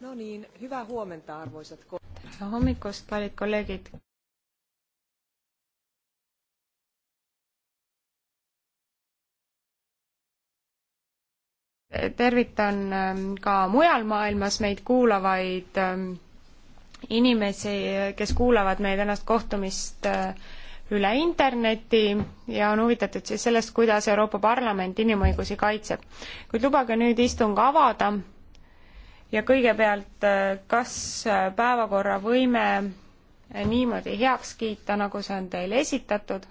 No niin, hyvää huomenta arvoisat kollegat. hommikust, kallid kolleegid. tervitan ähm, ka mujal maailmas meid kuulavaid ähm, inimesi, kes kuulavad meie tänast kohtumist äh, üle interneti ja on huvitatud siis sellest, kuidas Euroopa Parlament inimõigusi kaitseb. kuid lubage nüüd istung avada ja kõigepealt, kas päevakorra võime niimoodi heaks kiita, nagu see on teile esitatud?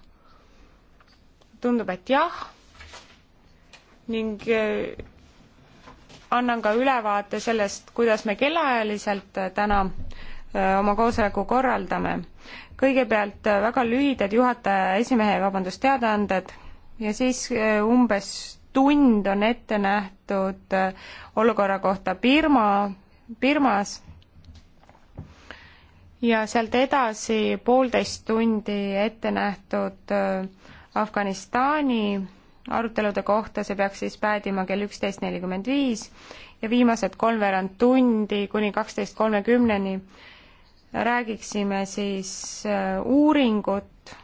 tundub, et jah. ning äh, annan ka ülevaate sellest, kuidas me kellaajaliselt äh, täna äh, oma koosoleku korraldame. kõigepealt väga lühidad juhataja, esimehe, vabandust, teadaanded ja siis umbes tund on ette nähtud äh, olukorra kohta Birma, Birmas ja sealt edasi poolteist tundi ette nähtud äh, Afganistani arutelude kohta, see peaks siis päädima kell üksteist nelikümmend viis ja viimased kolmveerand tundi kuni kaksteist kolmekümneni räägiksime siis äh, uuringut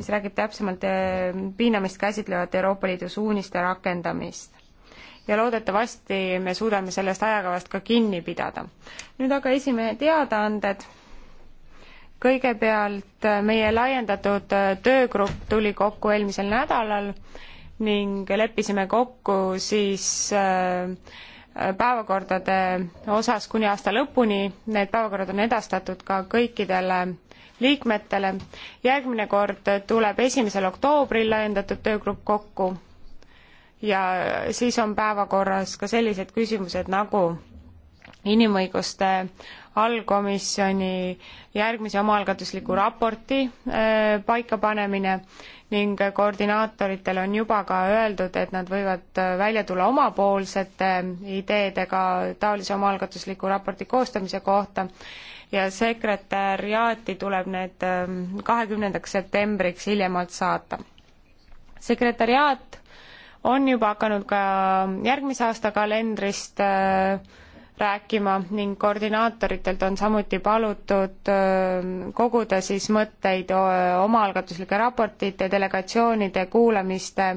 mis räägib täpsemalt äh, piinamist käsitlevate Euroopa Liidu suuniste rakendamist. ja loodetavasti me suudame sellest ajakavast ka kinni pidada. nüüd aga esimehe teadaanded. kõigepealt äh, meie laiendatud äh, töögrupp tuli kokku eelmisel nädalal ning leppisime kokku siis äh, päevakordade osas kuni aasta lõpuni, need päevakorrad on edastatud ka kõikidele liikmetele. järgmine kord tuleb esimesel oktoobril laiendatud töögrupp kokku ja siis on päevakorras ka sellised küsimused nagu inimõiguste allkomisjoni järgmise omaalgatusliku raporti äh, paikapanemine ning koordinaatoritele on juba ka öeldud, et nad võivad äh, välja tulla omapoolsete ideedega taolise omaalgatusliku raporti koostamise kohta ja sekretäriaati tuleb need ähm, kahekümnendaks septembriks hiljemalt saata. sekretäriaat on juba hakanud ka järgmise aasta kalendrist äh, rääkima ning koordinaatoritelt on samuti palutud ähm, koguda siis mõtteid omaalgatuslike raportite, delegatsioonide kuulamiste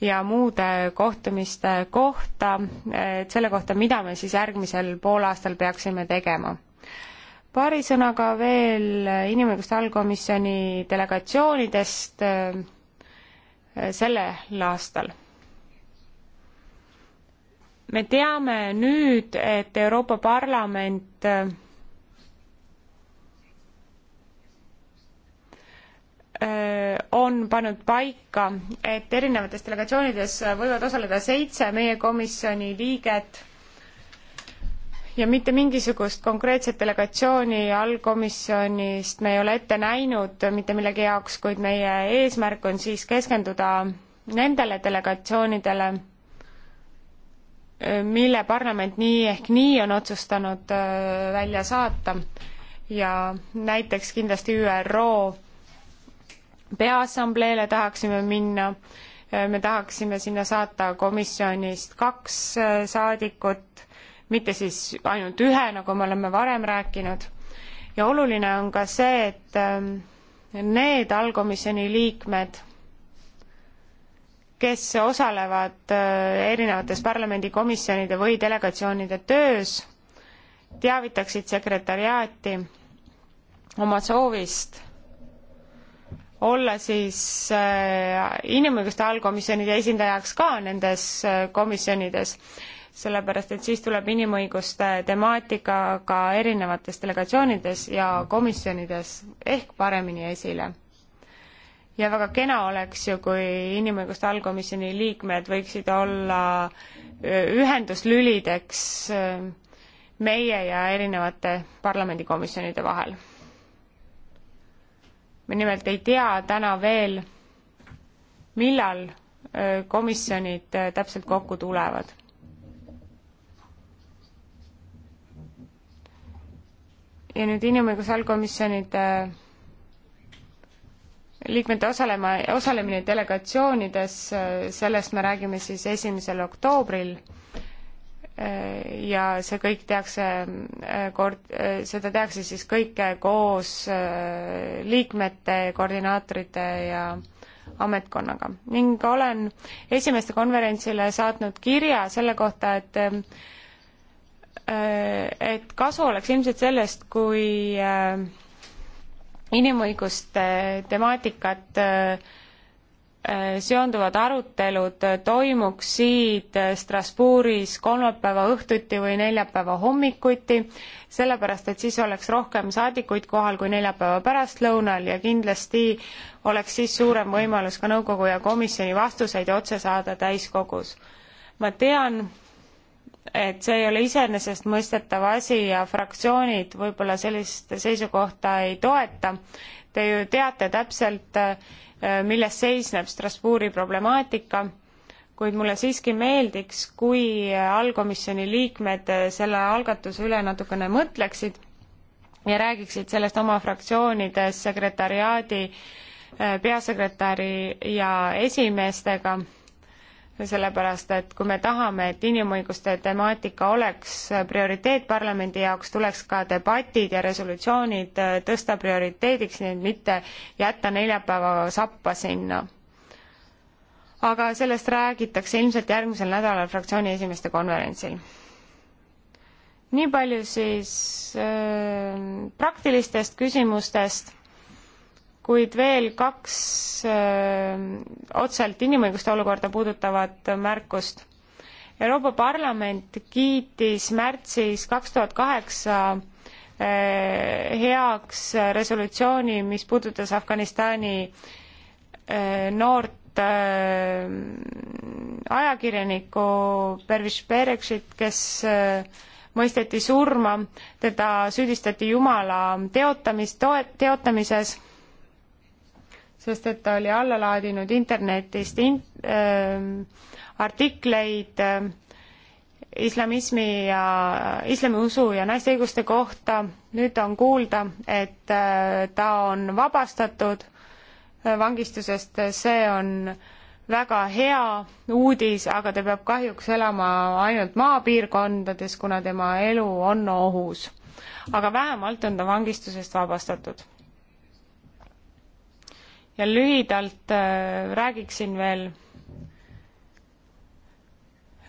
ja muude kohtumiste kohta, et selle kohta, mida me siis järgmisel poolaastal peaksime tegema paari sõnaga veel inimõiguste allkomisjoni delegatsioonidest äh, sellel aastal. me teame nüüd, et Euroopa Parlament äh, on pannud paika, et erinevates delegatsioonides võivad osaleda seitse meie komisjoni liiget ja mitte mingisugust konkreetset delegatsiooni allkomisjonist me ei ole ette näinud mitte millegi jaoks, kuid meie eesmärk on siis keskenduda nendele delegatsioonidele, mille parlament nii ehk nii on otsustanud äh, välja saata ja näiteks kindlasti ÜRO Peaassambleele tahaksime minna, äh, me tahaksime sinna saata komisjonist kaks äh, saadikut mitte siis ainult ühe, nagu me oleme varem rääkinud. ja oluline on ka see, et ähm, need allkomisjoni liikmed, kes osalevad äh, erinevates parlamendikomisjonide või delegatsioonide töös, teavitaksid sekretariaati oma soovist olla siis äh, inimõiguste allkomisjonide esindajaks ka nendes äh, komisjonides sellepärast et siis tuleb inimõiguste temaatika ka erinevates delegatsioonides ja komisjonides ehk paremini esile. ja väga kena oleks ju, kui inimõiguste allkomisjoni liikmed võiksid olla ühenduslülideks meie ja erinevate parlamendikomisjonide vahel. me nimelt ei tea täna veel, millal komisjonid täpselt kokku tulevad ja nüüd inimõiguse allkomisjonide liikmete osalema, osalemine delegatsioonides, sellest me räägime siis esimesel oktoobril ja see kõik tehakse kord-, seda tehakse siis kõike koos liikmete, koordinaatorite ja ametkonnaga. ning olen esimeste konverentsile saatnud kirja selle kohta, et Äh, et kasu oleks ilmselt sellest, kui äh, inimõiguste temaatikat äh, seonduvad arutelud toimuks siit Strasbourgis kolmapäeva õhtuti või neljapäeva hommikuti, sellepärast et siis oleks rohkem saadikuid kohal kui neljapäeva pärastlõunal ja kindlasti oleks siis suurem võimalus ka nõukogu ja komisjoni vastuseid otse saada täiskogus. ma tean, et see ei ole iseenesestmõistetav asi ja fraktsioonid võib-olla sellist seisukohta ei toeta. Te ju teate täpselt, äh, milles seisneb Strasbourgi problemaatika, kuid mulle siiski meeldiks, kui allkomisjoni liikmed selle algatuse üle natukene mõtleksid ja räägiksid sellest oma fraktsioonides sekretariaadi, äh, peasekretäri ja esimeestega sellepärast et kui me tahame, et inimõiguste temaatika oleks prioriteet parlamendi jaoks, tuleks ka debatid ja resolutsioonid äh, tõsta prioriteediks, nii et mitte jätta neljapäeva sappa sinna. aga sellest räägitakse ilmselt järgmisel nädalal fraktsiooni esimeeste konverentsil. nii palju siis äh, praktilistest küsimustest kuid veel kaks öö, äh, otseselt inimõiguste olukorda puudutavat märkust. Euroopa Parlament kiitis märtsis kaks tuhat kaheksa äh, heaks resolutsiooni, mis puudutas Afganistani öö, äh, noort öö, ajakirjanikku Pervish Berekšit, kes öö, mõisteti surma, teda süüdistati Jumala teotamis, toe-, teotamises sest et ta oli alla laadinud internetist in- äh,, artikleid äh, islamismi ja islamiusu ja naiste õiguste kohta. nüüd on kuulda, et äh, ta on vabastatud äh, vangistusest, see on väga hea uudis, aga ta peab kahjuks elama ainult maapiirkondades, kuna tema elu on ohus. aga vähemalt on ta vangistusest vabastatud ja lühidalt äh, räägiksin veel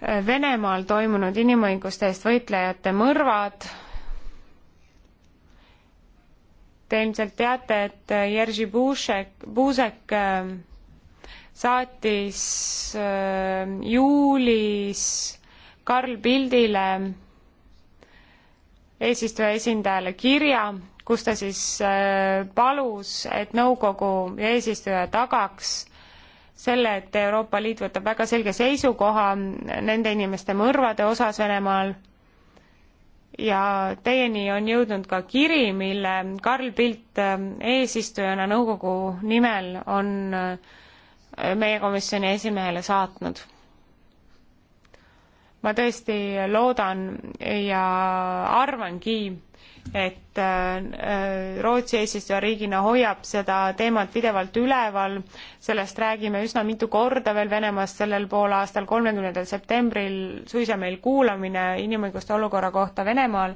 äh, Venemaal toimunud inimõiguste eest võitlejate mõrvad. Te ilmselt teate, et äh, Jerzy Buzek, Buzek saatis juulis Karl Pildile eesistuja esindajale kirja kus ta siis äh, palus, et nõukogu eesistuja tagaks selle, et Euroopa Liit võtab väga selge seisukoha nende inimeste mõrvade osas Venemaal ja teieni on jõudnud ka kiri, mille Karl Pilt äh, eesistujana nõukogu nimel on äh, meie komisjoni esimehele saatnud. ma tõesti loodan ja arvangi, et äh, äh, Rootsi eesistujariigina hoiab seda teemat pidevalt üleval, sellest räägime üsna mitu korda veel Venemaast sellel poolaastal, kolmekümnendal septembril suisa meil kuulamine inimõiguste olukorra kohta Venemaal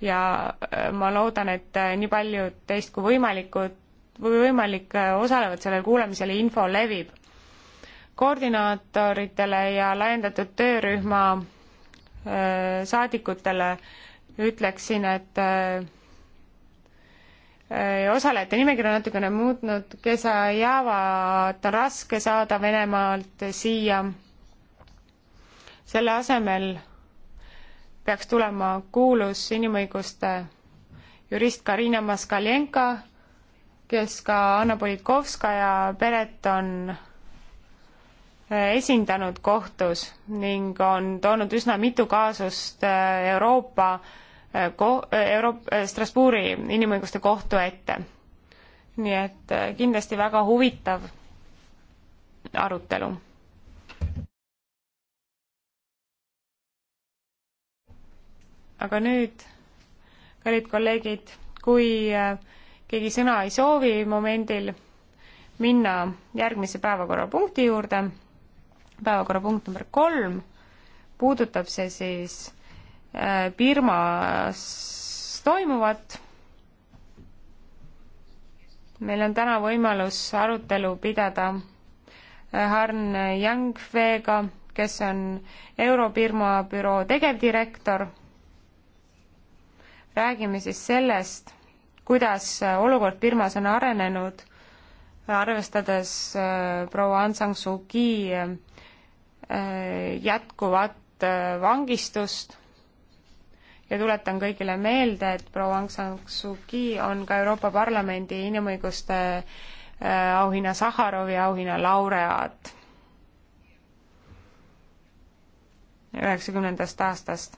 ja äh, ma loodan, et nii paljud teist kui võimalikud või võimalik osalevad sellel kuulamisel ja info levib. koordinaatoritele ja laiendatud töörühma saadikutele ütleksin, et äh, äh, osalejate nimekiri on natukene muutnud, kes jäävad, on raske saada Venemaalt siia. selle asemel peaks tulema kuulus inimõiguste jurist Karina Maskaljenka, kes ka Anna Politkovskaja peret on äh, esindanud kohtus ning on toonud üsna mitu kaasust Euroopa Eh, ko-, eh, Euro-, eh, Strasbourgi inimõiguste kohtu ette. nii et kindlasti väga huvitav arutelu. aga nüüd, kallid kolleegid, kui keegi sõna ei soovi momendil minna järgmise päevakorrapunkti juurde, päevakorrapunkt number kolm, puudutab see siis Äh, Birmas toimuvat. meil on täna võimalus arutelu pidada äh, Harn Yangfeega, kes on Euro-Birma büroo tegevdirektor. räägime siis sellest, kuidas olukord Birmas on arenenud, arvestades äh, proua Aung San Suu Kyi jätkuvat vangistust ja tuletan kõigile meelde, et proua Aung San Suu Kyi on ka Euroopa Parlamendi inimõiguste äh, auhinna Saharovi auhinna laureaat üheksakümnendast aastast.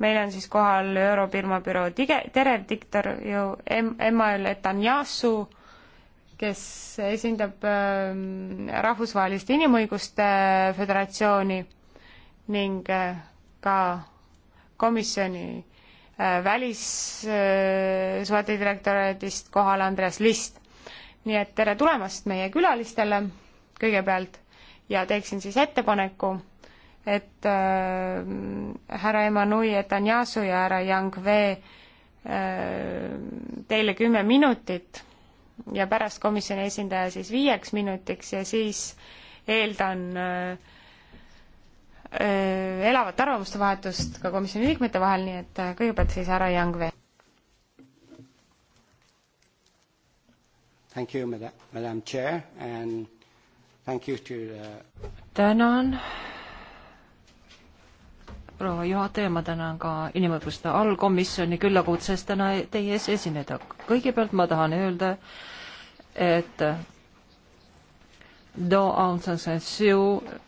meil on siis kohal Euro-Birma büroo tige-, terevdiktor ju em-, Emmael Etanyasu, kes esindab äh, Rahvusvahelist Inimõiguste Föderatsiooni ning äh, ka komisjoni äh, välissuhete direktoraadist kohal Andreas List. nii et tere tulemast meie külalistele kõigepealt ja teeksin siis ettepaneku, et äh, härra Emanui Etanjasu ja härra Yang Vee äh, teile kümme minutit ja pärast komisjoni esindaja siis viieks minutiks ja siis eeldan äh, Äh, elavat arvamuste vahetust ka komisjoni liikmete vahel, nii et äh, kõigepealt siis härra Youngvee. Thank you, madam chair and thank you to the... tänan, proua juhataja, ma tänan ka inimõiguste allkomisjoni küllakutsest täna teie ees esineda. kõigepealt ma tahan öelda, et Do Aung San Suu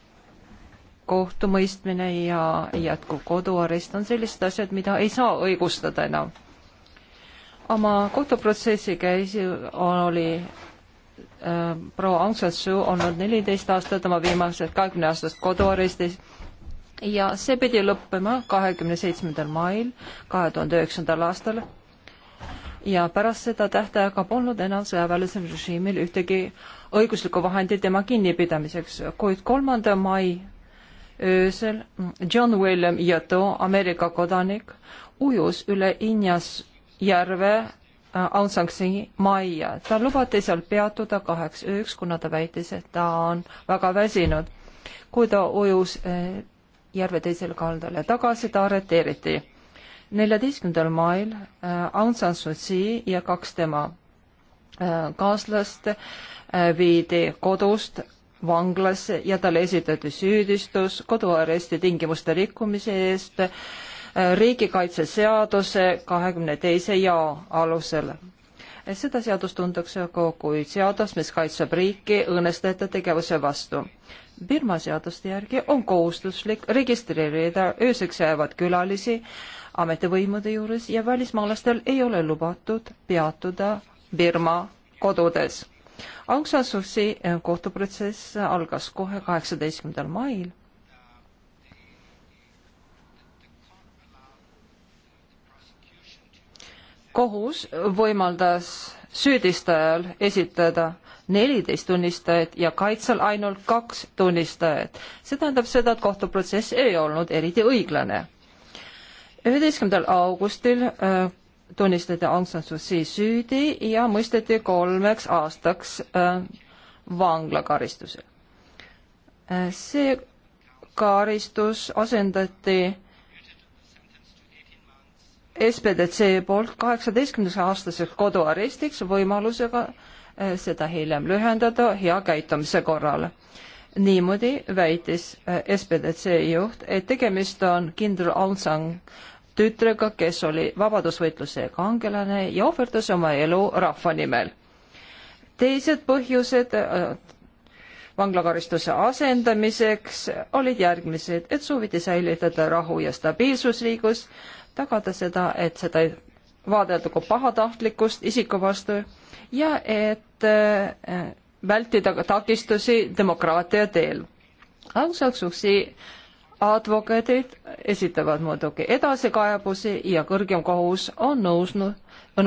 kohtumõistmine ja jätkuv koduarest on sellised asjad, mida ei saa õigustada enam. oma kohtuprotsessi käis, oli äh, proua Aung San Suu olnud neliteist aastat oma viimased kahekümne aastast koduarestis ja see pidi lõppema kahekümne seitsmendal mail kahe tuhande üheksandal aastal. ja pärast seda tähtaega polnud enam sõjaväelisel režiimil ühtegi õiguslikku vahendit tema kinnipidamiseks, kuid kolmanda mai öösel John William Yato, Ameerika kodanik, ujus üle Injas järve äh, Aung San Suu majja. tal lubati seal peatuda kaheks ööks, kuna ta väitis, et ta on väga väsinud. kui ta ujus äh, järve teisele kaldale tagasi, ta arreteeriti. neljateistkümnendal mail äh, Aung San Suu Kyi ja kaks tema kaaslast viidi kodust vanglasse ja talle esitati süüdistus koduaresti tingimuste rikkumise eest äh, riigikaitseseaduse kahekümne teise jao alusel seda seadust tuntakse ka kui seadust, mis kaitseb riiki õõnestajate tegevuse vastu. Birma seaduste järgi on kohustuslik registreerida ööseks jäävad külalisi ametivõimude juures ja välismaalastel ei ole lubatud peatuda Birma kodudes. Aung San Suu Kyi eh, kohtuprotsess eh, algas kohe kaheksateistkümnendal mail. kohus võimaldas süüdistajal esitada neliteist tunnistajat ja kaitsel ainult kaks tunnistajat. see tähendab seda, et kohtuprotsess ei olnud eriti õiglane. üheteistkümnendal augustil eh, tunnistati Aung San Suu Kyi süüdi ja mõisteti kolmeks aastaks äh, vanglakaristusel. Äh, see karistus asendati SPDC poolt kaheksateistkümneks aastaseks koduarestiks võimalusega äh, seda hiljem lühendada hea käitumise korral. niimoodi väitis SPDC juht, et tegemist on kindral Aung San tütrega, kes oli vabadusvõitluse kangelane ja ohverdas oma elu rahva nimel. teised põhjused äh, vanglakaristuse asendamiseks olid järgmised, et sooviti säilitada rahu ja stabiilsus riigus, tagada seda, et seda ei vaadelda kui pahatahtlikkust isiku vastu ja et äh, vältida takistusi demokraatia teel. Aung San Suu Kyi advokaadid esitavad muidugi edasikaebusi ja kõrgem kohus on nõusnud,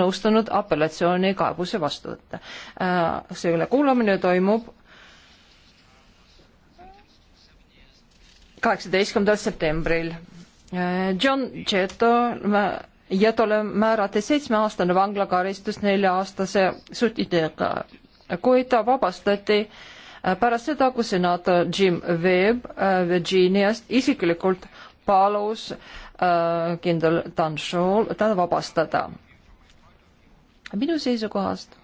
nõustunud apellatsiooni kaebuse vastu võtta. Äh, see ülekuulamine toimub kaheksateistkümnendal septembril. Äh, John Cheto Jetole määrati seitsmeaastane vanglakaristus nelja-aastase sutidega, kuid ta vabastati pärast seda, kui senaator Jim Webb äh, Virginiast isiklikult palus äh, kindral Danshall ta vabastada. minu seisukohast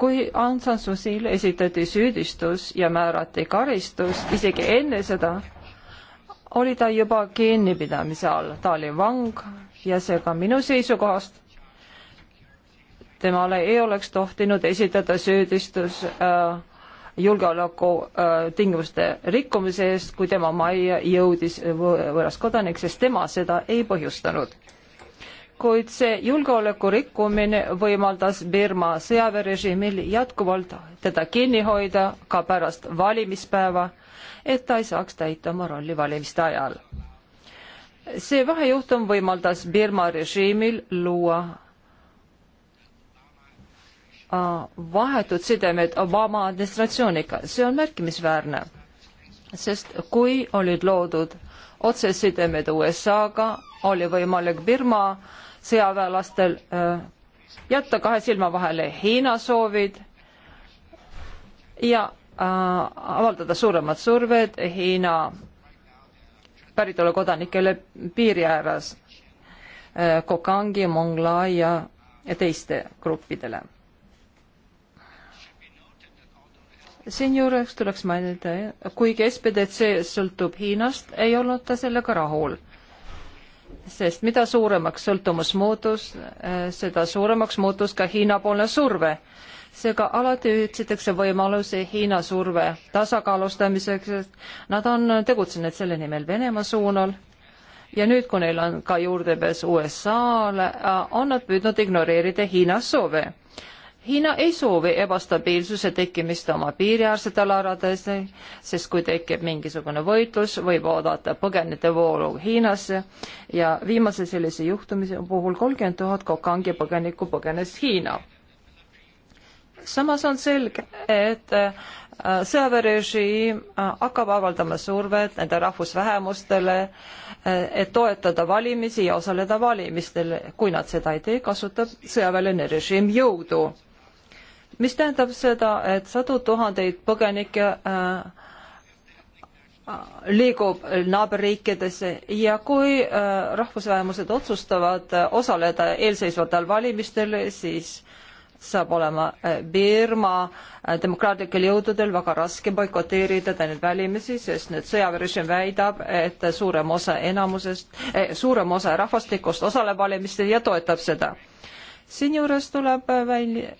kui Aung San Suu Kyi'le esitati süüdistus ja määrati karistus, isegi enne seda oli ta juba kinnipidamise all, ta oli vang ja seega minu seisukohast temale ei oleks tohtinud esitada süüdistus äh, julgeoleku äh, tingimuste rikkumise eest, kui tema majja jõudis võõras kodanik, sest tema seda ei põhjustanud. kuid see julgeoleku rikkumine võimaldas Birma sõjaväerežiimil jätkuvalt teda kinni hoida ka pärast valimispäeva, et ta ei saaks täita oma rolli valimiste ajal. see vahejuhtum võimaldas Birma režiimil luua Äh, vahetud sidemed Obama administratsiooniga. see on märkimisväärne, sest kui olid loodud otsesidemed USA-ga, oli võimalik Birma sõjaväelastel äh, jätta kahe silma vahele Hiina soovid ja äh, avaldada suuremad surved Hiina päritolu kodanikele piiri ääres, Kokangi, Mongla ja teiste gruppidele siinjuures tuleks mainida, kuigi SPDC sõltub Hiinast, ei olnud ta sellega rahul. sest mida suuremaks sõltumus muutus, äh, seda suuremaks muutus ka Hiina-poolne surve. seega alati ütsitakse võimalusi Hiina surve tasakaalustamiseks, sest nad on tegutsenud selle nimel Venemaa suunal ja nüüd, kui neil on ka juurdepääs USA-le, äh, on nad püüdnud ignoreerida Hiina soove Hiina ei soovi ebastabiilsuse tekkimist oma piiriäärsetel aladel, sest kui tekib mingisugune võitlus, võib oodata põgenike voolu Hiinasse ja viimase sellise juhtumise puhul kolmkümmend tuhat kokangi põgenikku põgenes Hiina. samas on selge, et äh, sõjaväerežiim äh, hakkab avaldama survet nende rahvusvähemustele, äh, et toetada valimisi ja osaleda valimistel. kui nad seda ei tee, kasutab sõjaväeline režiim jõudu mis tähendab seda, et sadu tuhandeid põgenikke äh, äh liigub naaberriikidesse ja kui äh, rahvusvähemused otsustavad äh, osaleda eelseisvatel valimistel, siis saab olema Birma demokraatlikel jõududel väga raske boikoteerida neid välimisi, sest nüüd sõjaväerežiim väidab, et suurem osa enamusest eh,, suurem osa rahvastikust osaleb valimistel ja toetab seda. siinjuures tuleb välja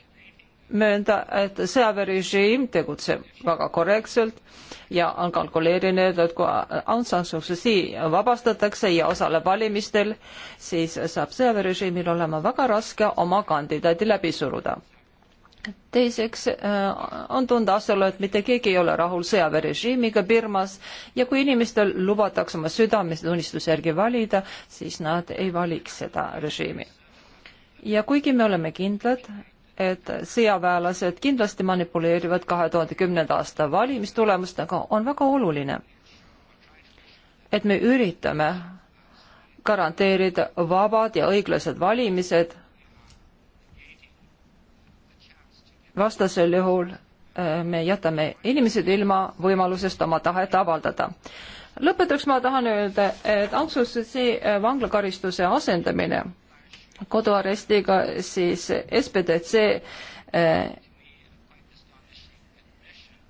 möönda, et sõjaväerežiim tegutseb väga korrektselt ja on kalkuleerinud, et kui Aung San Suu Kyi vabastatakse ja osaleb valimistel, siis saab sõjaväerežiimil olema väga raske oma kandidaadi läbi suruda. teiseks äh, on tunda asjaolu, et mitte keegi ei ole rahul sõjaväerežiimiga Birmas ja kui inimestel lubatakse oma südametunnistuse järgi valida, siis nad ei valiks seda režiimi ja kuigi me oleme kindlad, et sõjaväelased kindlasti manipuleerivad kahe tuhande kümnenda aasta valimistulemustega, on väga oluline. et me üritame garanteerida vabad ja õiglased valimised. vastasel juhul äh, me jätame inimesed ilma võimalusest oma tahet avaldada. lõpetuseks ma tahan öelda, et Anksus see äh, vanglakaristuse asendamine koduarestiga, siis SPDC eh,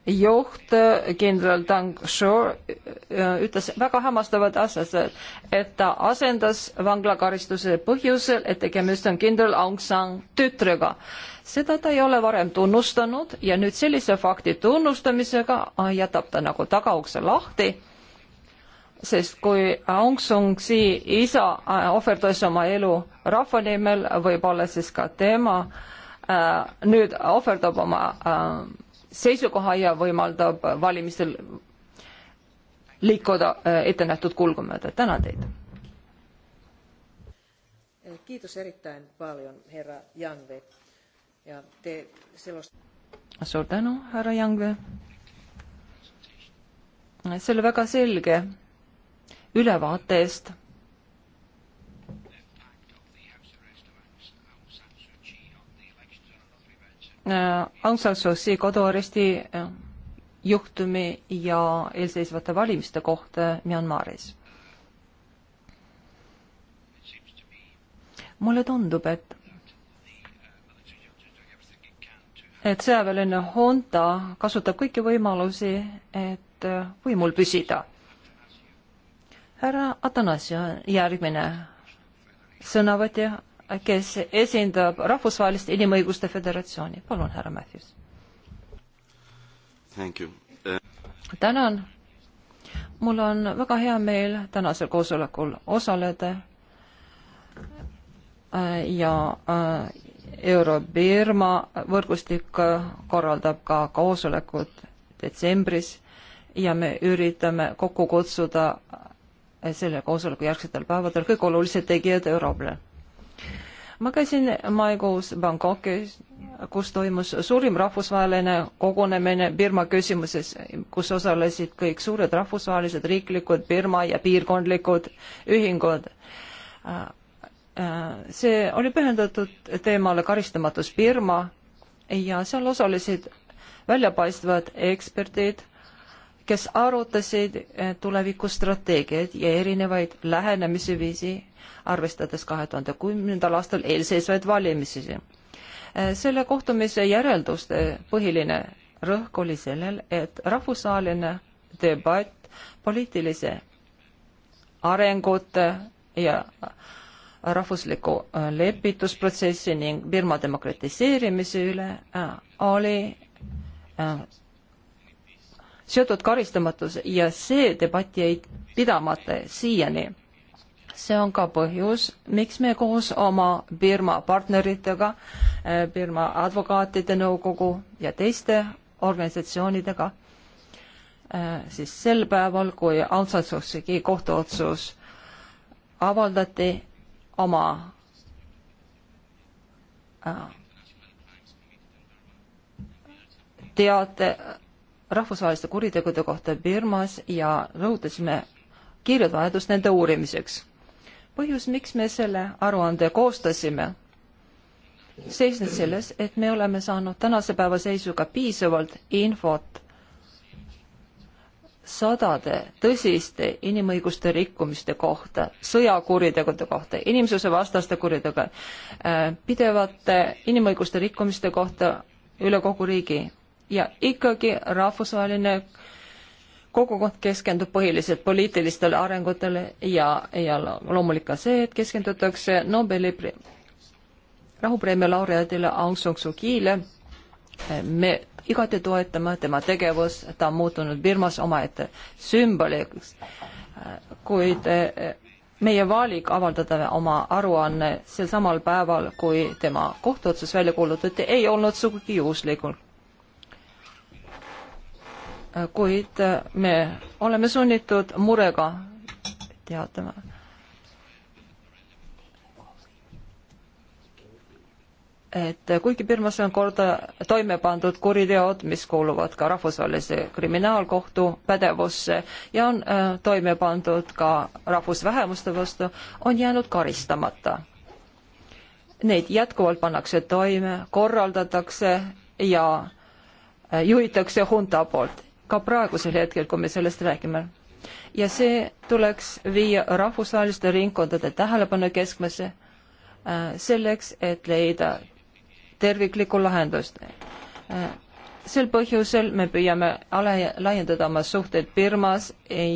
juht kindral Tang Shor eh, ütles väga hämmastavad asjad, et ta asendas vanglakaristuse põhjusel, et tegemist on kindral Aung San tütrega. seda ta ei ole varem tunnustanud ja nüüd sellise fakti tunnustamisega ah, jätab ta nagu tagaukse lahti sest kui Aung San Suu Kyi isa äh, ohverdas oma elu rahva nimel, võib-olla siis ka tema äh, nüüd ohverdab oma äh, seisukoha ja võimaldab valimistel liikuda äh, ettenähtud kulgu mööda. tänan teid. Kiitos erittäin paljon, herra Jangve. Ja te selost... Suur tänu, härra Jangve. See oli väga selge ülevaate eest. Äh, Aung San Suu Kyi koduaresti äh, juhtumi ja eelseisvate valimiste kohta Myanmaris. mulle tundub, et et sõjaväeline Honda kasutab kõiki võimalusi, et äh, võimul püsida härra Atanasio, järgmine sõnavõtja, kes esindab Rahvusvahelist Inimõiguste Föderatsiooni. palun, härra Matthews. tänan. mul on väga hea meel tänasel koosolekul osaleda ja äh, Euro-Birma võrgustik korraldab ka koosolekut detsembris ja me üritame kokku kutsuda selle koosoleku järgsetel päevadel kõik olulised tegijad Euroopale. ma käisin maikuus Bangkokis, kus toimus suurim rahvusvaheline kogunemine Birma küsimuses, kus osalesid kõik suured rahvusvahelised riiklikud Birma ja piirkondlikud ühingud. see oli pühendatud teemale karistamatus Birma ja seal osalesid väljapaistvad eksperdid kes arutasid eh, tulevikustrateegiaid ja erinevaid lähenemisviisi, arvestades kahe tuhande kümnendal aastal eelseisvaid valimisi. Eh, selle kohtumise järelduste põhiline rõhk oli sellel, et rahvusvaheline debatt poliitilise arengute ja rahvusliku eh, lepitusprotsessi ning Birma demokratiseerimise üle oli seotud karistamatus ja see debatt jäi pidamata siiani. see on ka põhjus, miks me koos oma Birma partneritega, äh, Birma advokaatide nõukogu ja teiste organisatsioonidega äh, siis sel päeval, kui Aung San Suu Kyi kohtuotsus avaldati oma äh, teate rahvusvaheliste kuritegude kohta Birmas ja rõhutasime kiiret vajadust nende uurimiseks. põhjus, miks me selle aruande koostasime, seisneb selles, et me oleme saanud tänase päeva seisuga piisavalt infot sadade tõsiste inimõiguste rikkumiste kohta, sõjakuritegude kohta, inimsusevastaste kuritegudega, äh, pidevate inimõiguste rikkumiste kohta üle kogu riigi ja ikkagi rahvusvaheline kogukond keskendub põhiliselt poliitilistele arengutele ja, ja loomulik ka see, et keskendutakse Nobeli rahupreemia laureaadile Aung San Suu Kyi'le. me igati toetame tema tegevust, ta on muutunud Birmas omaette sümboliks, kuid eh, meie valik avaldada oma aruanne sel samal päeval, kui tema kohtuotsus välja kuulutati, ei olnud sugugi juhuslikult kuid me oleme sunnitud murega teatama. et kuigi Birmas on korda toime pandud kuriteod, mis kuuluvad ka rahvusvahelise kriminaalkohtu pädevusse ja on äh, toime pandud ka rahvusvähemuste vastu, on jäänud karistamata. Neid jätkuvalt pannakse toime, korraldatakse ja äh, juhitakse hunta poolt ka praegusel hetkel, kui me sellest räägime. ja see tuleks viia rahvusvaheliste ringkondade tähelepanu keskmesse äh, selleks, et leida terviklikku lahendust. Äh, sel põhjusel me püüame ale-, laiendada oma suhteid Birmas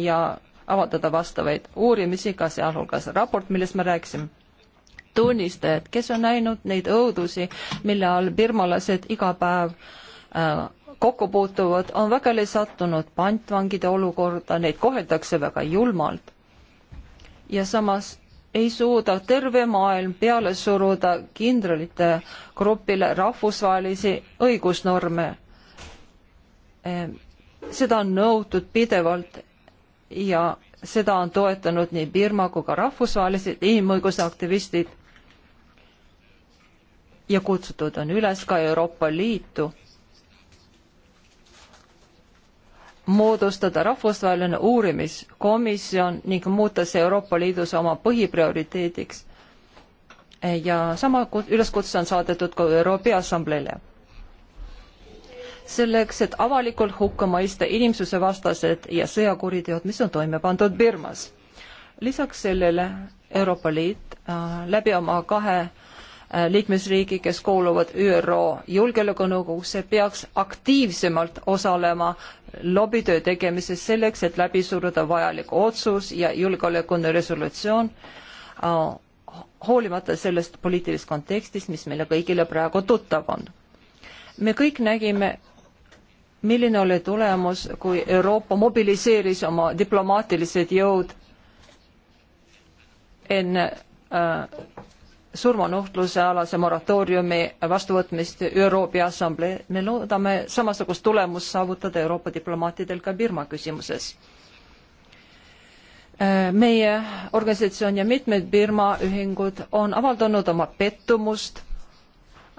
ja avaldada vastavaid uurimisi, ka sealhulgas raport, millest me rääkisime tunnistajad, kes on näinud neid õudusi, mille all birmalased iga päev äh, kokku puutuvad, on vägagi sattunud pantvangide olukorda, neid koheldakse väga julmalt. ja samas ei suuda terve maailm peale suruda kindralite grupile rahvusvahelisi õigusnorme. Ehm, seda on nõutud pidevalt ja seda on toetanud nii Birma kui ka rahvusvahelised inimõiguse aktivistid ja kutsutud on üles ka Euroopa Liitu moodustada rahvusvaheline uurimiskomisjon ning muuta see Euroopa Liidus oma põhiprioriteediks. ja sama üleskutse on saadetud ka ÜRO Peaassambleele. selleks, et avalikult hukka mõista inimsusevastased ja sõjakuriteod, mis on toime pandud Birmas. lisaks sellele Euroopa Liit äh, läbi oma kahe Äh, liikmesriigi, kes kuuluvad ÜRO Julgeolekunõukogusse, peaks aktiivsemalt osalema lobitöö tegemises selleks, et läbi suruda vajalik otsus ja julgeolekune resolutsioon, äh, hoolimata sellest poliitilisest kontekstist, mis meile kõigile praegu tuttav on. me kõik nägime, milline oli tulemus, kui Euroopa mobiliseeris oma diplomaatilised jõud enne äh, surmanuhtluse alase moratooriumi vastuvõtmist ÜRO Peaassamblee. me loodame samasugust tulemust saavutada Euroopa diplomaatidel ka Birma küsimuses. Äh, meie organisatsioon ja mitmed Birma ühingud on avaldanud oma pettumust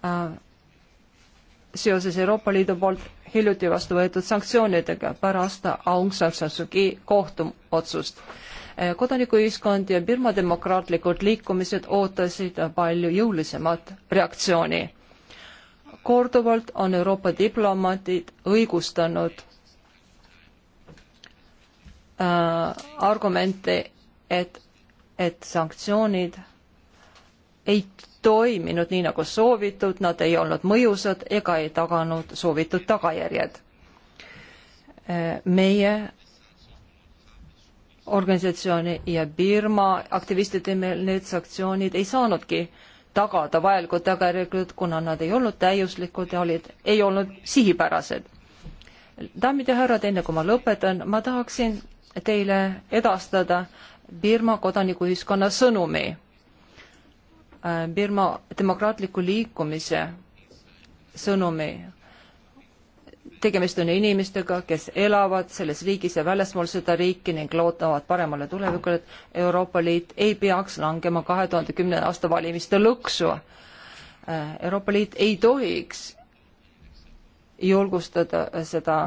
äh, seoses Euroopa Liidu poolt hiljuti vastu võetud sanktsioonidega pärast Aung San Suu Kyi kohtuotsust Eh, kodanikuühiskond ja Birma demokraatlikud liikumised ootasid palju jõulisemat reaktsiooni. korduvalt on Euroopa diplomaadid õigustanud äh, argumente, et, et sanktsioonid ei toiminud nii nagu soovitud, nad ei olnud mõjusad ega ei taganud soovitud tagajärjed. Eh, meie organisatsiooni ja Birma aktivistide nimel need sanktsioonid ei saanudki tagada vajalikud tagajärjed, kuna nad ei olnud täiuslikud ja olid, ei olnud sihipärased. daamid ja härrad, enne kui ma lõpetan, ma tahaksin teile edastada Birma kodanikuühiskonna sõnumi. Äh, Birma demokraatliku liikumise sõnumi tegemist on inimestega, kes elavad selles riigis ja väljaspool seda riiki ning loodavad paremale tulevikule, et Euroopa Liit ei peaks langema kahe tuhande kümnenda aasta valimiste lõksu. Äh, Euroopa Liit ei tohiks julgustada seda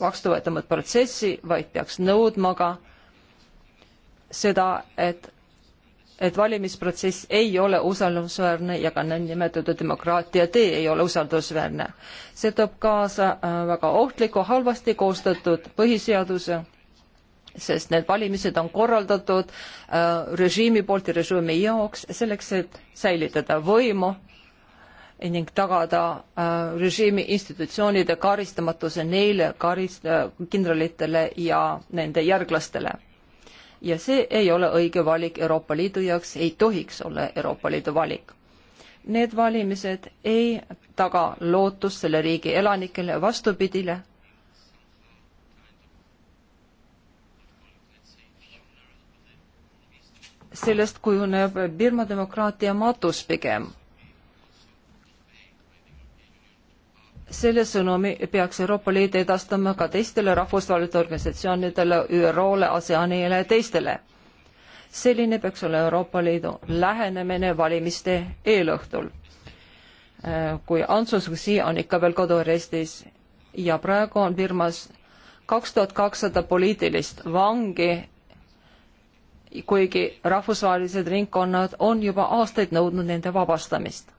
vastuvõetamat protsessi, vaid peaks nõudma ka seda, et et valimisprotsess ei ole usaldusväärne ja ka nõndanimetatud demokraatia tee ei ole usaldusväärne. see toob kaasa äh, väga ohtliku, halvasti koostatud põhiseaduse, sest need valimised on korraldatud äh, režiimi poolt ja režiimi jaoks, selleks et säilitada võimu ning tagada äh, režiimi institutsioonide karistamatuse neile karist-, kindralitele ja nende järglastele ja see ei ole õige valik Euroopa Liidu jaoks, ei tohiks olla Euroopa Liidu valik. Need valimised ei taga lootust selle riigi elanikele, vastupidile. sellest kujuneb Birma demokraatia matus pigem selle sõnumi peaks Euroopa Liit edastama ka teistele rahvusvahelistele organisatsioonidele, ÜRO-le, ASEANile ja teistele. selline peaks olema Euroopa Liidu lähenemine valimiste eelõhtul. Äh, kui Antsu Susi on ikka veel koduarestis ja praegu on Birmas kaks tuhat kakssada poliitilist vangi, kuigi rahvusvahelised ringkonnad on juba aastaid nõudnud nende vabastamist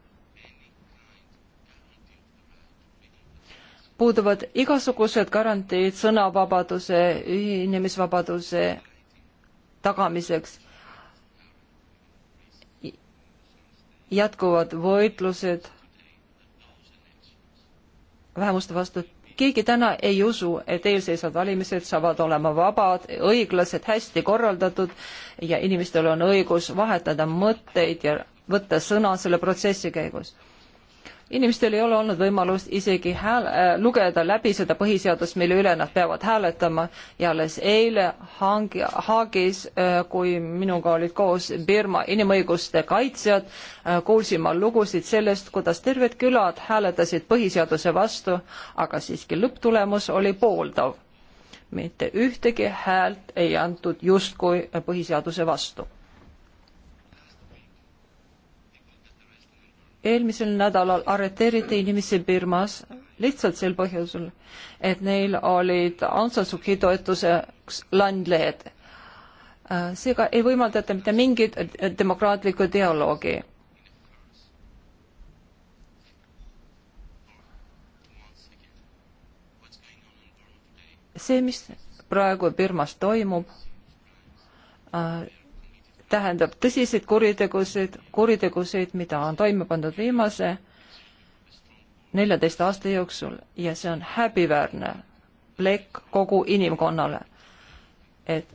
puuduvad igasugused garantiid sõnavabaduse, ühinemisvabaduse tagamiseks. jätkuvad võitlused vähemuste vastu. keegi täna ei usu, et eelseisvad valimised saavad olema vabad, õiglased, hästi korraldatud ja inimestel on õigus vahetada mõtteid ja võtta sõna selle protsessi käigus inimestel ei ole olnud võimalust isegi hääl- äh,, lugeda läbi seda põhiseadust, mille üle nad peavad hääletama ja alles eile Hangi, Haagis äh,, kui minuga olid koos Birma inimõiguste kaitsjad äh,, kuulsin ma lugusid sellest, kuidas terved külad hääletasid põhiseaduse vastu, aga siiski lõpptulemus oli pooldav. mitte ühtegi häält ei antud justkui põhiseaduse vastu eelmisel nädalal arreteeriti inimesi Birmas lihtsalt sel põhjusel, et neil olid Aung San Suu Kyi toetuseks landleed. seega ei võimaldata mitte mingit demokraatlikku dialoogi. see, mis praegu Birmas toimub, tähendab tõsiseid kuritegusid, kuritegusid, mida on toime pandud viimase neljateist aasta jooksul ja see on häbiväärne plekk kogu inimkonnale. et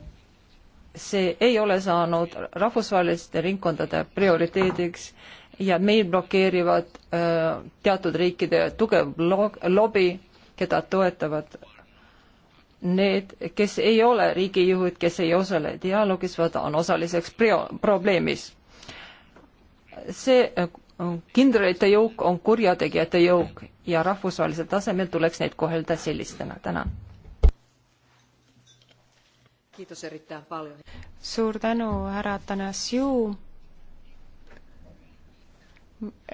see ei ole saanud rahvusvaheliste ringkondade prioriteediks ja meil blokeerivad öö, äh, teatud riikide tugev lobi, keda toetavad need, kes ei ole riigijuhid, kes ei osale dialoogis, vaid on osaliseks probleemis. see äh, kindralite jõuk on kurjategijate jõuk ja rahvusvahelisel tasemel tuleks neid kohelda sellistena. tänan. suur tänu, härra Atanasiu.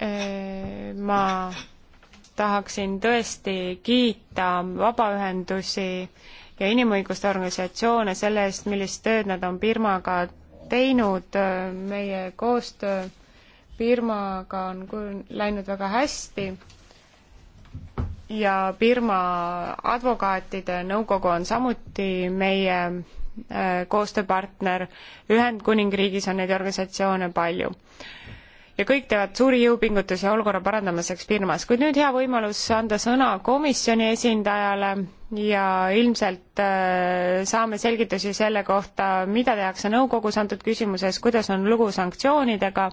Äh, ma tahaksin tõesti kiita vabaühendusi ja inimõiguste organisatsioone selle eest, millist tööd nad on Birmaga teinud, meie koostöö Birmaga on läinud väga hästi ja Birma advokaatide nõukogu on samuti meie äh, koostööpartner, Ühendkuningriigis on neid organisatsioone palju ja kõik teevad suuri jõupingutusi olukorra parandamiseks Birmas, kuid nüüd hea võimalus anda sõna komisjoni esindajale ja ilmselt äh, saame selgitusi selle kohta, mida tehakse nõukogus antud küsimuses, kuidas on lugu sanktsioonidega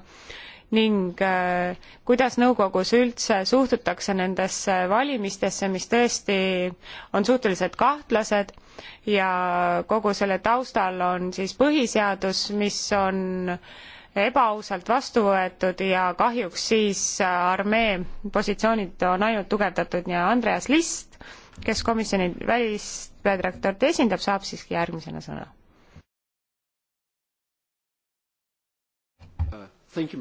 ning äh, kuidas nõukogus üldse suhtutakse nendesse valimistesse, mis tõesti on suhteliselt kahtlased ja kogu selle taustal on siis põhiseadus, mis on äh, ebaausalt vastu võetud ja kahjuks siis armee positsioonid on ainult tugevdatud ja Andreas List, kes komisjoni välispeadirektorit esindab, saab siiski järgmisena sõna. Uh,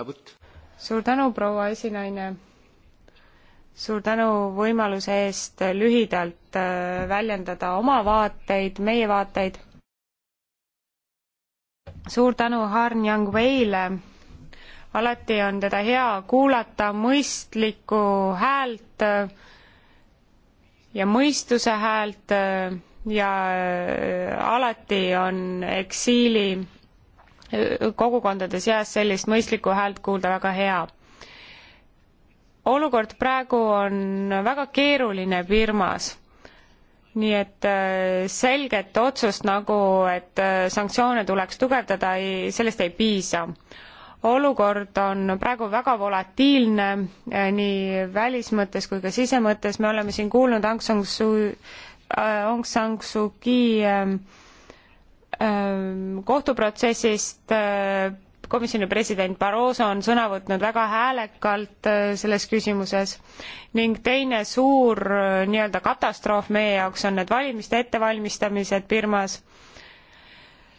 uh, suur tänu, proua esinaine. suur tänu võimaluse eest lühidalt uh, väljendada oma vaateid, meie vaateid suur tänu Harn Young-Weile, alati on teda hea kuulata, mõistlikku häält äh, ja mõistuse häält äh, ja äh, alati on eksiili kogukondade seas sellist mõistlikku häält kuulda väga hea. olukord praegu on väga keeruline Birmas nii et äh, selget otsust nagu, et äh, sanktsioone tuleks tugevdada, ei, sellest ei piisa. olukord on praegu väga volatiilne äh, nii välismõttes kui ka sisemõttes, me oleme siin kuulnud Aung San Suu, Aung San Suu Kyi ähm, ähm, kohtuprotsessist komisjoni president Barroso on sõna võtnud väga häälekalt äh, selles küsimuses ning teine suur äh, nii-öelda katastroof meie jaoks on need valimiste ettevalmistamised Birmas,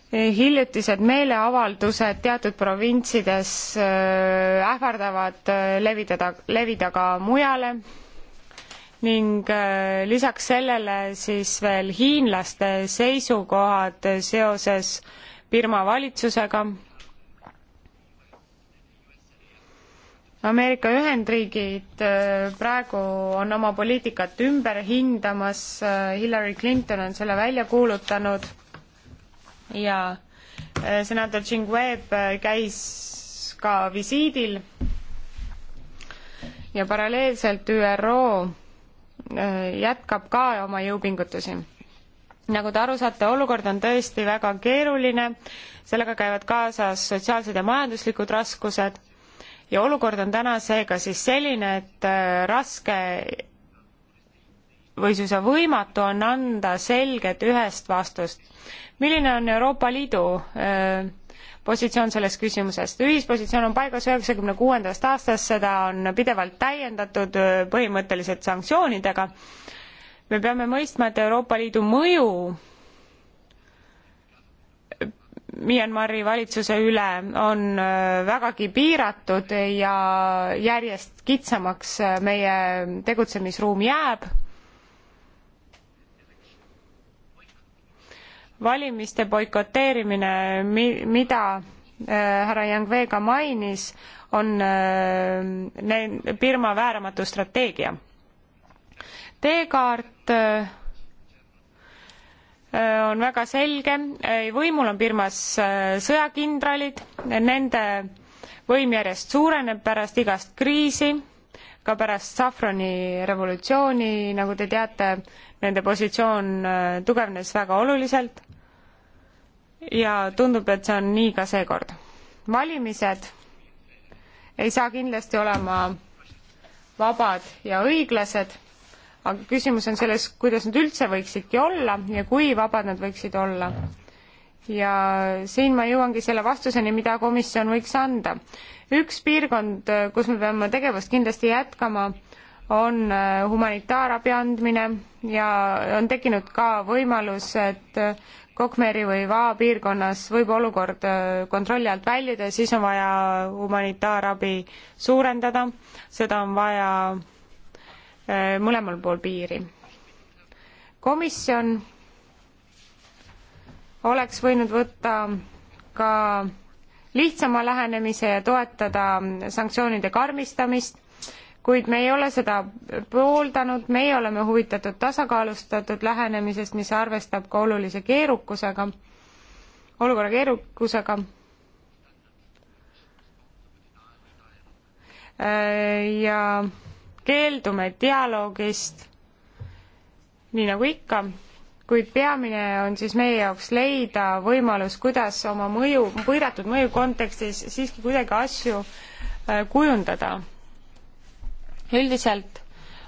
hiljutised meeleavaldused teatud provintsides äh, ähvardavad levitada, levida ka mujale ning lisaks sellele siis veel hiinlaste seisukohad seoses Birma valitsusega Ameerika Ühendriigid äh, praegu on oma poliitikat ümber hindamas, äh, Hillary Clinton on selle välja kuulutanud ja äh, senator Chingueb käis ka visiidil ja paralleelselt ÜRO jätkab ka oma jõupingutusi. nagu te aru saate, olukord on tõesti väga keeruline, sellega käivad kaasas sotsiaalsed ja majanduslikud raskused ja olukord on täna seega siis selline, et äh, raske või suisa võimatu on anda selget ühest vastust. milline on Euroopa Liidu öö, äh, positsioon sellest küsimusest. ühispositsioon on paigas üheksakümne kuuendast aastast, seda on pidevalt täiendatud äh, põhimõtteliselt sanktsioonidega. me peame mõistma, et Euroopa Liidu mõju Myanmari valitsuse üle on äh, vägagi piiratud ja järjest kitsamaks äh, meie tegutsemisruum jääb. valimiste boikoteerimine, mida äh, härra Yangwei ka mainis, on Birma vääramatu strateegia. teekaart Äh, on väga selge, võimul on Birmas äh, sõjakindralid, nende võim järjest suureneb pärast igast kriisi, ka pärast Safroni revolutsiooni, nagu te teate, nende positsioon äh, tugevnes väga oluliselt ja tundub, et see on nii ka seekord. valimised ei saa kindlasti olema vabad ja õiglased aga küsimus on selles, kuidas nad üldse võiksidki olla ja kui vabad nad võiksid olla. ja siin ma jõuangi selle vastuseni, mida komisjon võiks anda. üks piirkond, kus me peame tegevust kindlasti jätkama, on äh, humanitaarabi andmine ja on tekkinud ka võimalus, et äh, Kokmeri või Vaa piirkonnas võib olukord äh, kontrolli alt väljuda ja siis on vaja humanitaarabi suurendada, seda on vaja Äh, mõlemal pool piiri. komisjon oleks võinud võtta ka lihtsama lähenemise ja toetada sanktsioonide karmistamist, kuid me ei ole seda pooldanud, meie oleme huvitatud tasakaalustatud lähenemisest, mis arvestab ka olulise keerukusega, olukorra keerukusega äh, ja keeldume dialoogist, nii nagu ikka, kuid peamine on siis meie jaoks leida võimalus, kuidas oma mõju, piiratud mõju kontekstis siiski kuidagi asju äh, kujundada. üldiselt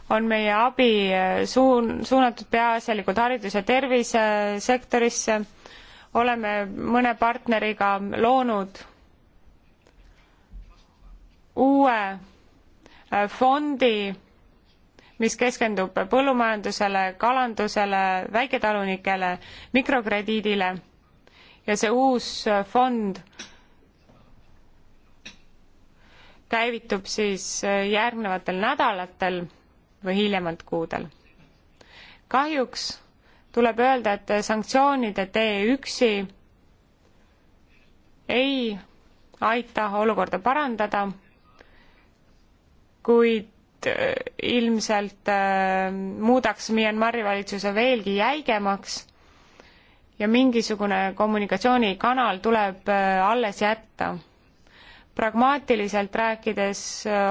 on meie abi äh, suun-, suunatud peaasjalikult haridus- ja tervisesektorisse, oleme mõne partneriga loonud uue Äh, fondi, mis keskendub põllumajandusele, kalandusele, väiketalunikele, mikrokrediidile ja see uus äh, fond käivitub siis äh, järgnevatel nädalatel või hiljemalt kuudel. kahjuks tuleb öelda, et sanktsioonide tee üksi ei aita olukorda parandada kuid äh, ilmselt äh, muudaks Myanmari valitsuse veelgi jäigemaks ja mingisugune kommunikatsioonikanal tuleb äh, alles jätta. pragmaatiliselt rääkides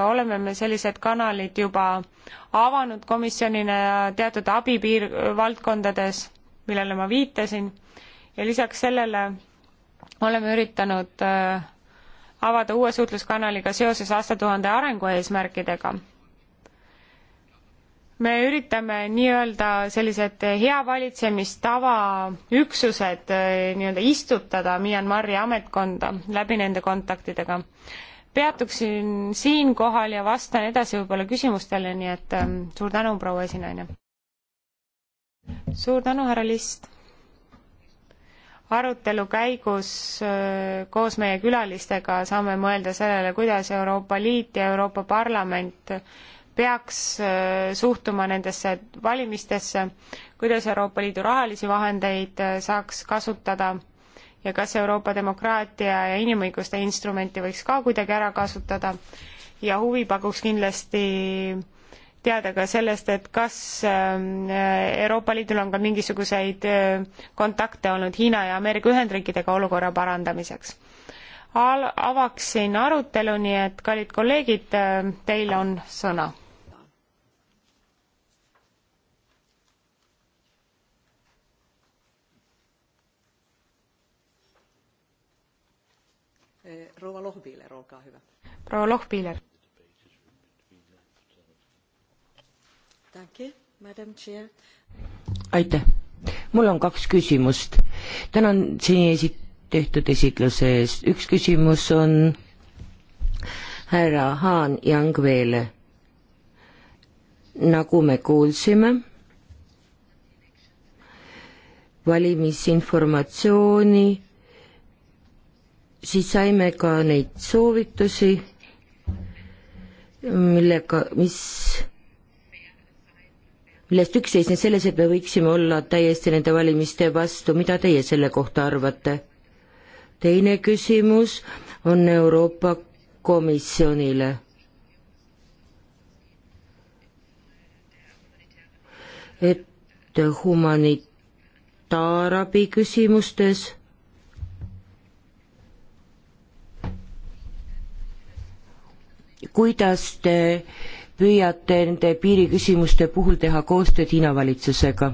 oleme me sellised kanalid juba avanud komisjonina teatud abipiir-, valdkondades, millele ma viitasin, ja lisaks sellele oleme üritanud äh, avada uue suhtluskanaliga seoses aastatuhande arengueesmärkidega. me üritame nii-öelda sellised hea valitsemistava üksused eh, nii-öelda istutada Myanmari ametkonda läbi nende kontaktidega. peatuksin siinkohal ja vastan edasi võib-olla küsimustele, nii et eh, suur tänu, proua esinaine! suur tänu, härra List! arutelu käigus koos meie külalistega saame mõelda sellele, kuidas Euroopa Liit ja Euroopa Parlament peaks suhtuma nendesse valimistesse, kuidas Euroopa Liidu rahalisi vahendeid saaks kasutada ja kas Euroopa demokraatia ja inimõiguste instrumenti võiks ka kuidagi ära kasutada ja huvi pakuks kindlasti äh, teada ka sellest, et kas ähm, Euroopa Liidul on ka mingisuguseid äh, kontakte olnud Hiina ja Ameerika Ühendriikidega olukorra parandamiseks. Al-, avaksin arutelu, nii et kallid kolleegid, äh, teil on sõna. proua Lohpiiler, olge hea. proua Lohpiiler aitäh, mul on kaks küsimust. tänan seni esi-, tehtud esitluse eest, üks küsimus on härra Haan Jangveele. nagu me kuulsime, valimisinformatsiooni, siis saime ka neid soovitusi, millega, mis millest üks seisnes selles, et me võiksime olla täiesti nende valimiste vastu, mida teie selle kohta arvate? teine küsimus on Euroopa Komisjonile. et humanitaarabi küsimustes kuidas te äh, püüate nende piiriküsimuste puhul teha koostööd Hiina valitsusega?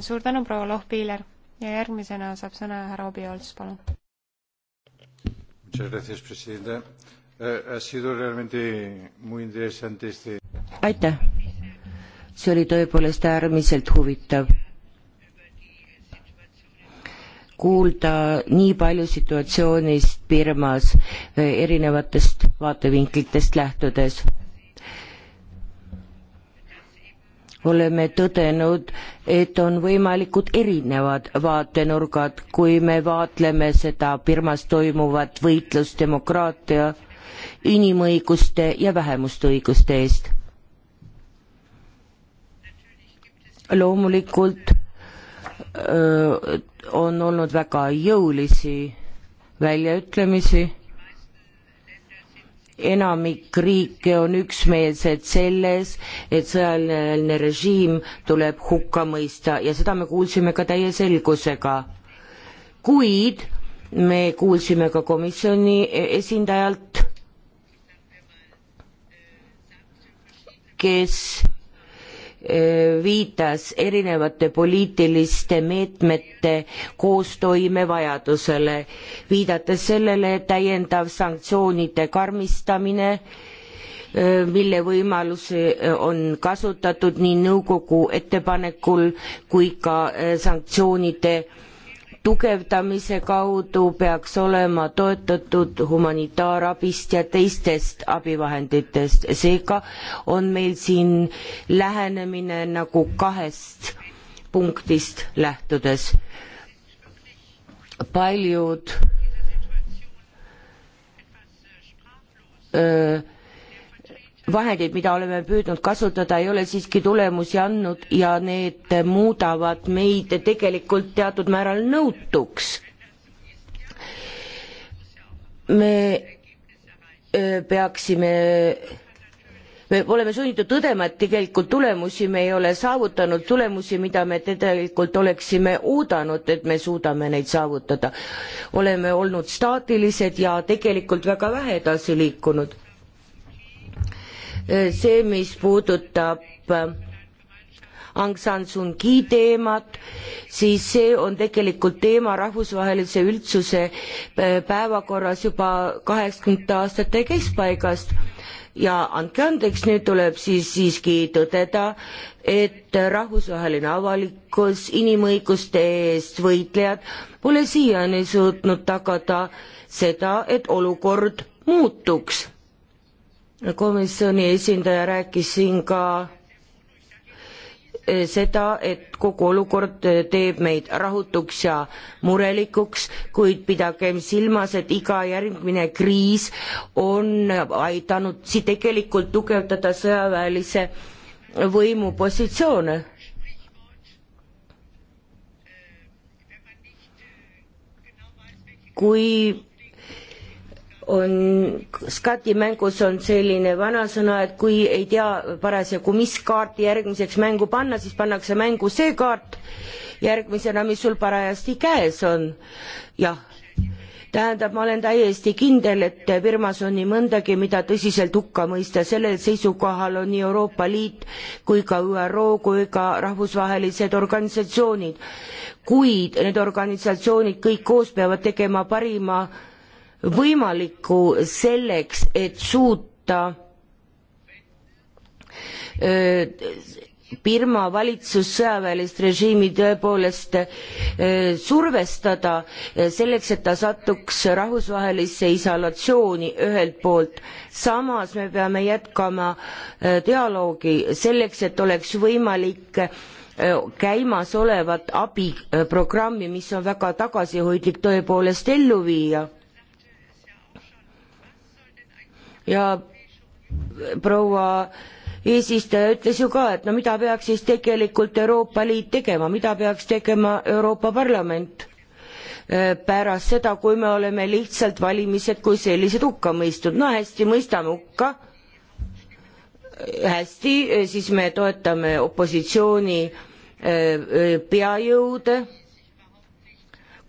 suur tänu, proua Lohpiiler ja järgmisena saab sõna härra Obiols, palun. Eh, aitäh, see oli tõepoolest äärmiselt huvitav kuulda nii palju situatsioonist Birmas, eh, erinevatest vaatevinklitest lähtudes. oleme tõdenud, et on võimalikud erinevad vaatenurgad, kui me vaatleme seda Birmas toimuvat võitlust demokraatia, inimõiguste ja vähemuste õiguste eest. loomulikult öö, on olnud väga jõulisi väljaütlemisi enamik riike on üksmeelsed selles, et sõjaline režiim tuleb hukka mõista ja seda me kuulsime ka täie selgusega. kuid me kuulsime ka komisjoni e-, esindajalt, kes Äh, viitas erinevate poliitiliste meetmete koostoime vajadusele, viidates sellele, et täiendav sanktsioonide karmistamine äh, mille võimalusi äh, on kasutatud nii nõukogu ettepanekul kui ka sanktsioonide tugevdamise kaudu peaks olema toetatud humanitaarabist ja teistest abivahenditest, seega on meil siin lähenemine nagu kahest punktist lähtudes. paljud öö, vahendid, mida oleme püüdnud kasutada, ei ole siiski tulemusi andnud ja need muudavad meid tegelikult teatud määral nõutuks. me peaksime me oleme sunnitud tõdema et tegelikult tulemusi me ei ole saavutanud tulemusi mida me tegelikult oleksime oodanud et me suudame neid saavutada oleme olnud staatilised ja tegelikult väga vähe edasi liikunud Äh, see, mis puudutab äh, Aung San Suu Kyi teemat, siis see on tegelikult teema rahvusvahelise üldsuse äh, päevakorras juba kaheksakümnendate aastate keskpaigast ja andke andeks, nüüd tuleb siis siiski tõdeda, et rahvusvaheline avalikkus, inimõiguste eest võitlejad pole siiani suutnud tagada seda, et olukord muutuks komisjoni esindaja rääkis siin ka e, seda, et kogu olukord teeb meid rahutuks ja murelikuks, kuid pidagem silmas, et iga järgmine kriis on aidanud siin tegelikult tugevdada sõjaväelise võimu positsioone. kui on, skati mängus on selline vanasõna, et kui ei tea parasjagu, mis kaarti järgmiseks mängu panna, siis pannakse mängu see kaart järgmisena, mis sul parajasti käes on. jah, tähendab, ma olen täiesti kindel, et Birmas on nii mõndagi, mida tõsiselt hukka mõista, sellel seisukohal on nii Euroopa Liit kui ka ÜRO kui ka rahvusvahelised organisatsioonid. kuid need organisatsioonid kõik koos peavad tegema parima võimalikku selleks, et suuta Birma valitsus sõjaväelist režiimi tõepoolest survestada selleks, et ta satuks rahvusvahelisse isolatsiooni ühelt poolt. samas me peame jätkama dialoogi selleks, et oleks võimalik käimasolevat abiprogrammi, mis on väga tagasihoidlik, tõepoolest ellu viia ja proua eesistuja ütles ju ka, et no mida peaks siis tegelikult Euroopa Liit tegema, mida peaks tegema Euroopa Parlament äh, pärast seda, kui me oleme lihtsalt valimised kui sellised hukka mõistnud, no hästi, mõistame hukka, äh, hästi, äh, siis me toetame opositsiooni peajõude,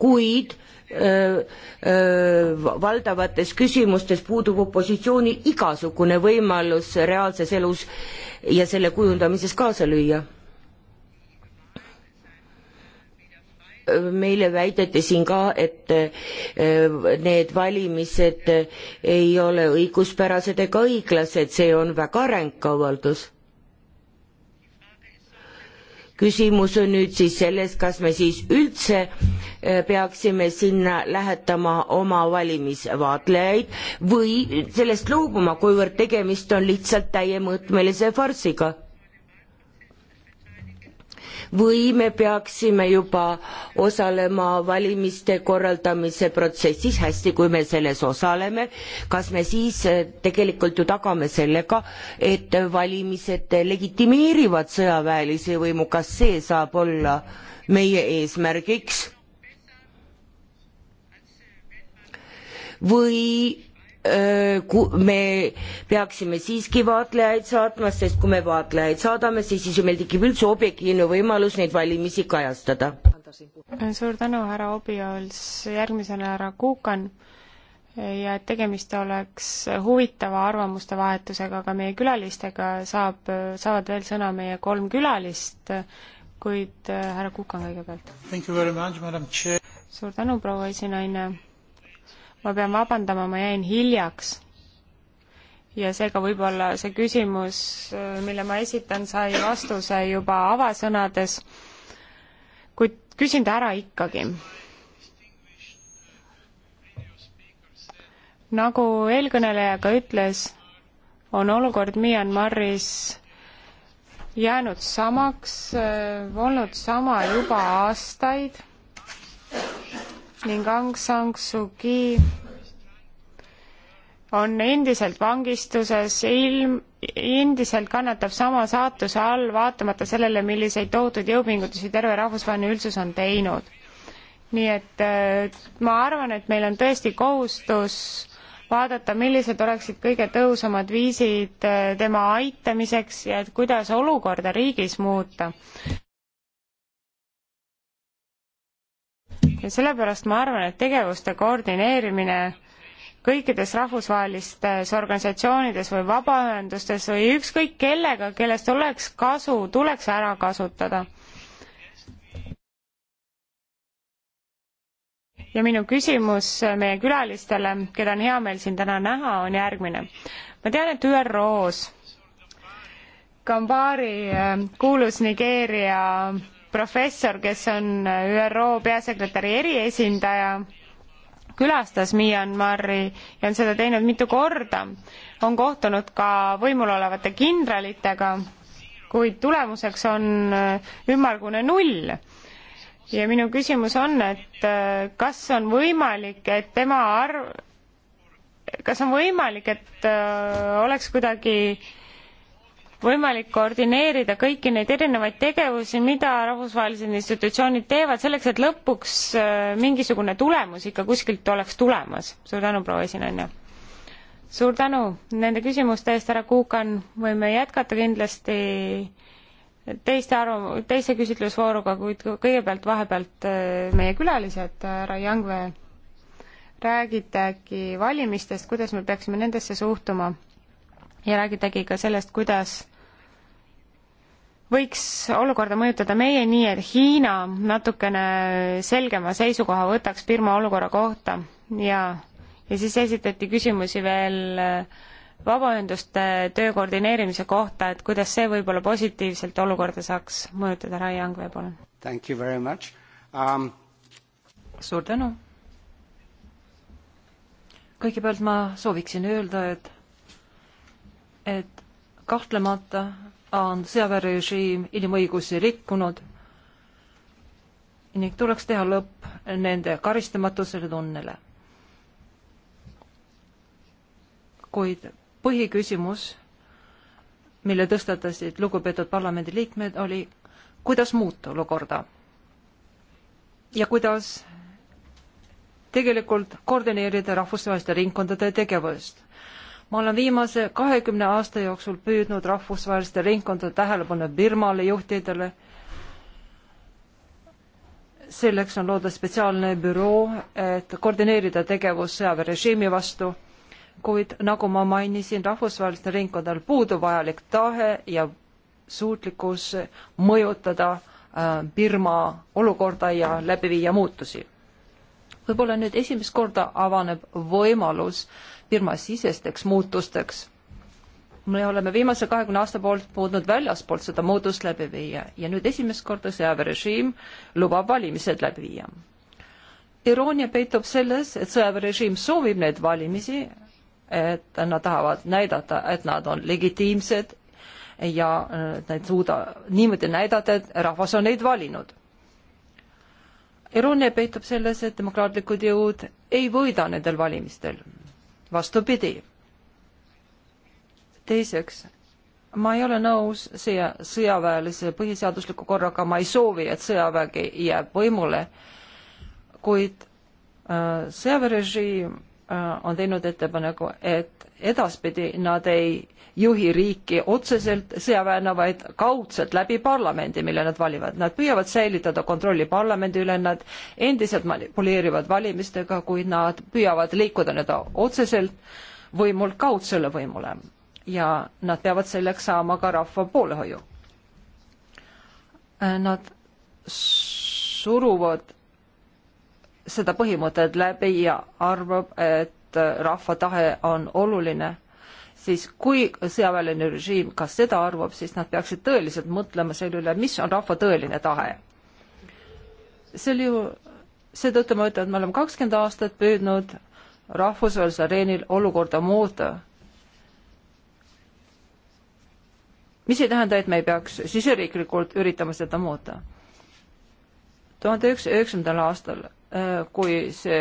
kuid Äh, äh, valdavates küsimustes puudub opositsioonil igasugune võimalus reaalses elus ja selle kujundamises kaasa lüüa. meile väideti siin ka, et äh, need valimised ei ole õiguspärased ega õiglased, see on väga ränk avaldus küsimus on nüüd siis selles, kas me siis üldse äh, peaksime sinna lähetama oma valimisvaatlejaid või sellest loobuma, kuivõrd tegemist on lihtsalt täiemõõtmelise farsiga või me peaksime juba osalema valimiste korraldamise protsessis, hästi, kui me selles osaleme, kas me siis äh, tegelikult ju tagame sellega, et valimised legitimeerivad sõjaväelisi võimu, kas see saab olla meie eesmärgiks? või me peaksime siiski vaatlejaid saatma, sest kui me vaatlejaid saadame, siis, siis meil tekib üldse objektiivne võimalus neid valimisi kajastada. suur tänu, härra Obiols, järgmisena härra Kuukan ja et tegemist oleks huvitava arvamuste vahetusega ka meie külalistega, saab, saavad veel sõna meie kolm külalist, kuid äh, härra Kuukan kõigepealt. suur tänu, proua esinaine ma pean vabandama, ma jäin hiljaks. ja seega võib-olla see küsimus, mille ma esitan, sai vastuse juba avasõnades, kuid küsin ta ära ikkagi nagu eelkõneleja ka ütles, on olukord Myanmaris jäänud samaks, äh, olnud sama juba aastaid ning Aung San Suu Kyi on endiselt vangistuses, ilm, endiselt kannatab sama saatuse all, vaatamata sellele, milliseid tohutuid jõupingutusi terve rahvusvaheline üldsus on teinud. nii et äh, ma arvan, et meil on tõesti kohustus vaadata, millised oleksid kõige tõhusamad viisid äh, tema aitamiseks ja et kuidas olukorda riigis muuta. ja sellepärast ma arvan, et tegevuste koordineerimine kõikides rahvusvahelistes organisatsioonides või vabaühendustes või ükskõik kellega, kellest oleks kasu, tuleks ära kasutada. ja minu küsimus meie külalistele, keda on hea meel siin täna näha, on järgmine. ma tean, et ÜRO-s Kambari äh, kuulus Nigeeria professor, kes on ÜRO peasekretäri eriesindaja, külastas Myanmari ja on seda teinud mitu korda, on kohtunud ka võimul olevate kindralitega, kuid tulemuseks on äh, ümmargune null. ja minu küsimus on, et äh, kas on võimalik, et tema arv, kas on võimalik, et äh, oleks kuidagi äh, võimalik koordineerida kõiki neid erinevaid tegevusi, mida rahvusvahelised institutsioonid teevad selleks, et lõpuks äh, mingisugune tulemus ikka kuskilt oleks tulemas. suur tänu, proua esinaine! suur tänu nende küsimuste eest, härra Kuukan, võime jätkata kindlasti teiste arv-, teise küsitlusvooruga, kuid kõigepealt vahepealt äh, meie külalised, härra Jangvee, räägite äkki valimistest, kuidas me peaksime nendesse suhtuma? ja räägitagi ka sellest, kuidas võiks olukorda mõjutada meie nii, et Hiina natukene selgema seisukoha võtaks Birma olukorra kohta ja, ja siis esitati küsimusi veel äh, vabaühenduste töö koordineerimise kohta, et kuidas see võib-olla positiivselt olukorda saaks mõjutada, Rai Angvee, palun. Thank you very much um.... suur tänu. kõigepealt ma sooviksin öelda, et et kahtlemata on sõjaväerežiim inimõigusi rikkunud ning tuleks teha lõpp nende karistamatusele tunnele. kuid põhiküsimus, mille tõstatasid lugupeetud parlamendiliikmed, oli kuidas muuta olukorda ja kuidas tegelikult koordineerida rahvusvaheliste ringkondade tegevust ma olen viimase kahekümne aasta jooksul püüdnud rahvusvaheliste ringkondade tähelepanu Birmale juhtidele. selleks on loodud spetsiaalne büroo, et koordineerida tegevus sõjaväerežiimi vastu, kuid nagu ma mainisin, rahvusvahelistel ringkondadel puudub vajalik tahe ja suutlikkus mõjutada äh, Birma olukorda ja läbi viia muutusi. võib-olla nüüd esimest korda avaneb võimalus firmasisesteks muutusteks. me oleme viimase kahekümne aasta poolt muutnud väljaspoolt seda muutust läbi viia ja nüüd esimest korda sõjaväe režiim lubab valimised läbi viia. iroonia peitub selles, et sõjaväerežiim soovib neid valimisi, et nad tahavad näidata, et nad on legitiimsed ja äh, nad suuda niimoodi näidata, et rahvas on neid valinud iroonia peitub selles, et demokraatlikud jõud ei võida nendel valimistel vastupidi. teiseks, ma ei ole nõus siia sõjaväelise põhiseadusliku korraga, ma ei soovi, et sõjavägi jääb võimule, kuid äh, sõjaväerežiim Äh, on teinud ettepaneku, et edaspidi nad ei juhi riiki otseselt sõjaväena, vaid kaudselt läbi parlamendi, mille nad valivad. Nad püüavad säilitada kontrolli parlamendi üle, nad endiselt manipuleerivad valimistega, kuid nad püüavad liikuda nii-öelda otseselt võimult kaudsele võimule ja nad peavad selleks saama ka rahva poolehoiu. Äh, nad suruvad seda põhimõtet läbi ja arvab, et äh, rahva tahe on oluline, siis kui sõjaväeline režiim ka seda arvab, siis nad peaksid tõeliselt mõtlema selle üle, mis on rahva tõeline tahe. sel juhul, seetõttu ma ütlen, et me oleme kakskümmend aastat püüdnud rahvusvahelisel areenil olukorda muuta mis ei tähenda, et me ei peaks siseriiklikult üritama seda muuta. tuhande üheksasaja üheksakümnendal aastal Äh, kui see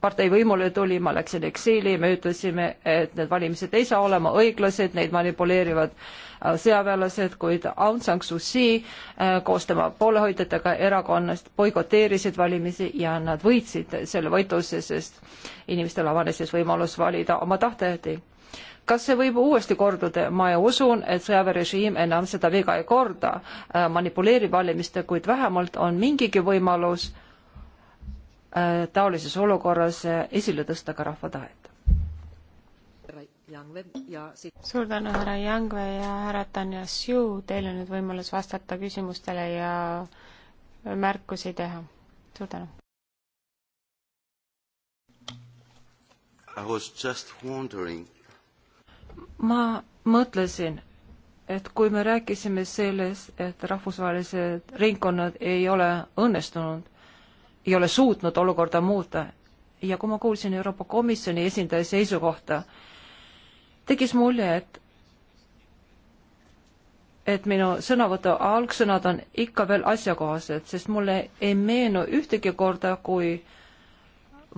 partei võimule tuli, ma läksin eksiili, me ütlesime, et need valimised ei saa olema õiglased, neid manipuleerivad äh, sõjaväelased, kuid Aung San Suu Kyi äh, koos tema poolehoidjatega erakonnast boikoteerisid valimisi ja nad võitsid selle võitluse, sest inimestel avanes siis võimalus valida oma tahtejärgi kas see võib uuesti korduda, ma usun, et sõjaväerežiim enam seda viga ei korda, manipuleerib valimiste, kuid vähemalt on mingigi võimalus äh, Äh, taolises olukorras äh, esile tõsta ka rahva tahet. suur tänu, härra Jangve ja härra Tanja Siu, teil on nüüd võimalus vastata küsimustele ja märkusi teha. suur tänu. ma mõtlesin, et kui me rääkisime sellest, et rahvusvahelised ringkonnad ei ole õnnestunud ei ole suutnud olukorda muuta. ja kui ma kuulsin Euroopa Komisjoni esindaja seisukohta, tekkis mulje, et et minu sõnavõtu algsõnad on ikka veel asjakohased, sest mulle ei meenu ühtegi korda, kui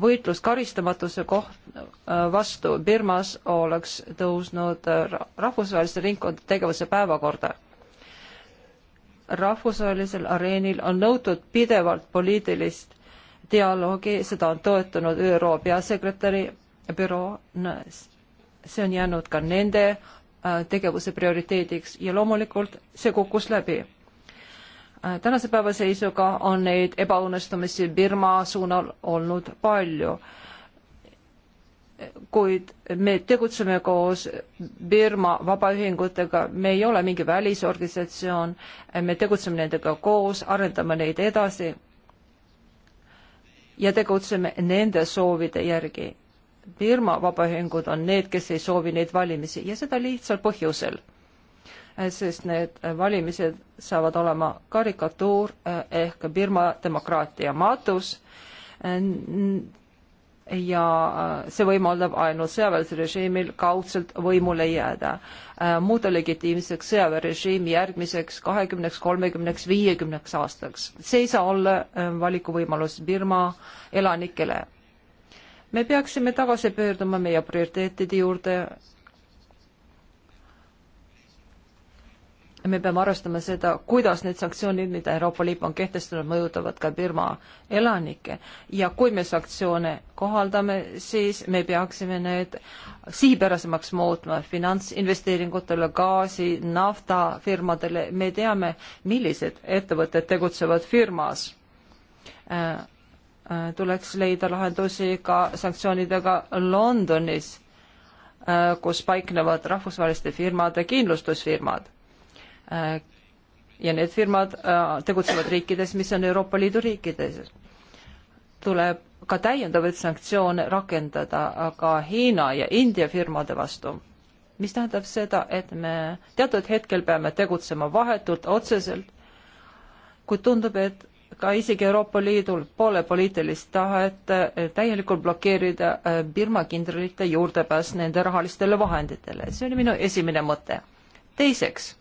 võitlus karistamatuse koht vastu Birmas oleks tõusnud rahvusvahelise ringkondade tegevuse päevakorda rahvusvahelisel areenil on nõutud pidevalt poliitilist dialoogi, seda on toetanud ÜRO peasekretäri büroo, see on jäänud ka nende äh, tegevuse prioriteediks ja loomulikult see kukkus läbi. Äh, tänase päeva seisuga on neid ebaõnnestumisi Birma suunal olnud palju kuid me tegutseme koos Birma vabaühingutega, me ei ole mingi välisorganisatsioon, me tegutseme nendega koos, arendame neid edasi ja tegutseme nende soovide järgi. Birma vabaühingud on need, kes ei soovi neid valimisi ja seda lihtsal põhjusel, sest need valimised saavad olema karikatuur ehk Birma demokraatia matus ja äh, see võimaldab ainult sõjaväerežiimil kaudselt võimule jääda, äh, muuta legitiimseks sõjaväerežiimi järgmiseks kahekümneks, kolmekümneks, viiekümneks aastaks. see ei saa olla äh, valikuvõimalus Birma elanikele. me peaksime tagasi pöörduma meie prioriteetide juurde me peame arvestama seda, kuidas need sanktsioonid, mida Euroopa Liit on kehtestanud, mõjutavad ka Birma elanikke. ja kui me sanktsioone kohaldame, siis me peaksime need sihipärasemaks muutma finantsinvesteeringutele, gaasi, naftafirmadele, me teame, millised ettevõtted tegutsevad firmas äh,. Äh, tuleks leida lahendusi ka sanktsioonidega Londonis äh,, kus paiknevad rahvusvaheliste firmade kindlustusfirmad Äh, ja need firmad äh, tegutsevad riikides, mis on Euroopa Liidu riikides. tuleb ka täiendavaid sanktsioone rakendada ka Hiina ja India firmade vastu, mis tähendab seda, et me teatud hetkel peame tegutsema vahetult, otseselt, kuid tundub, et ka isegi Euroopa Liidul pole poliitilist tahet äh, täielikult blokeerida Birma kindralite juurdepääs nende rahalistele vahenditele. see oli minu esimene mõte. teiseks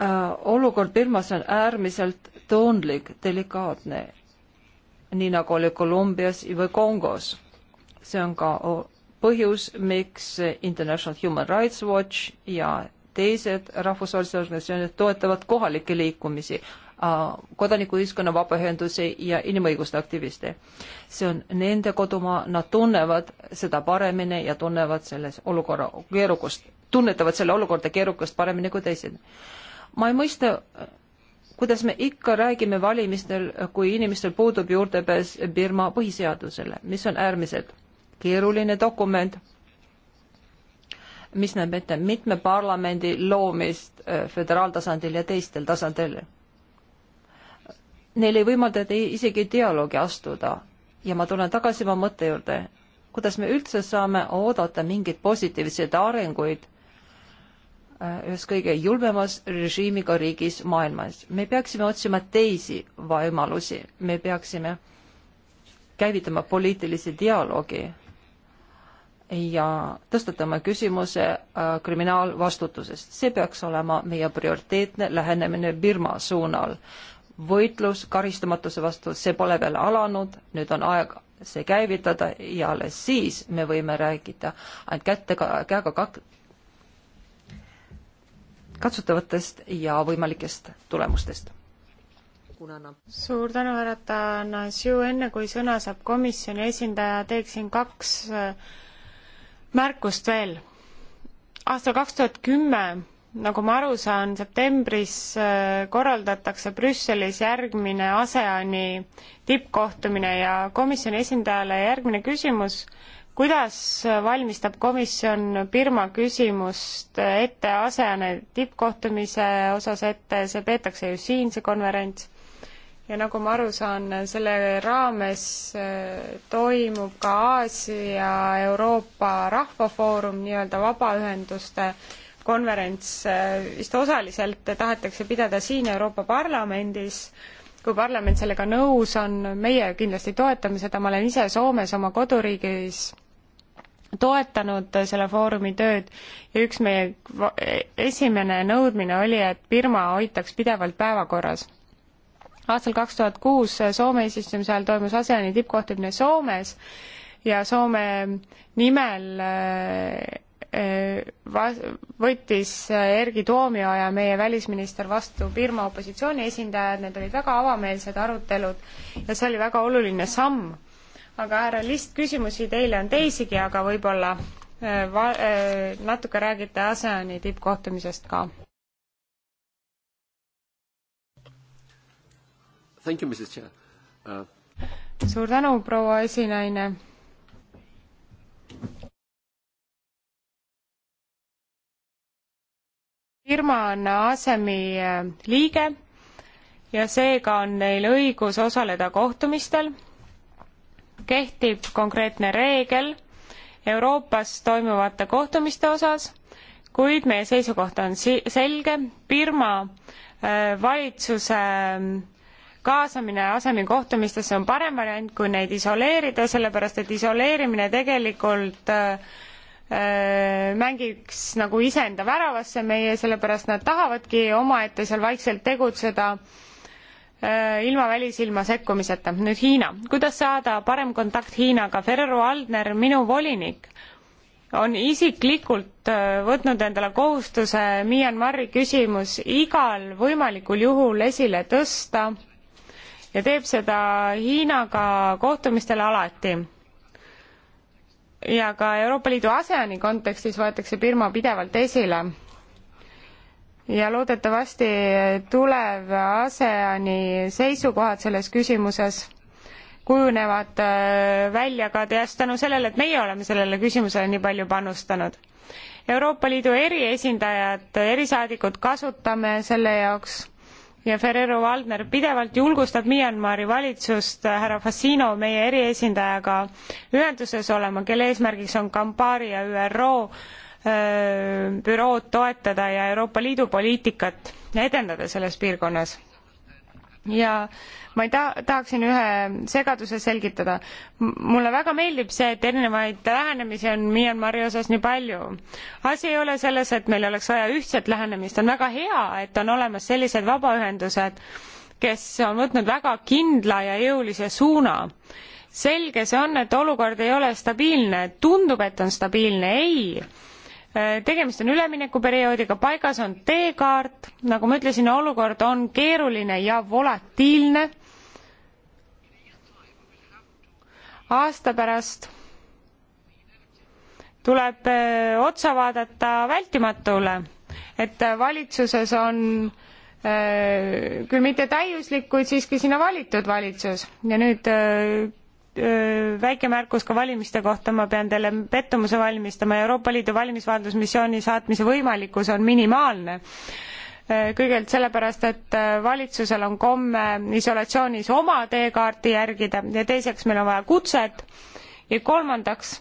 Äh, olukord Birmas on äärmiselt toonlik, delikaatne, nii nagu oli Kolumbias või Kongos. see on ka põhjus, miks International Human Rights Watch ja teised rahvusvahelised organisatsioonid toetavad kohalikke liikumisi, äh, kodanikuühiskonna vabaühendusi ja inimõiguste aktiviste. see on nende kodumaa, nad tunnevad seda paremini ja tunnevad selles olukorra keerukust, tunnetavad selle olukorda keerukust paremini kui teised ma ei mõista, kuidas me ikka räägime valimistel, kui inimestel puudub juurdepääs Birma põhiseadusele, mis on äärmiselt keeruline dokument, mis näeb ette mitme parlamendi loomist äh, föderaaltasandil ja teistel tasandil. Neil ei võimaldada isegi dialoogi astuda ja ma tulen tagasi oma mõtte juurde, kuidas me üldse saame oodata mingeid positiivseid arenguid Äh, ühes kõige julmemas režiimiga riigis maailmas. me peaksime otsima teisi võimalusi, me peaksime käivitama poliitilise dialoogi ja tõstatama küsimuse äh, kriminaalvastutusest. see peaks olema meie prioriteetne lähenemine Birma suunal. võitlus karistamatuse vastu, see pole veel alanud, nüüd on aeg see käivitada ja alles siis me võime rääkida ainult kätte, käega katsutavatest ja võimalikest tulemustest. suur tänu, härra Tanasiu, enne kui sõna saab komisjoni esindaja, teeksin kaks äh, märkust veel. aastal kaks tuhat kümme nagu ma aru saan, septembris äh, korraldatakse Brüsselis järgmine ASEAN-i tippkohtumine ja komisjoni esindajale järgmine küsimus äh, kuidas valmistab komisjon Birma küsimust ette ASEAN-i tippkohtumise osas ette, see peetakse ju siin, see konverents, ja nagu ma aru saan, selle raames äh, toimub ka Aasia-Euroopa rahvafoorum, nii-öelda vabaühenduste konverents äh, vist osaliselt tahetakse pidada siin Euroopa Parlamendis, kui parlament sellega nõus on, meie kindlasti toetame seda, ma olen ise Soomes oma koduriigis toetanud selle foorumi tööd ja üks meie esimene nõudmine oli, et Birma hoitaks pidevalt päevakorras. aastal kaks tuhat kuus Soome eesistumise ajal toimus ASEAN-i tippkohtumine Soomes ja Soome nimel äh, äh, võttis Erki Toomioja, meie välisminister, vastu Birma opositsiooni esindajad, need olid väga avameelsed arutelud ja see oli väga oluline samm aga härra List, küsimusi teile on teisigi, aga võib-olla äh, va-, äh, natuke räägite ASEAN-i tippkohtumisest ka. Thank you, Mrs Chair uh.... suur tänu, proua esinaine. firma on ASEM-i äh, liige ja seega on neil õigus osaleda kohtumistel kehtib konkreetne reegel Euroopas toimuvate kohtumiste osas, kuid meie seisukoht on si-, selge, Birma äh, valitsuse ähm, kaasamine asemikohtumistesse on parem variant, kui neid isoleerida, sellepärast et isoleerimine tegelikult äh, äh, mängiks nagu iseenda väravasse meie, sellepärast nad tahavadki omaette seal vaikselt tegutseda äh, Äh, ilma välisilma sekkumiseta. nüüd Hiina. kuidas saada parem kontakt Hiinaga? Ferrero Aldner, minu volinik, on isiklikult äh, võtnud endale kohustuse Myanmari küsimus igal võimalikul juhul esile tõsta ja teeb seda Hiinaga kohtumistel alati. ja ka Euroopa Liidu ASEAN-i kontekstis võetakse Birma pidevalt esile ja loodetavasti tulev ASEAN-i seisukohad selles küsimuses kujunevad äh, välja ka teast tänu sellele, et meie oleme sellele küsimusele nii palju panustanud. Euroopa Liidu eriesindajad, erisaadikud kasutame selle jaoks ja Ferrero Waldner pidevalt julgustab Myanmari valitsust äh, härra Fassino meie eriesindajaga ühenduses olema, kelle eesmärgiks on Kampari ja ÜRO Äh, bürood toetada ja Euroopa Liidu poliitikat edendada selles piirkonnas. ja ma ei ta-, tahaksin ühe segaduse selgitada. mulle väga meeldib see, et erinevaid lähenemisi on Myanmari osas nii palju. asi ei ole selles, et meil oleks vaja ühtset lähenemist, on väga hea, et on olemas sellised vabaühendused, kes on võtnud väga kindla ja jõulise suuna selge see on, et olukord ei ole stabiilne, tundub, et on stabiilne, ei Äh, tegemist on üleminekuperioodiga, paigas on teekaart, nagu ma ütlesin, olukord on keeruline ja volatiilne. aasta pärast tuleb äh, otsa vaadata vältimatule, et valitsuses on äh, küll mitte täiuslik, kuid siiski sinna valitud valitsus ja nüüd väike märkus ka valimiste kohta, ma pean teile pettumuse valmistama, Euroopa Liidu valimisvaatlusmissiooni saatmise võimalikkus on minimaalne kõigepealt sellepärast, et valitsusel on komme isolatsioonis oma teekaarti järgida ja teiseks meil on vaja kutset ja kolmandaks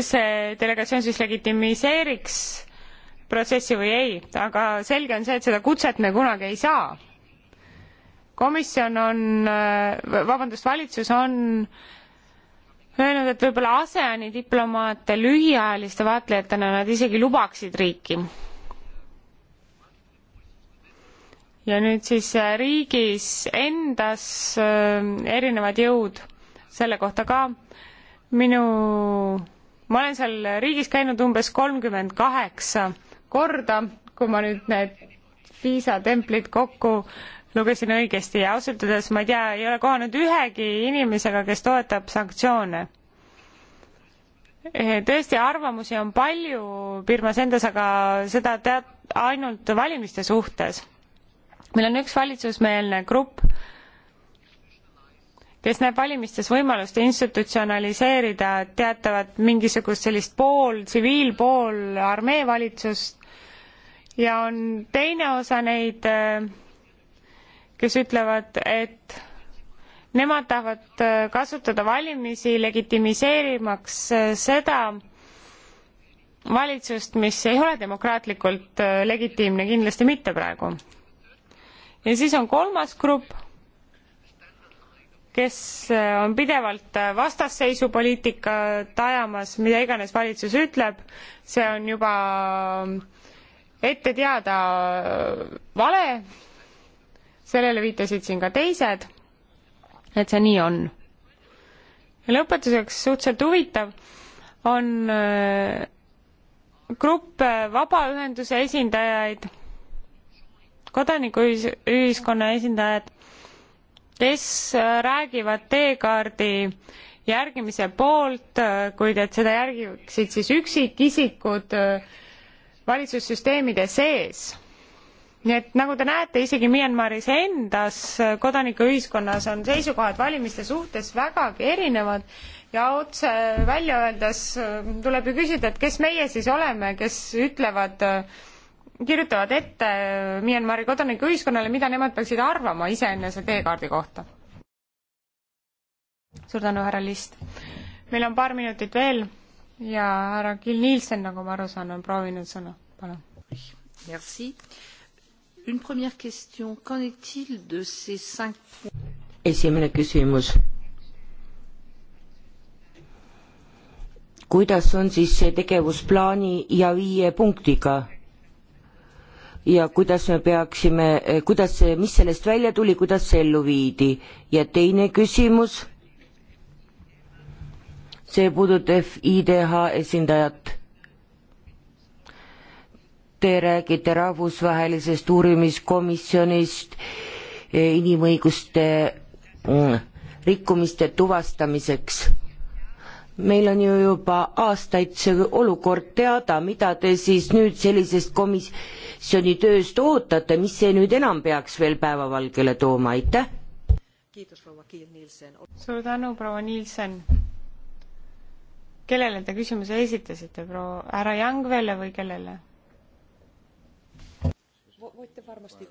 see delegatsioon siis legitimiseeriks protsessi või ei, aga selge on see, et seda kutset me kunagi ei saa komisjon on, vabandust, valitsus on öelnud, et võib-olla ASEAN-i diplomaate lühiajaliste vaatlejatena nad isegi lubaksid riiki. ja nüüd siis äh, riigis endas äh, erinevad jõud selle kohta ka. minu, ma olen seal riigis käinud umbes kolmkümmend kaheksa korda, kui ma nüüd need viisatemplid kokku äh, lugesin õigesti ja ausalt öeldes ma ei tea, ei ole kohanud ühegi inimesega, kes toetab sanktsioone. Eh, tõesti, arvamusi on palju Birmas endas, aga seda tead ainult valimiste suhtes. meil on üks valitsusmeelne grupp, kes näeb valimistes võimalust institutsionaliseerida teatavat mingisugust sellist pool tsiviil, pool armee valitsust ja on teine osa neid äh, kes ütlevad, et nemad tahavad äh, kasutada valimisi legitimiseerimaks äh, seda valitsust, mis ei ole demokraatlikult äh, legitiimne, kindlasti mitte praegu. ja siis on kolmas grupp, kes on pidevalt vastasseisupoliitikat ajamas, mida iganes valitsus ütleb, see on juba ette teada vale sellele viitasid siin ka teised, et see nii on. ja lõpetuseks suhteliselt huvitav on äh, grupp äh, vabaühenduse esindajaid, kodanikuühiskonna esindajad, kes äh, räägivad teekaardi järgimise poolt, kuid et seda järgiksid siis üksikisikud valitsussüsteemide sees nii et nagu te näete, isegi Myanmaris endas kodanikuühiskonnas on seisukohad valimiste suhtes vägagi erinevad ja otse välja öeldes äh, tuleb ju küsida, et kes meie siis oleme, kes ütlevad, äh, kirjutavad ette äh, Myanmari kodanikuühiskonnale, mida nemad peaksid arvama iseenese teekaardi kohta. suur tänu, härra List. meil on paar minutit veel ja härra Kill Nielsen, nagu ma aru saan, on proovinud sõna, palun. Merci une première question. Qu'en est-il de ces cinq points Esimene küsimus. kuidas on siis see tegevusplaani ja viie punktiga? ja kuidas me peaksime, eh, kuidas, mis sellest välja tuli, kuidas see ellu viidi? ja teine küsimus, see puudutab IDH esindajat Te räägite rahvusvahelisest uurimiskomisjonist eh, inimõiguste mm, rikkumiste tuvastamiseks. meil on ju juba aastaid see olukord teada, mida te siis nüüd sellisest komisjoni tööst ootate, mis see nüüd enam peaks veel päevavalgele tooma, aitäh! suur tänu, proua Nielsen! kellele te küsimuse esitasite, proua härra Jangvele või kellele? voitte varmasti...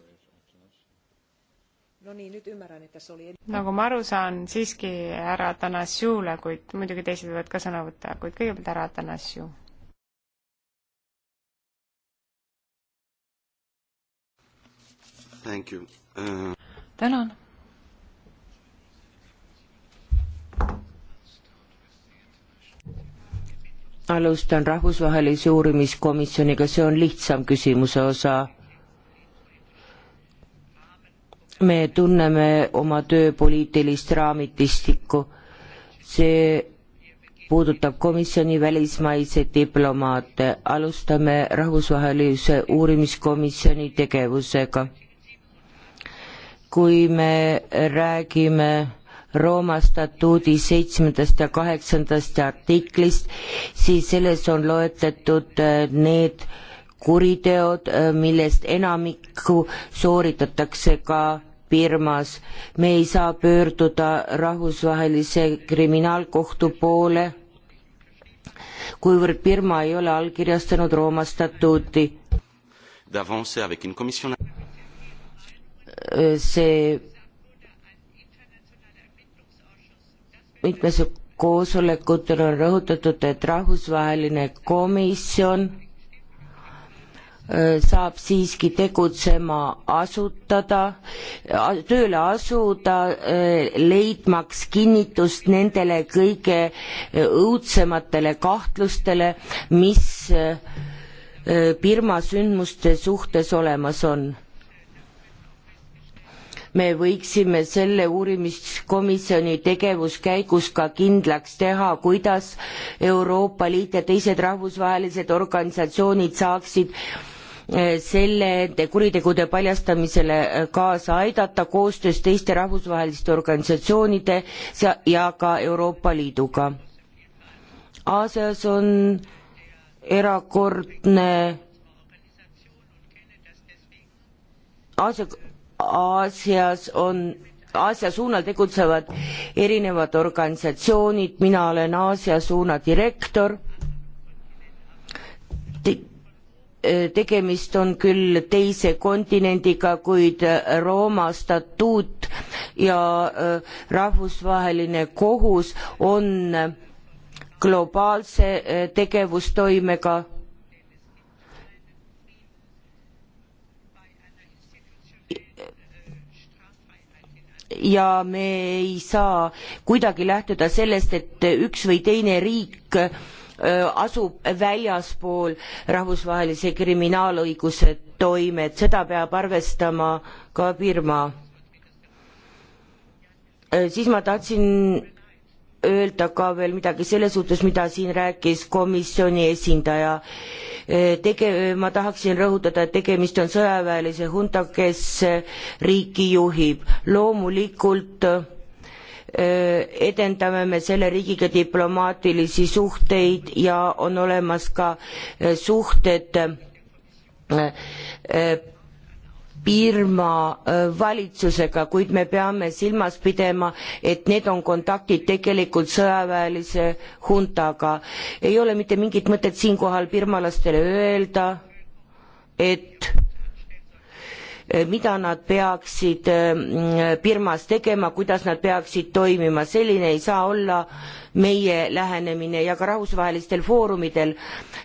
No niin, nyt ymmärrän, että se oli... Nagu ma aru saan, siiski härra Tanasjule, kuid muidugi teised võivad ka sõna võtta, kuid kõigepealt härra Tanasju. Thank you. Uh... Tänan. alustan rahvusvahelise uurimiskomisjoniga, see on lihtsam küsimuse osa me tunneme oma töö poliitilist raamitistikku. see puudutab komisjoni välismaiseid diplomaate. alustame rahvusvahelise uurimiskomisjoni tegevusega. kui me räägime Rooma statuudi seitsmendast ja kaheksandast artiklist, siis selles on loetletud äh, need äh, kuriteod, äh, millest enamikku sooritatakse ka Birmas. me ei saa pöörduda rahvusvahelise kriminaalkohtu poole, kuivõrd Birma ei ole allkirjastanud Rooma statuuti. Äh, see mitmes koosolekutel on rõhutatud, et rahvusvaheline komisjon saab siiski tegutsema asutada, tööle asuda, leidmaks kinnitust nendele kõige õudsematele kahtlustele, mis Birma sündmuste suhtes olemas on. me võiksime selle uurimiskomisjoni tegevuskäigus ka kindlaks teha, kuidas Euroopa Liit ja teised rahvusvahelised organisatsioonid saaksid Äh, selle kuritegude paljastamisele äh, kaasa aidata koostöös teiste rahvusvaheliste organisatsioonide ja ka Euroopa Liiduga. Aasias on erakordne Aasia, Aasias on Aasia suunal tegutsevad erinevad organisatsioonid, mina olen Aasia suuna direktor Äh, tegemist on küll teise kontinendiga, kuid äh, Rooma statuut ja äh, rahvusvaheline kohus on globaalse tegevustoimega ja me ei saa kuidagi lähtuda sellest, et üks või teine riik asub väljaspool rahvusvahelise kriminaalõiguse toimet, seda peab arvestama ka Birma. siis ma tahtsin öelda ka veel midagi selle suhtes, mida siin rääkis komisjoni esindaja. tege-, ma tahaksin rõhutada, et tegemist on sõjaväelise hunta, kes riiki juhib. loomulikult edendame me selle riigiga diplomaatilisi suhteid ja on olemas ka suhted Birma valitsusega, kuid me peame silmas pidama, et need on kontaktid tegelikult sõjaväelise huntaga. ei ole mitte mingit mõtet siinkohal birmalastele öelda, et Eh, mida nad peaksid Birmas eh, mm, tegema, kuidas nad peaksid toimima, selline ei saa olla meie lähenemine ja ka rahvusvahelistel foorumidel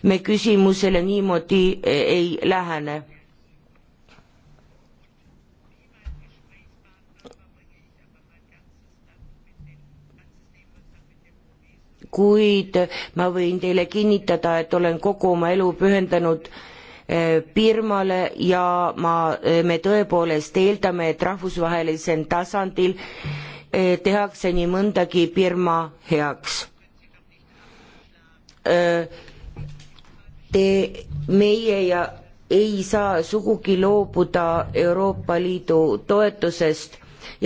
me küsimusele niimoodi eh, ei lähene. kuid ma võin teile kinnitada, et olen kogu oma elu pühendanud äh, Eh, Birmale ja ma, eh, me tõepoolest eeldame, et rahvusvahelisel tasandil eh, tehakse nii mõndagi Birma heaks. Te, meie ja ei saa sugugi loobuda Euroopa Liidu toetusest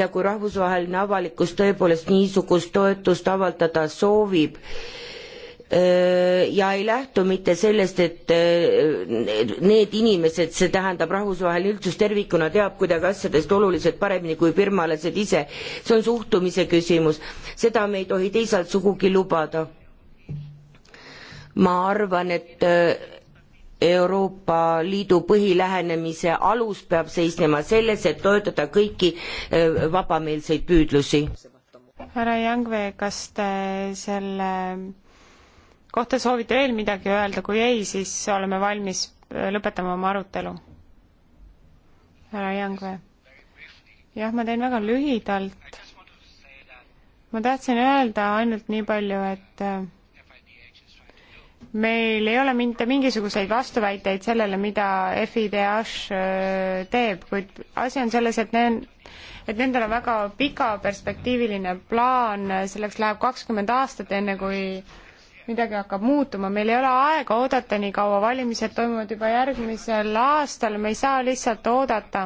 ja kui rahvusvaheline avalikkus tõepoolest niisugust toetust avaldada soovib, Äh, ja ei lähtu mitte sellest, et äh, need inimesed, see tähendab rahvusvaheline üldsus tervikuna teab kuidagi asjadest oluliselt paremini kui birmalased ise. see on suhtumise küsimus, seda me ei tohi teisalt sugugi lubada. ma arvan, et äh, Euroopa Liidu põhilähenemise alus peab seisnema selles, et toetada kõiki vabameelseid püüdlusi. härra Jangve, kas te selle kohta soovite veel midagi öelda, kui ei, siis oleme valmis äh, lõpetama oma arutelu. härra Young või? jah, ma teen väga lühidalt. ma tahtsin öelda ainult nii palju, et äh, meil ei ole mitte mingisuguseid vastuväiteid sellele, mida FIDH äh, teeb, kuid asi on selles, et need et nendel on väga pikaperspektiiviline plaan, selleks läheb kakskümmend aastat, enne kui äh, midagi hakkab muutuma, meil ei ole aega oodata nii kaua, valimised toimuvad juba järgmisel aastal, me ei saa lihtsalt oodata.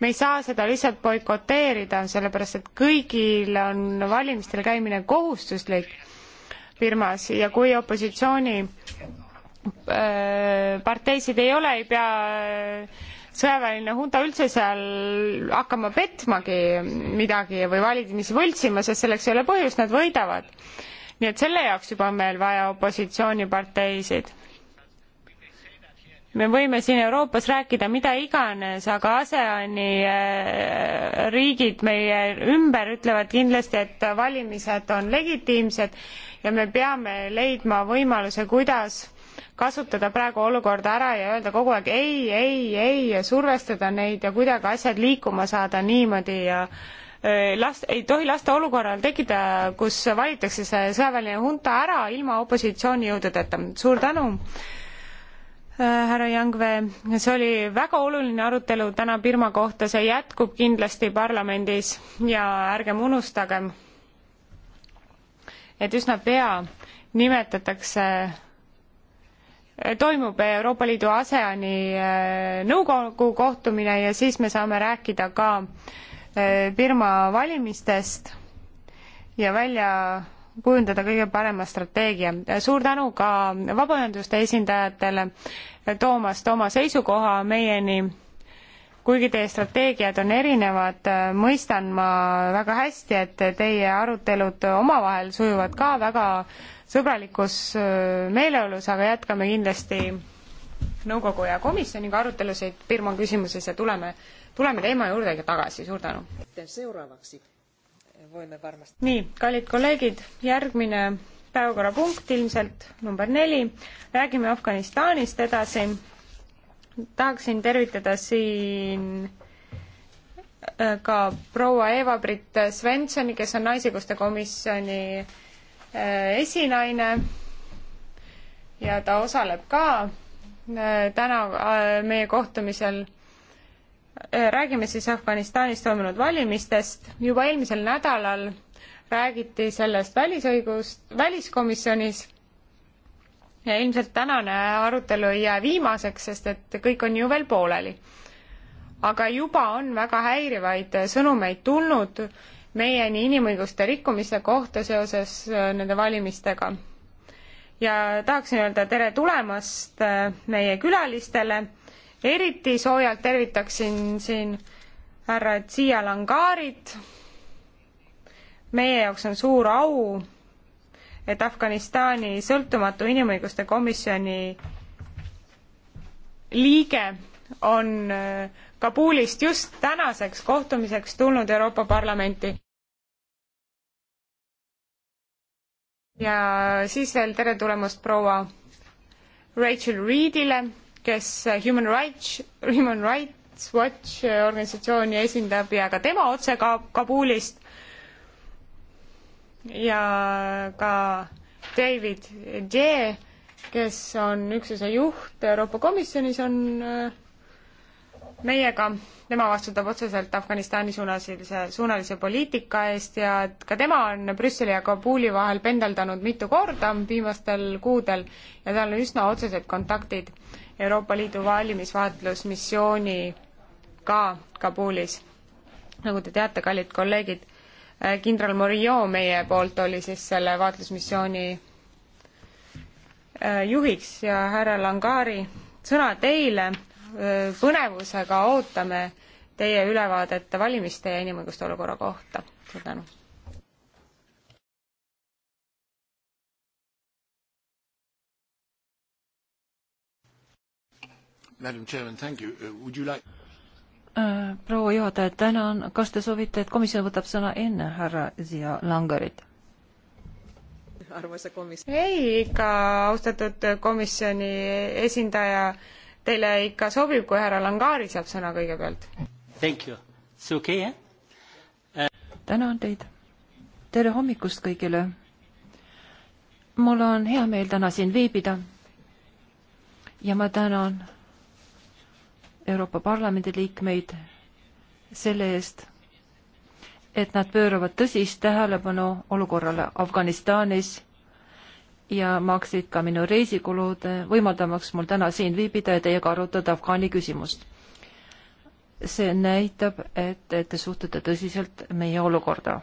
me ei saa seda lihtsalt boikoteerida, sellepärast et kõigil on valimistel käimine kohustuslik Birmas ja kui opositsiooni äh, parteisid ei ole, ei pea äh, sõjaväeline hunta üldse seal hakkama petmagi midagi või valimisi võltsima, sest selleks ei ole põhjust, nad võidavad nii et selle jaoks juba on meil vaja opositsiooniparteisid me võime siin Euroopas rääkida mida iganes, aga ASEAN-i äh, riigid meie ümber ütlevad kindlasti, et valimised on legitiimsed ja me peame leidma võimaluse, kuidas kasutada praegu olukorda ära ja öelda kogu aeg ei, ei, ei ja survestada neid ja kuidagi asjad liikuma saada niimoodi ja Äh, last, ei tohi lasta olukorral tekkida, kus valitakse see sõjaväeline hunta ära ilma opositsioonijõududeta. suur tänu, äh, härra Jangvee, see oli väga oluline arutelu täna Birma kohta, see jätkub kindlasti parlamendis ja ärgem unustagem, et üsna pea nimetatakse äh, toimub Euroopa Liidu ASEAN-i nõukogu kohtumine ja siis me saame rääkida ka äh, Eh, Birma valimistest ja välja kujundada kõige parema strateegia. suur tänu ka vabaühenduste esindajatele eh, toomast oma seisukoha meieni. kuigi teie strateegiad on erinevad, eh, mõistan ma väga hästi, et teie arutelud omavahel sujuvad ka väga sõbralikus meeleolus, aga jätkame kindlasti nõukogu ja komisjoniga arutelusid Birma küsimuses ja tuleme tuleme teema juurde tagasi, suur tänu! nii, kallid kolleegid, järgmine päevakorrapunkt ilmselt, number neli, räägime Afganistanist edasi. tahaksin tervitada siin äh, ka proua Eva-Britt Svensoni, kes on Naisõiguste komisjoni äh, esinaine ja ta osaleb ka äh, täna meie kohtumisel Äh, räägime siis Afganistanis toimunud valimistest. juba eelmisel nädalal räägiti sellest välisõigust, väliskomisjonis ja ilmselt tänane arutelu ei jää viimaseks, sest et kõik on ju veel pooleli. aga juba on väga häirivaid sõnumeid tulnud meieni inimõiguste rikkumise kohta seoses äh, nende valimistega. ja tahaksin öelda tere tulemast äh, meie külalistele eriti soojalt tervitaksin siin härra Tsia Langaarit. meie jaoks on suur au, et Afganistani sõltumatu inimõiguste komisjoni liige on äh, Kabulist just tänaseks kohtumiseks tulnud Euroopa Parlamenti. ja siis veel tere tulemast proua Rachel Reedile kes eh, Human Rights, Human Rights Watch eh, organisatsiooni esindab ja ka tema otse ka Kabulist ja ka David J, kes on üksuse juht Euroopa Komisjonis, on eh, meiega, tema vastutab otseselt Afganistani suunasilise, suunalise poliitika eest ja et ka tema on Brüsseli ja Kabuli vahel pendeldanud mitu korda viimastel kuudel ja tal on üsna otsesed kontaktid Euroopa Liidu valimisvaatlusmissiooni ka Kabulis. nagu te teate, kallid kolleegid, äh, kindral Morillon meie poolt oli siis selle vaatlusmissiooni äh, juhiks ja härra Langari, sõna teile, äh, põnevusega ootame teie ülevaadet valimiste ja inimõiguste olukorra kohta. suur tänu! Uh, äh, proua juhataja, tänan, kas te soovite, et komisjon võtab sõna enne härra Zia Langerit? arvoisa komisjon. ei, ikka austatud komisjoni esindaja, teile ikka sobib, kui härra Langari saab sõna kõigepealt? Okay, eh? uh... tänan teid. tere hommikust kõigile. mul on hea meel täna siin viibida. ja ma tänan Euroopa Parlamendi liikmeid selle eest, et nad pööravad tõsist tähelepanu olukorrale Afganistanis ja maksid ka minu reisikulud, võimaldamaks mul täna siin viibida ja teiega arutada Afgaani küsimust. see näitab, et, et te suhtute tõsiselt meie olukorda.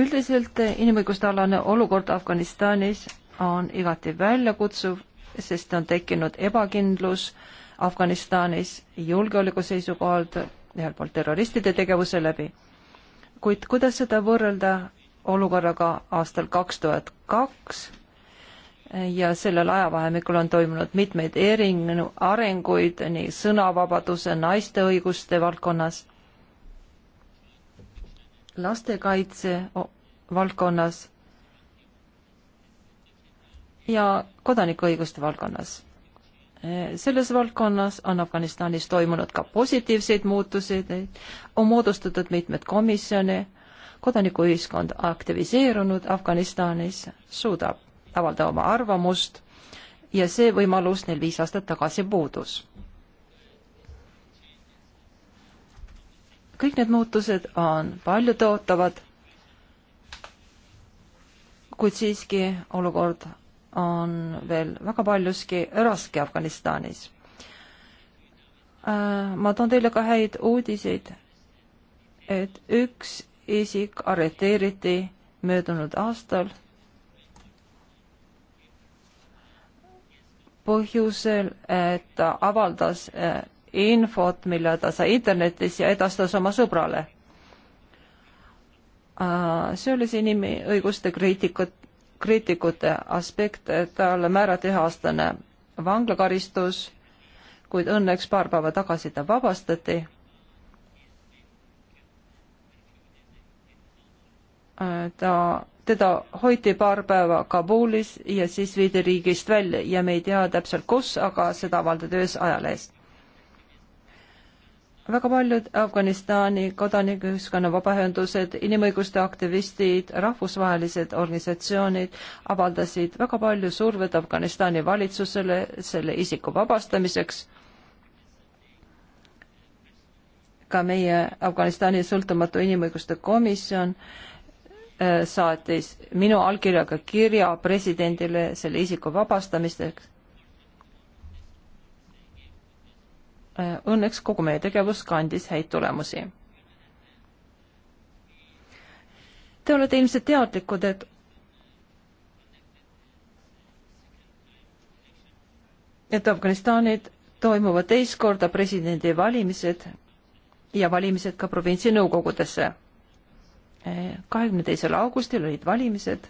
üldiselt inimõiguste alane olukord Afganistanis on igati väljakutsuv sest on tekkinud ebakindlus Afganistanis julgeoleku seisukohalt, ühelt poolt terroristide tegevuse läbi, kuid kuidas seda võrrelda olukorraga aastal kaks tuhat kaks ja sellel ajavahemikul on toimunud mitmeid erinegu arenguid nii sõnavabaduse, naiste õiguste valdkonnas, lastekaitse valdkonnas ja kodanikuõiguste valdkonnas. selles valdkonnas on Afganistanis toimunud ka positiivseid muutusi, on moodustatud mitmed komisjone, kodanikuühiskond aktiviseerunud Afganistanis, suudab avaldada oma arvamust ja see võimalus neil viis aastat tagasi puudus. kõik need muutused on paljutõotavad, kuid siiski olukord on veel väga paljuski raske Afganistanis. Äh, ma toon teile ka häid uudiseid, et üks isik arreteeriti möödunud aastal põhjusel, et ta avaldas äh, infot, mille ta sai internetis ja edastas oma sõbrale. Äh, see oli see inimõiguste kriitikut, kriitikute aspekt, talle määrati üheaastane vanglakaristus, kuid õnneks paar päeva tagasi ta vabastati. ta, teda hoiti paar päeva Kabulis ja siis viidi riigist välja ja me ei tea täpselt kus, aga seda avaldati ühes ajalehes väga paljud Afganistani kodanikuühiskonna vabaühendused, inimõiguste aktivistid, rahvusvahelised organisatsioonid avaldasid väga palju survet Afganistani valitsusele selle isiku vabastamiseks. ka meie Afganistani sõltumatu inimõiguste komisjon äh, saatis minu allkirjaga kirja presidendile selle isiku vabastamiseks Äh, õnneks kogu meie tegevus kandis häid tulemusi. Te olete ilmselt teadlikud, et et Afganistanid toimuvad teist korda presidendivalimised ja valimised ka provintsinõukogudesse. Äh, kahekümne teisel augustil olid valimised.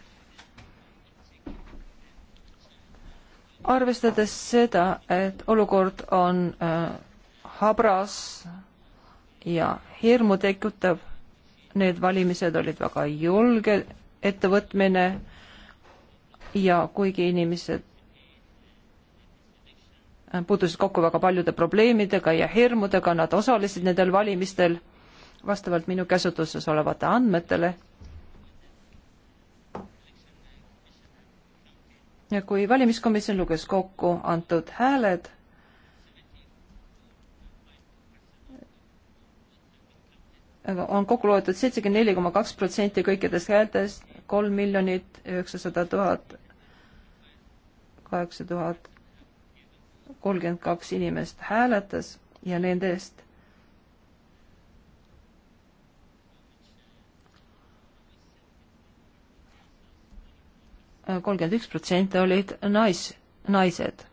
arvestades seda, et olukord on äh, habras ja hirmu tekitav. Need valimised olid väga julge ettevõtmine ja kuigi inimesed puutusid kokku väga paljude probleemidega ja hirmudega, nad osalesid nendel valimistel vastavalt minu käsutuses olevate andmetele. ja kui valimiskomisjon luges kokku antud hääled on kokku loetud seitsekümmend neli koma kaks protsenti kõikidest häältest, kolm miljonit üheksasada tuhat kaheksa tuhat kolmkümmend kaks inimest hääletas ja nendest kolmkümmend üks protsenti olid nais, naised.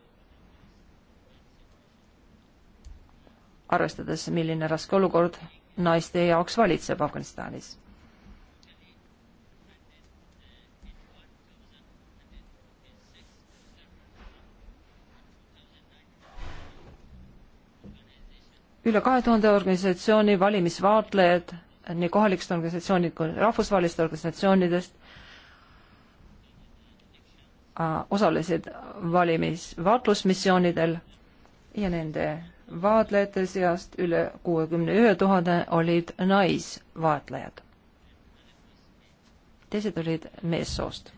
arvestades, milline raske olukord naiste jaoks valitseb Afganistanis. üle kahe tuhande organisatsiooni valimisvaatlejad nii kohalikest organisatsioonid kui rahvusvahelist organisatsioonidest äh, osalesid valimisvaatlusmissioonidel ja nende vaatlejate seast üle kuuekümne ühe tuhande olid naisvaatlejad. teised olid meessoost.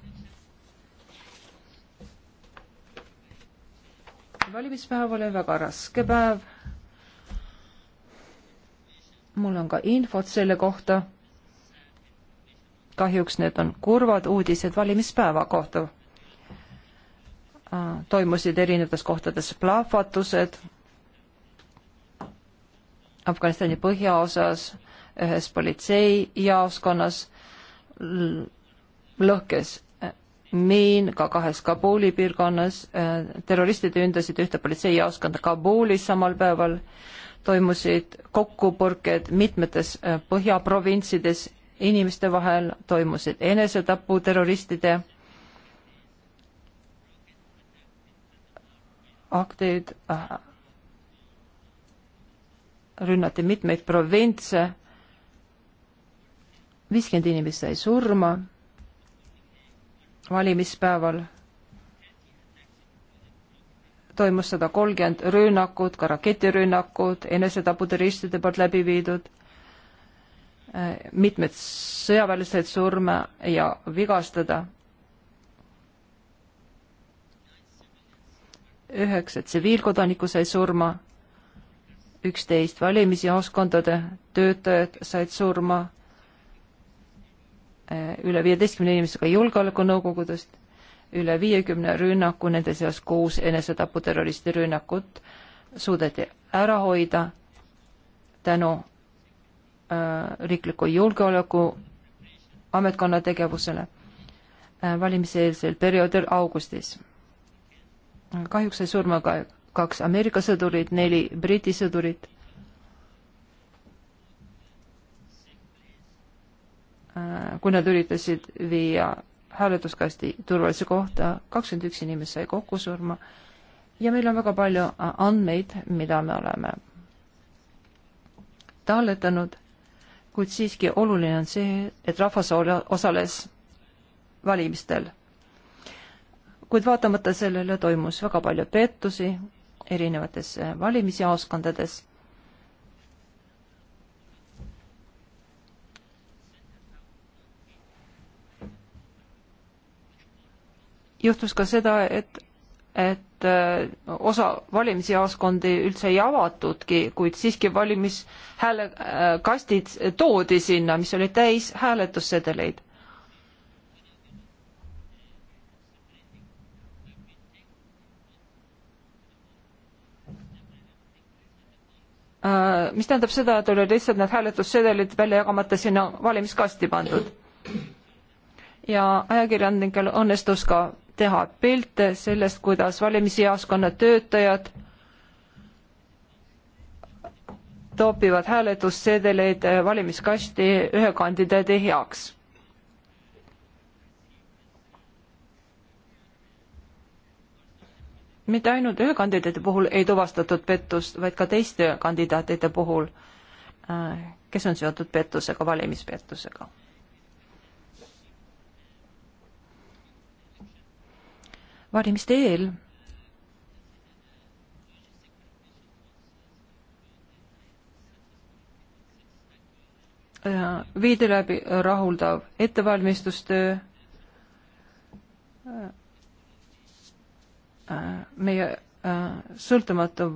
valimispäev oli väga raske päev. mul on ka infot selle kohta. kahjuks need on kurvad uudised valimispäeva kohta. toimusid erinevates kohtades plahvatused Afganistani põhjaosas ühes politseijaoskonnas lõhkes äh, miin ka kahes Kabuli piirkonnas. Äh, terroristid ründasid ühte politseijaoskonda Kabulis samal päeval, toimusid kokkupõrked mitmetes äh, põhjaprovintsides inimeste vahel, toimusid enesetapu terroristide aktid rünnati mitmeid provintse, viiskümmend inimest sai surma valimispäeval, toimus sada kolmkümmend rünnakut, ka raketirünnakud, enesetaputerroristide poolt läbi viidud, mitmed sõjaväelased surma ja vigastada üheksa tsiviilkodanikku sai surma, üksteist valimisjaoskondade töötajad said surma, eh, üle viieteistkümne inimesega julgeolekunõukogudest, üle viiekümne rünnaku, nende seas kuus enesetaputerroristi rünnakut suudeti ära hoida tänu eh, riikliku julgeoleku ametkonna tegevusele eh, valimiseelsel perioodil augustis. kahjuks sai surma ka kaks Ameerika sõdurit, neli Briti sõdurit. Äh, kui nad üritasid viia hääletuskasti turvalise kohta, kakskümmend üks inimest sai kokku surma ja meil on väga palju äh, andmeid, mida me oleme talletanud, kuid siiski oluline on see, et rahvas osales valimistel kuid vaatamata sellele toimus väga palju pettusi, erinevates äh, valimisjaoskondades. juhtus ka seda, et, et äh, osa valimisjaoskondi üldse ei avatudki, kuid siiski valimishäälekastid äh, toodi sinna, mis olid täis hääletussedeleid Äh, mis tähendab seda, et oli lihtsalt need hääletussedelid välja jagamata sinna valimiskasti pandud. ja ajakirjanikel õnnestus ka teha pilte sellest, kuidas valimisjaoskonna töötajad toopivad hääletussedeleid valimiskasti ühe kandidaadi heaks mitte ainult ühe kandidaadi puhul ei tuvastatud pettust, vaid ka teiste kandidaatide puhul, äh, kes on seotud pettusega, valimispettusega. valimiste eel äh, viidi läbi rahuldav ettevalmistustöö äh, Äh, meie äh, sõltumatu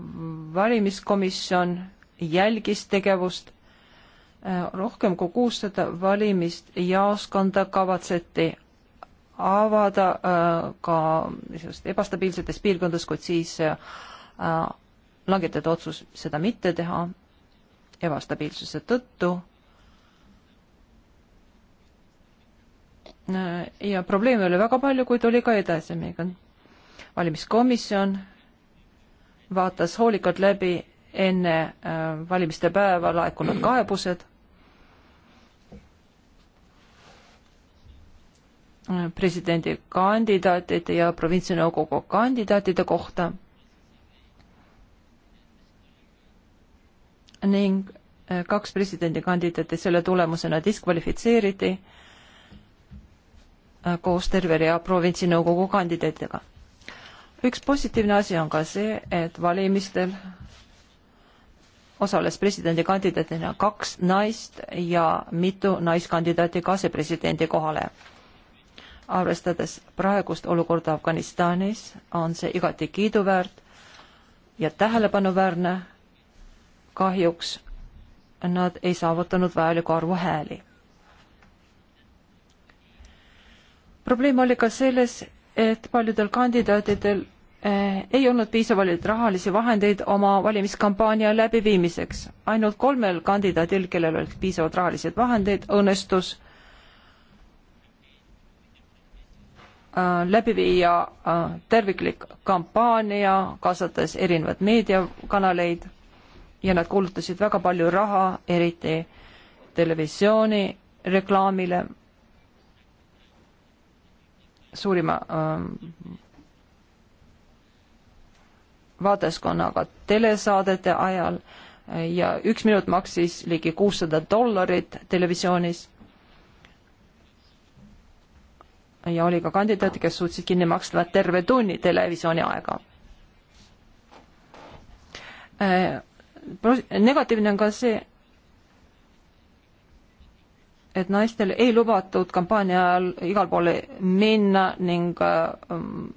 valimiskomisjon jälgis tegevust. Äh, rohkem kui kuussada valimisjaoskonda kavatseti avada ka niisugustes ebastabiilsetes piirkondades, kuid siis langetati otsus seda mitte teha ebastabiilsuse tõttu ja probleeme oli väga palju, kuid oli ka edasimiga valimiskomisjon vaatas hoolikalt läbi enne äh, valimiste päeva laekunud kaebused. presidendikandidaatide ja provintsinõukogu kandidaatide kohta ning äh, kaks presidendikandidaati selle tulemusena diskvalifitseeriti äh, koos terve rea provintsinõukogu kandidaatidega üks positiivne asi on ka see, et valimistel osales presidendikandidaadina kaks naist ja mitu naiskandidaati ka asepresidendi kohale. arvestades praegust olukorda Afganistanis, on see igati kiiduväärt ja tähelepanuväärne. kahjuks nad ei saavutanud vajalikku arvu hääli. probleem oli ka selles, et paljudel kandidaatidel eh, ei olnud piisavalt rahalisi vahendeid oma valimiskampaania läbiviimiseks. ainult kolmel kandidaadil, kellel olid piisavalt rahalised vahendeid, õnnestus eh, läbi viia eh, terviklik kampaania, kaasates erinevaid meediakanaleid ja nad kulutasid väga palju raha, eriti televisiooni reklaamile suurima ähm, vaatajaskonnaga telesaadete ajal ja üks minut maksis ligi kuussada dollarit televisioonis. ja oli ka kandidaate, kes suutsid kinni maksta terve tunni televisiooni aega. Äh, negatiivne on ka see, et naistel ei lubatud kampaania ajal igale poole minna ning äh, mm,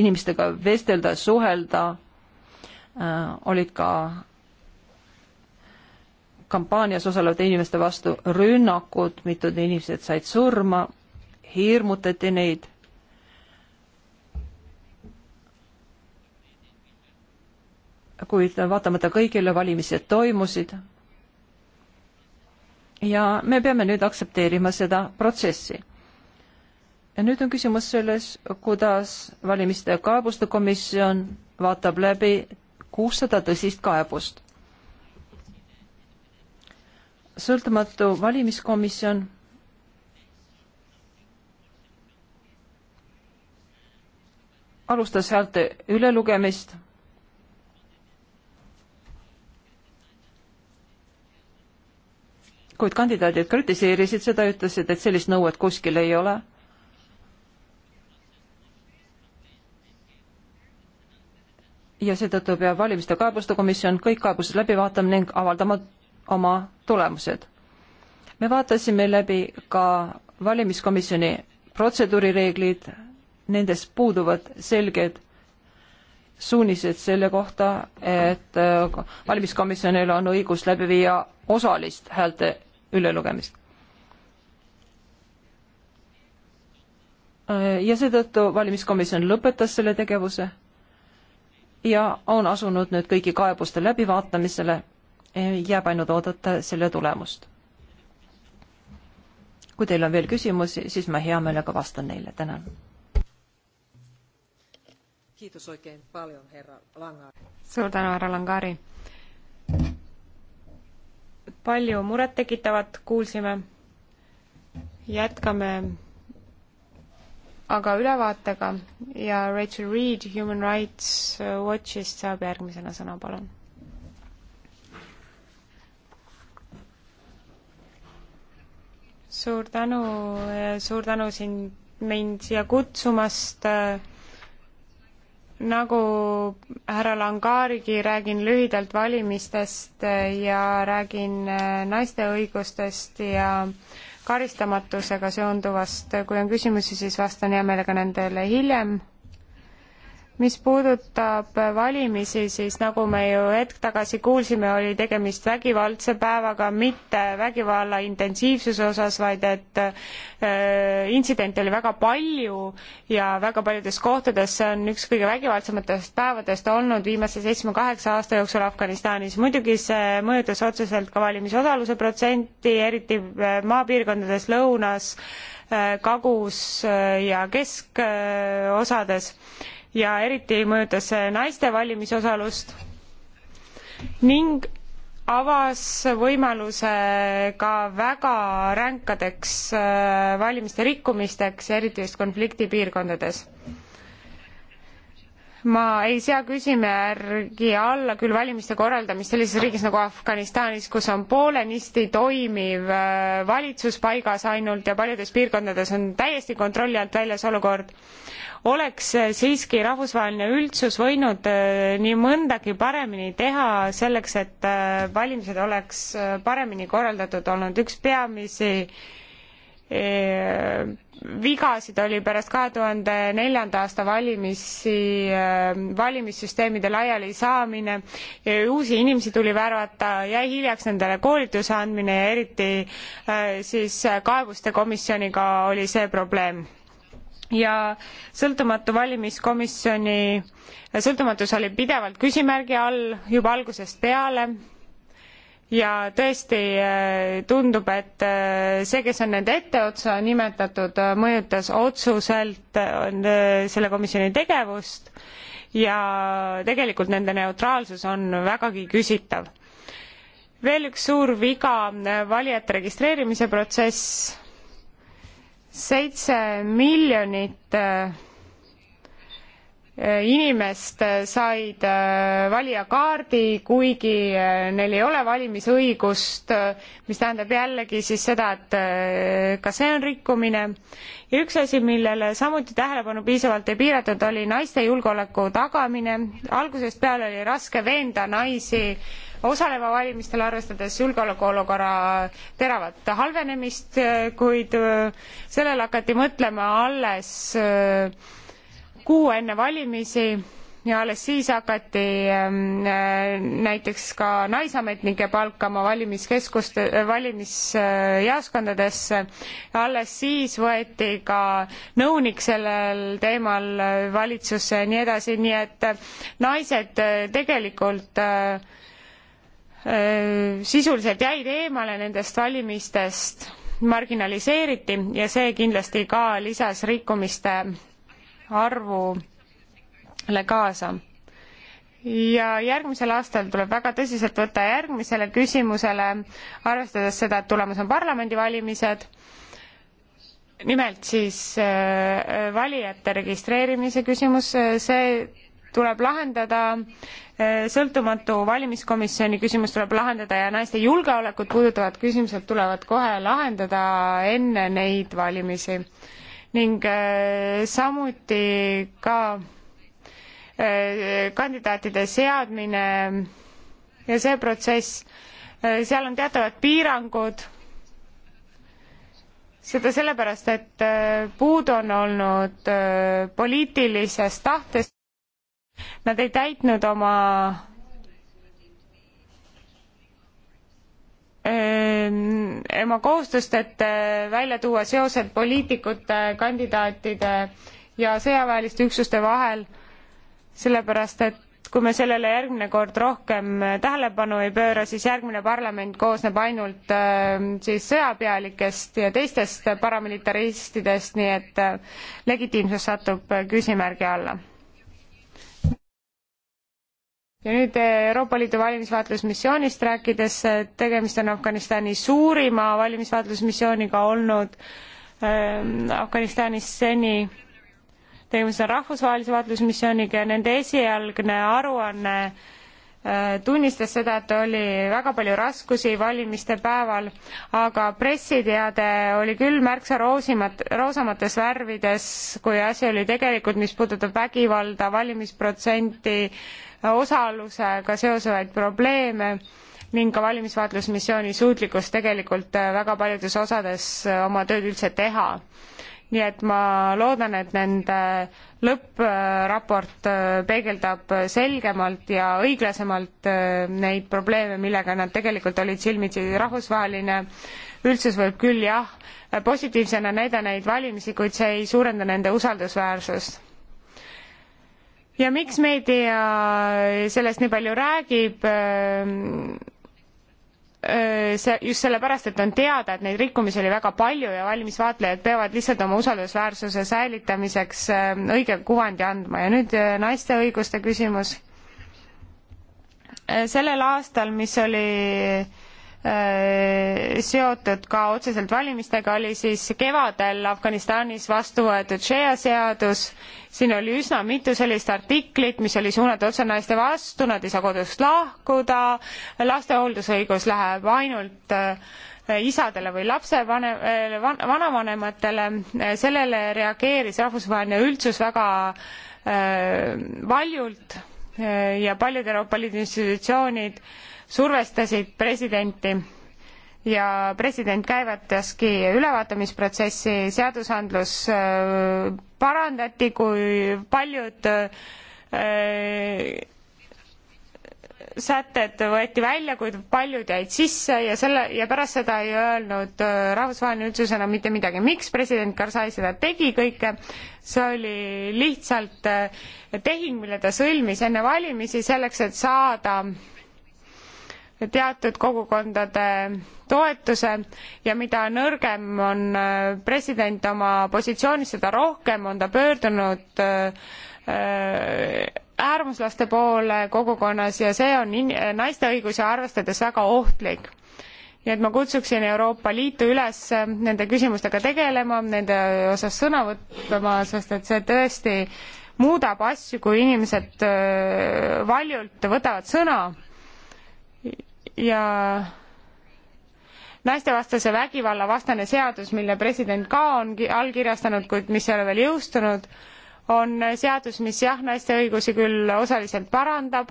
inimestega vestelda, suhelda äh,, olid ka kampaanias osalevate inimeste vastu rünnakud, mitud inimesed said surma, hirmutati neid. kuid vaatamata kõigile valimised toimusid ja me peame nüüd aktsepteerima seda protsessi. ja nüüd on küsimus selles, kuidas valimiste kaebuste komisjon vaatab läbi kuussada tõsist kaebust. sõltumatu valimiskomisjon alustas häälte ülelugemist kuid kandidaadid kritiseerisid seda, ütlesid, et sellist nõuet kuskil ei ole. ja seetõttu peab valimiste kaebuste komisjon kõik kaebused läbi vaatama ning avaldama oma tulemused. me vaatasime läbi ka valimiskomisjoni protseduurireeglid, nendes puuduvad selged suunised selle kohta, et äh, valimiskomisjonil on õigus läbi viia osalist häälte ülelugemist. Äh, ja seetõttu valimiskomisjon lõpetas selle tegevuse ja on asunud nüüd kõigi kaebuste läbivaatamisele, äh, jääb ainult oodata selle tulemust. kui teil on veel küsimusi, siis ma hea meelega vastan neile, tänan Kiitos oikein paljon, herra Langari. suur tänu, härra Langari. palju murettekitavat kuulsime. jätkame aga ülevaatega ja Rachel Reed Human Rights Watchist saab järgmisena sõna, palun. suur tänu, suur tänu siin mind siia kutsumast äh, nagu härra Langaarigi räägin lühidalt valimistest ja räägin äh, naiste õigustest ja karistamatusega seonduvast, kui on küsimusi, siis vastan hea meelega nendele hiljem mis puudutab valimisi, siis nagu me ju hetk tagasi kuulsime, oli tegemist vägivaldse päevaga, mitte vägivalla intensiivsuse osas, vaid et äh, intsidente oli väga palju ja väga paljudes kohtades, see on üks kõige vägivaldsematest päevadest olnud viimase seitsme-kaheksa aasta jooksul Afganistanis. muidugi see mõjutas otseselt ka valimisosaluse protsenti, eriti äh, maapiirkondades lõunas, äh, kagus ja keskosades ja eriti mõjutas see naiste valimisosalust ning avas võimaluse ka väga ränkadeks äh, valimiste rikkumisteks, eriti just konfliktipiirkondades. ma ei sea küsimärgi alla küll valimiste korraldamist sellises riigis nagu Afganistanis, kus on poolenisti toimiv äh, valitsus paigas ainult ja paljudes piirkondades on täiesti kontrolli alt väljas olukord, oleks siiski rahvusvaheline üldsus võinud äh, nii mõndagi paremini teha selleks, et äh, valimised oleks äh, paremini korraldatud olnud. üks peamisi vigasid oli pärast kahe tuhande neljanda aasta valimisi, valimissüsteemide laiali saamine, uusi inimesi tuli värvata, jäi hiljaks nendele koolituse andmine ja eriti siis kaebuste komisjoniga oli see probleem ja sõltumatu valimiskomisjoni sõltumatus oli pidevalt küsimärgi all juba algusest peale ja tõesti äh, tundub, et äh, see, kes on nende etteotsa nimetatud, äh, mõjutas otsuselt selle komisjoni tegevust ja tegelikult nende neutraalsus on vägagi küsitav. veel üks suur viga valijate registreerimise protsess seitse miljonit äh, inimest äh, said äh, valijakaardi, kuigi neil ei ole valimisõigust, mis tähendab jällegi siis seda, et ka see on rikkumine. ja üks asi, millele samuti tähelepanu piisavalt ei piiratud, oli naiste julgeoleku tagamine. algusest peale oli raske veenda naisi osalema valimistel, arvestades julgeolekuolukorra teravat halvenemist, kuid äh, sellele hakati mõtlema alles äh, kuu enne valimisi ja alles siis hakati ähm, äh, näiteks ka naisametnikke palkama valimiskeskuste, valimisjaoskondadesse. alles siis võeti ka nõunik sellel teemal valitsusse ja nii edasi, nii et naised tegelikult äh, Äh, sisuliselt jäid eemale nendest valimistest, marginaliseeriti ja see kindlasti ka lisas rikkumiste arvule kaasa. ja järgmisel aastal tuleb väga tõsiselt võtta järgmisele küsimusele, arvestades seda, et tulemas on parlamendivalimised, nimelt siis äh, valijate registreerimise küsimus, äh, see tuleb lahendada, eh, sõltumatu valimiskomisjoni küsimus tuleb lahendada ja naiste julgeolekut puudutavad küsimused tulevad kohe lahendada enne neid valimisi. ning eh, samuti ka eh, kandidaatide seadmine ja see protsess, seal on teatavad piirangud seda sellepärast, et puudu on olnud poliitilisest tahtest. Nad ei täitnud oma ähm, oma kohustust, et äh, välja tuua seosed poliitikute, kandidaatide ja sõjaväeliste üksuste vahel, sellepärast et kui me sellele järgmine kord rohkem äh, tähelepanu ei pööra, siis järgmine parlament koosneb ainult ähm, siis sõjapealikest ja teistest paramilitaristidest, nii et äh, legitiimsus satub küsimärgi alla ja nüüd eh, Euroopa Liidu valimisvaatlusmissioonist rääkides, eh, tegemist on Afganistani suurima valimisvaatlusmissiooniga olnud ähm, Afganistanis seni. tegemist on rahvusvahelise vaatlusmissiooniga ja nende esialgne aruanne äh, tunnistas seda, et oli väga palju raskusi valimiste päeval, aga pressiteade oli küll märksa roosimat, roosamates värvides, kui asi oli tegelikult, mis puudutab vägivalda, valimisprotsenti äh,, osalusega seosevaid probleeme ning ka valimisvaatlusmissiooni suutlikkus tegelikult äh, väga paljudes osades äh, oma tööd üldse teha. nii et ma loodan, et nende äh, lõppraport peegeldab selgemalt ja õiglasemalt neid probleeme, millega nad tegelikult olid silmitsi. rahvusvaheline üldsus võib küll jah, positiivsena näida neid valimisi, kuid see ei suurenda nende usaldusväärsust ja miks meedia äh, sellest nii palju räägib? Äh, äh, see just sellepärast, et on teada, et neid rikkumisi oli väga palju ja valmisvaatlejad peavad lihtsalt oma usaldusväärsuse säilitamiseks õige kuvandi andma ja nüüd naiste õiguste küsimus. sellel aastal, mis oli Äh, seotud ka otseselt valimistega, oli siis kevadel Afganistanis vastu võetud Shea seadus. siin oli üsna mitu sellist artiklit, mis oli suunatud otse naiste vastu, nad ei saa kodust lahkuda, laste hooldusõigus läheb ainult äh, isadele või lapsevanem-, äh, vanavanematele, sellele reageeris rahvusvaheline üldsus väga valjult ja paljud Euroopa Liidu institutsioonid äh, survestasid presidenti ja president käivataski ülevaatamisprotsessi, seadusandlus äh, parandati, kui paljud äh, sätted võeti välja, kuid paljud jäid sisse ja selle ja pärast seda ei öelnud äh, rahvusvaheline üldsus enam mitte midagi. miks president Karzai seda tegi kõike? see oli lihtsalt tehing, mille ta sõlmis enne valimisi selleks, et saada äh, teatud kogukondade toetuse ja mida nõrgem on äh, president oma positsioonis, seda rohkem on ta pöördunud äh, äärmuslaste poole kogukonnas ja see on in-, naiste õigusi arvestades väga ohtlik. nii et ma kutsuksin Euroopa Liitu üles nende küsimustega tegelema, nende osas sõna võtma, sest et see tõesti muudab asju, kui inimesed äh, valjult võtavad sõna ja naistevastase vägivalla vastane seadus, mille president ka on allkirjastanud, kuid mis ei ole veel jõustunud, on seadus, mis jah, naiste õigusi küll osaliselt parandab,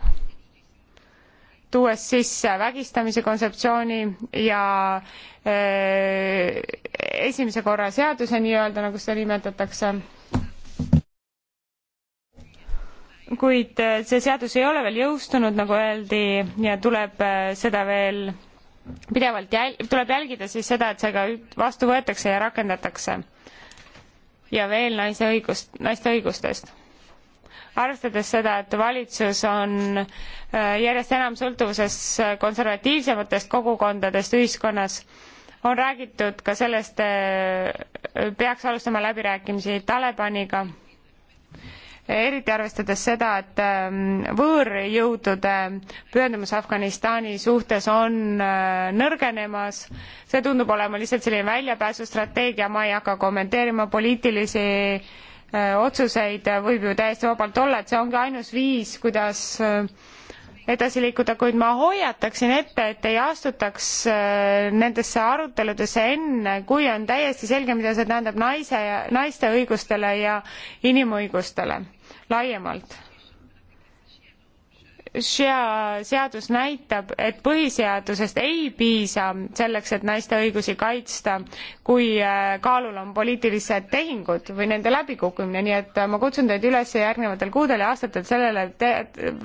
tuues sisse vägistamise kontseptsiooni ja öö, äh, esimese korra seaduse nii-öelda, nagu seda nimetatakse kuid äh, see seadus ei ole veel jõustunud, nagu öeldi, ja tuleb äh, seda veel pidevalt jäl-, tuleb jälgida siis seda, et see ka vastu võetakse ja rakendatakse. ja veel naise õigust, naiste õigustest. arvestades seda, et valitsus on äh, järjest enam sõltuvuses konservatiivsematest kogukondadest ühiskonnas, on räägitud ka sellest, peaks alustama läbirääkimisi Talibaniga eriti arvestades seda, et ähm, võõrjõudude pühendumus Afganistani suhtes on äh, nõrgenemas. see tundub olema lihtsalt selline väljapääsustrateegia, ma ei hakka kommenteerima poliitilisi äh, otsuseid, võib ju täiesti vabalt olla, et see ongi ainus viis, kuidas äh, edasi liikuda, kuid ma hoiataksin ette, et ei astutaks äh, nendesse aruteludesse enne, kui on täiesti selge, mida see tähendab naise ja naiste õigustele ja inimõigustele laiemalt Shea seadus näitab, et põhiseadusest ei piisa selleks, et naiste õigusi kaitsta, kui äh, kaalul on poliitilised tehingud või nende läbikukkumine, nii et äh, ma kutsun teid üles järgnevatel kuudel ja aastatel sellele te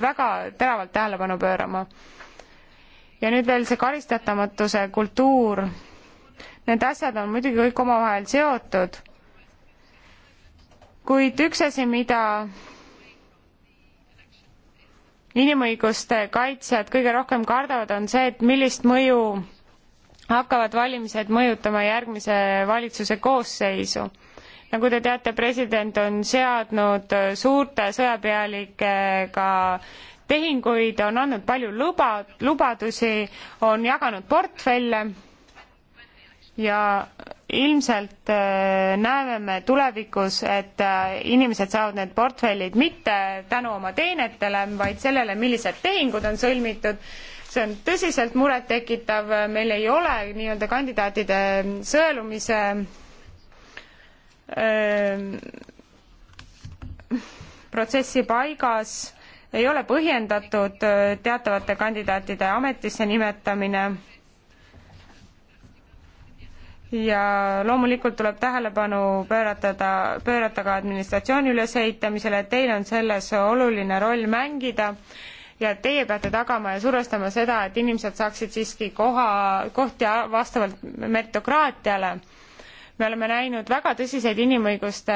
väga teravalt tähelepanu pöörama. ja nüüd veel see karistatamatuse äh, kultuur. Need asjad on muidugi kõik omavahel seotud, kuid üks asi, mida inimõiguste kaitsjad kõige rohkem kardavad, on see, et millist mõju hakkavad valimised mõjutama järgmise valitsuse koosseisu. nagu te teate, president on seadnud suurte sõjapealikega tehinguid, on andnud palju luba, lubadusi, on jaganud portfelle ja ilmselt äh, näeme me tulevikus, et äh, inimesed saavad need portfellid mitte tänu oma teenetele, vaid sellele, millised tehingud on sõlmitud. see on tõsiselt murettekitav, meil ei ole nii-öelda kandidaatide sõelumise öö, äh, protsessi paigas, ei ole põhjendatud teatavate kandidaatide ametisse nimetamine ja loomulikult tuleb tähelepanu pööratada, pöörata ka administratsiooni ülesehitamisele, et teil on selles oluline roll mängida ja teie peate tagama ja survestama seda, et inimesed saaksid siiski koha, kohti vastavalt meritokraatiale. me oleme näinud väga tõsiseid inimõiguste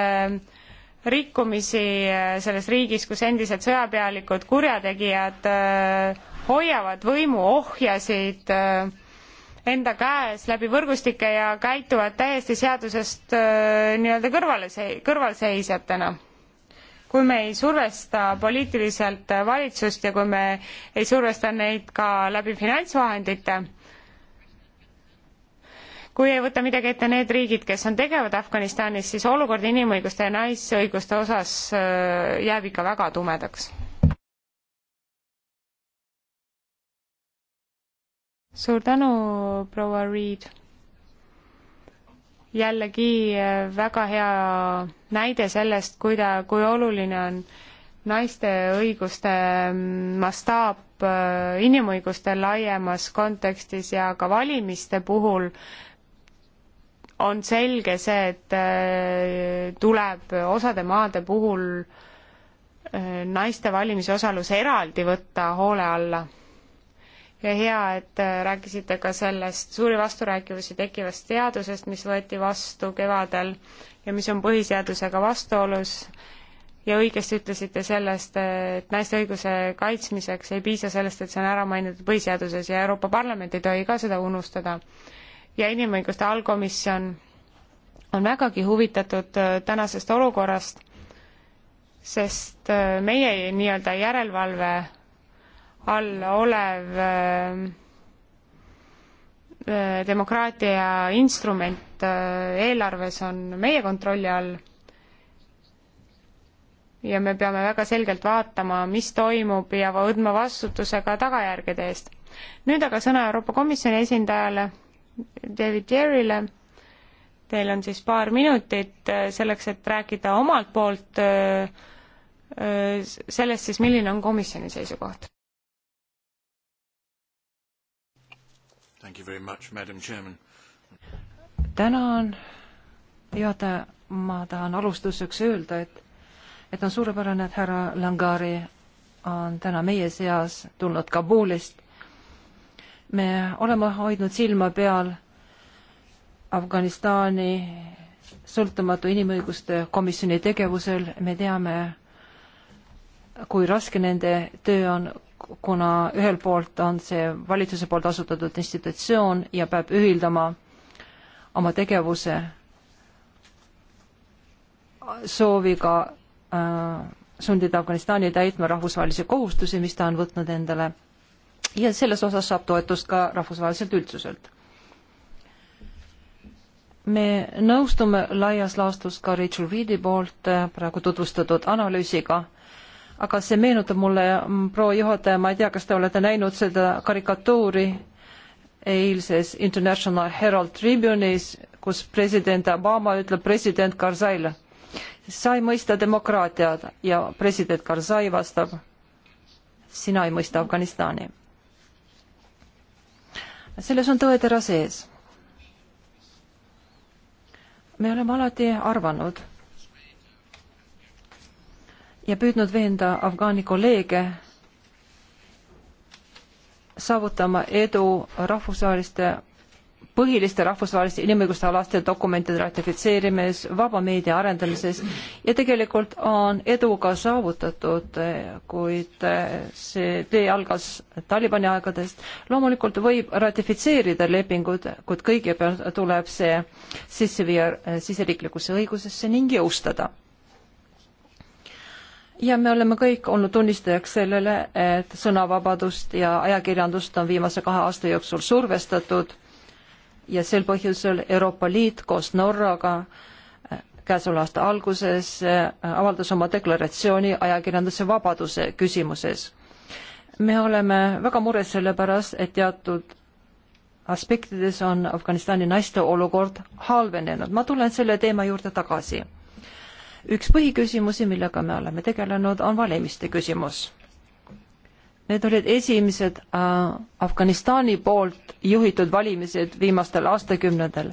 rikkumisi äh, selles riigis, kus endised sõjapealikud, kurjategijad äh, hoiavad võimuohjasid äh, enda käes läbi võrgustike ja käituvad täiesti seadusest äh, nii-öelda kõrvale, kõrvalseisjatena. kui me ei survesta poliitiliselt valitsust ja kui me ei survesta neid ka läbi finantsvahendite, kui ei võta midagi ette need riigid, kes on tegevad Afganistanis, siis olukord inimõiguste ja naisõiguste osas äh, jääb ikka väga tumedaks suur tänu, proua Reed. jällegi eh, väga hea näide sellest, kuida-, kui oluline on naiste õiguste mm, mastaap eh, inimõiguste laiemas kontekstis ja ka valimiste puhul on selge see, et eh, tuleb osade maade puhul naiste valimisosalus eraldi võtta hoole alla ja hea, et äh, rääkisite ka sellest suuri vasturääkivusi tekkivast seadusest, mis võeti vastu kevadel ja mis on põhiseadusega vastuolus ja õigesti ütlesite sellest, et naiste õiguse kaitsmiseks ei piisa sellest, et see on ära mainitud põhiseaduses ja Euroopa Parlament ei tohi ka seda unustada. ja Inimõiguste allkomisjon on vägagi huvitatud äh, tänasest olukorrast, sest äh, meie nii-öelda järelevalve all olev äh, äh, demokraatia instrument äh, eelarves on meie kontrolli all ja me peame väga selgelt vaatama, mis toimub ja võtma vastutuse ka tagajärgede eest. nüüd aga sõna Euroopa Komisjoni esindajale David Jerrile. Teil on siis paar minutit selleks, et rääkida omalt poolt sellest siis, milline on komisjoni seisukoht Thank you very much, Madam Chairman. tänan, juhataja, ma tahan alustuseks öelda, et, et on suurepärane, et härra Langari on täna meie seas tulnud Kabulist. me oleme hoidnud silma peal Afganistani sõltumatu inimõiguste komisjoni tegevusel, me teame, kui raske nende töö on kuna ühelt poolt on see valitsuse poolt asutatud institutsioon ja peab ühildama oma tegevuse sooviga äh, sundida Afganistani täitma rahvusvahelisi kohustusi, mis ta on võtnud endale ja selles osas saab toetust ka rahvusvaheliselt üldsuselt. me nõustume laias laastus ka Rachel Reedi poolt äh, praegu tutvustatud analüüsiga äh, aga see meenutab mulle, mm, proua juhataja, ma ei tea, kas te olete näinud seda karikatuuri eilses International Herald Tribune'is, kus president Obama ütleb president Karzaile, sa ei mõista demokraatiat ja president Karzai vastab, sina ei mõista Afganistani. selles on tõetera sees me oleme alati arvanud, ja püüdnud veenda Afgaani kolleege saavutama edu rahvusvaheliste, põhiliste rahvusvaheliste inimõiguste alaste dokumentide ratifitseerimises, vaba meedia arendamises ja tegelikult on edu ka saavutatud, kuid see tee algas Talibani aegadest. loomulikult võib ratifitseerida lepingud, kuid kõigepealt tuleb see sisse viia siseriiklikusse õigusesse ning jõustada ja me oleme kõik olnud tunnistajaks sellele, et sõnavabadust ja ajakirjandust on viimase kahe aasta jooksul survestatud ja sel põhjusel Euroopa Liit koos Norraga äh, käesoleva aasta alguses äh, avaldas oma deklaratsiooni ajakirjanduse vabaduse küsimuses. me oleme väga mures selle pärast, et teatud aspektides on Afganistani naiste olukord halvenenud. ma tulen selle teema juurde tagasi üks põhiküsimusi, millega me oleme tegelenud, on valimiste küsimus. Need olid esimesed äh, Afganistani poolt juhitud valimised viimastel aastakümnendel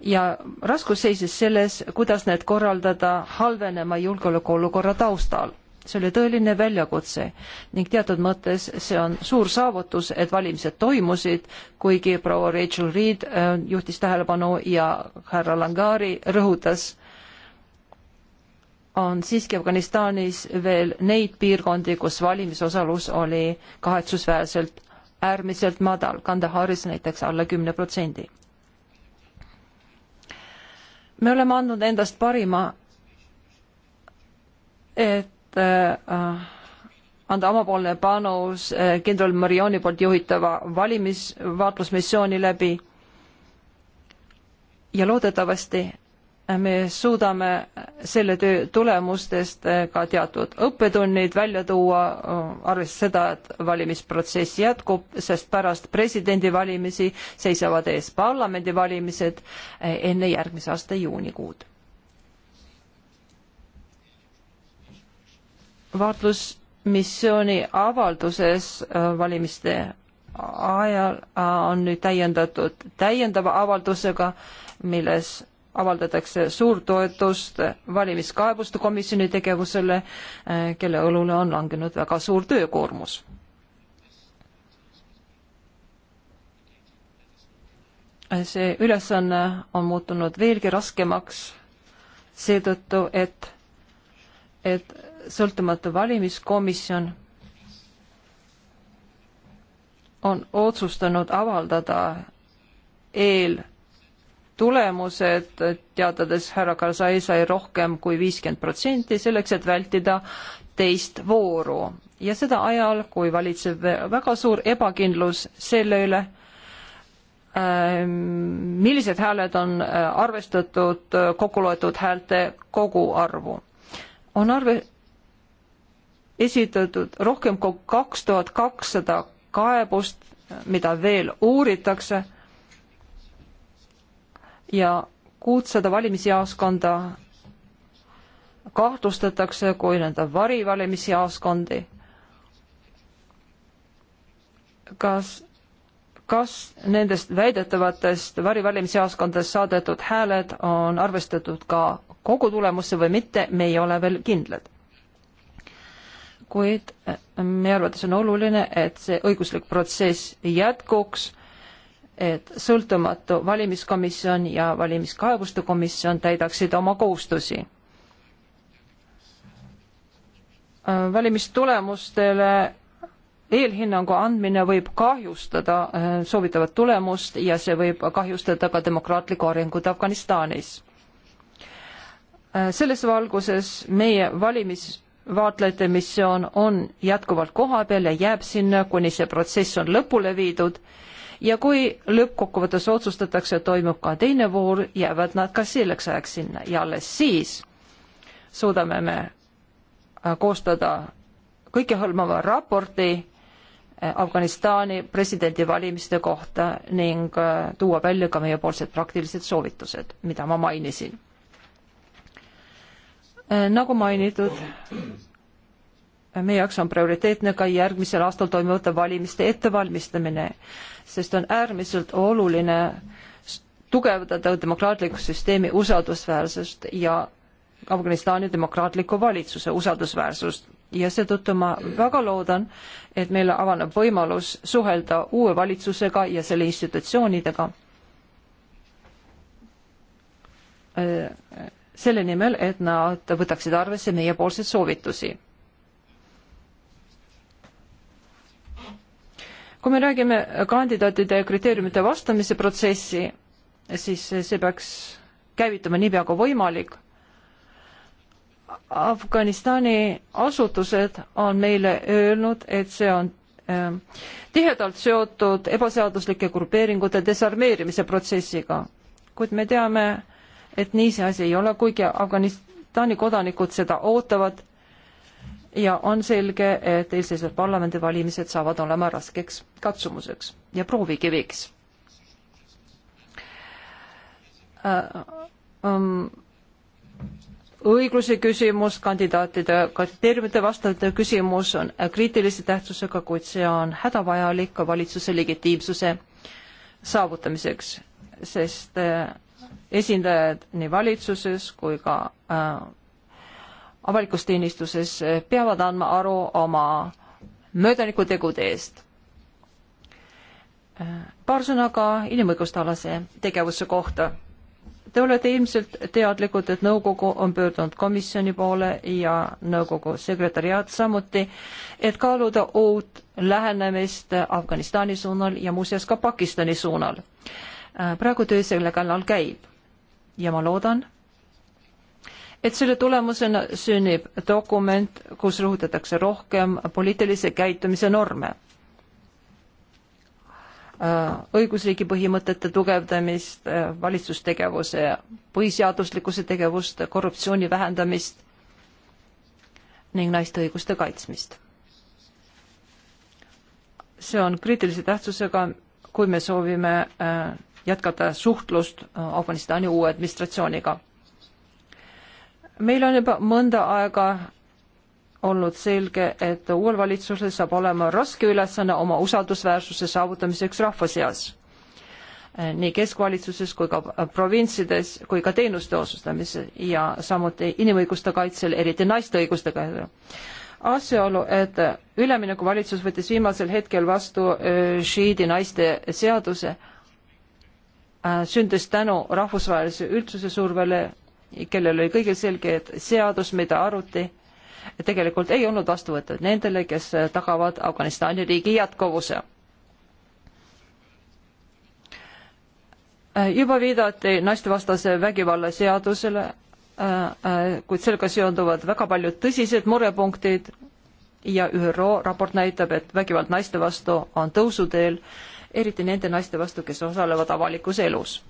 ja raskus seisis selles, kuidas need korraldada halvenema julgeolekuolukorra taustal. see oli tõeline väljakutse ning teatud mõttes see on suur saavutus, et valimised toimusid, kuigi proua Rachel Reed äh, juhtis tähelepanu ja härra Langari rõhutas, on siiski Afganistanis veel neid piirkondi, kus valimisosalus oli kahetsusväärselt äärmiselt madal, Kandaharis näiteks alla kümne protsendi. me oleme andnud endast parima, et äh, anda omapoolne panus äh, kindral Marioni poolt juhitava valimisvaatlusmissiooni läbi ja loodetavasti me suudame selle töö tulemustest ka teatud õppetunnid välja tuua, arvestades seda, et valimisprotsess jätkub, sest pärast presidendivalimisi seisavad ees parlamendivalimised enne järgmise aasta juunikuud. vaatlusmissiooni avalduses valimiste ajal on nüüd täiendatud täiendava avaldusega, milles avaldatakse suurt toetust valimiskaebuste komisjoni tegevusele, eh, kelle õlule on langenud väga suur töökoormus. see ülesanne on muutunud veelgi raskemaks seetõttu, et, et sõltumatu valimiskomisjon on otsustanud avaldada eel tulemused, teatades härra Karzai sai rohkem kui viiskümmend protsenti selleks, et vältida teist vooru ja seda ajal, kui valitseb väga suur ebakindlus selle üle, ähm, millised hääled on äh, arvestatud äh, kokku loetud häälte koguarvu. on arve esitatud rohkem kui kaks tuhat kakssada kaebust, mida veel uuritakse ja kuutsada valimisjaoskonda kahtlustatakse kui nii-öelda varivalimisjaoskondi. kas, kas nendest väidetavatest varivalimisjaoskondadest saadetud hääled on arvestatud ka kogutulemusse või mitte, me ei ole veel kindlad. kuid meie arvates on oluline, et see õiguslik protsess jätkuks et sõltumatu valimiskomisjon ja valimiskaebuste komisjon täidaksid oma kohustusi. valimistulemustele eelhinnangu andmine võib kahjustada äh, soovitavat tulemust ja see võib kahjustada ka demokraatlikku arengut Afganistanis. Äh, selles valguses meie valimis vaatlejate missioon on jätkuvalt kohapeal ja jääb sinna, kuni see protsess on lõpule viidud ja kui lõppkokkuvõttes otsustatakse, toimub ka teine voor, jäävad nad ka selleks ajaks sinna ja alles siis suudame me äh, koostada kõikehõlmava raporti äh, Afganistani presidendivalimiste kohta ning äh, tuua välja ka meiepoolsed praktilised soovitused, mida ma mainisin. nagu mainitud, meie jaoks on prioriteetne ka järgmisel aastal toimuvate valimiste ettevalmistamine sest on äärmiselt oluline tugevdada demokraatliku süsteemi usaldusväärsust ja Afganistani demokraatliku valitsuse usaldusväärsust ja seetõttu ma väga loodan, et meile avaneb võimalus suhelda uue valitsusega ja selle institutsioonidega äh, selle nimel, et nad võtaksid arvesse meiepoolseid soovitusi kui me räägime kandidaatide kriteeriumite vastamise protsessi, siis see peaks käivituma niipea kui võimalik. Afganistani asutused on meile öelnud, et see on äh, tihedalt seotud ebaseaduslike grupeeringute desarmeerimise protsessiga, kuid me teame, et nii see asi ei ole, kuigi Afganistani kodanikud seda ootavad ja on selge, et eelseisvad parlamendivalimised saavad olema raskeks katsumuseks ja proovikiviks äh,. Um, õigluse küsimus, kandidaatide kriteeriumite vastavate küsimus on kriitilise tähtsusega, kuid see on hädavajalik ka valitsuse legitiimsuse saavutamiseks, sest äh, esindajad nii valitsuses kui ka äh, avalikus teenistuses eh, peavad andma aru oma möödaniku tegude eest. Eh, paar sõna ka inimõiguste alase tegevuse kohta. Te olete ilmselt teadlikud, et nõukogu on pöördunud komisjoni poole ja nõukogu sekretäriaat samuti, et kaaluda uut lähenemist Afganistani suunal ja muuseas ka Pakistani suunal. Eh, praegu töö selle kallal käib ja ma loodan, et selle tulemusena sünnib dokument, kus rõhutatakse rohkem poliitilise käitumise norme, äh, õigusriigi põhimõtete tugevdamist, äh, valitsustegevuse, põhiseaduslikkuse tegevust, korruptsiooni vähendamist ning naiste õiguste kaitsmist. see on kriitilise tähtsusega, kui me soovime äh, jätkata suhtlust Afganistani uue administratsiooniga meil on juba mõnda aega olnud selge, et uuel valitsusel saab olema raske ülesanne oma usaldusväärsuse saavutamiseks rahva seas, nii keskvalitsuses kui ka provintsides kui ka teenuste osustamises ja samuti inimõiguste kaitsel, eriti naiste õiguste kaitsel. asjaolu, et üleminekuvalitsus võttis viimasel hetkel vastu äh, šiidi naiste seaduse, äh, sündis tänu rahvusvahelise üldsuse survele kellel oli kõigil selge, et seadus, mida aruti, tegelikult ei olnud vastu võetud nendele, kes tagavad Afganistani riigi jätkuvuse. juba viidati naistevastase vägivalla seadusele, äh, äh, kuid sellega seonduvad väga paljud tõsised murepunktid ja ÜRO raport näitab, et vägivald naiste vastu on tõusuteel, eriti nende naiste vastu, kes osalevad avalikus elus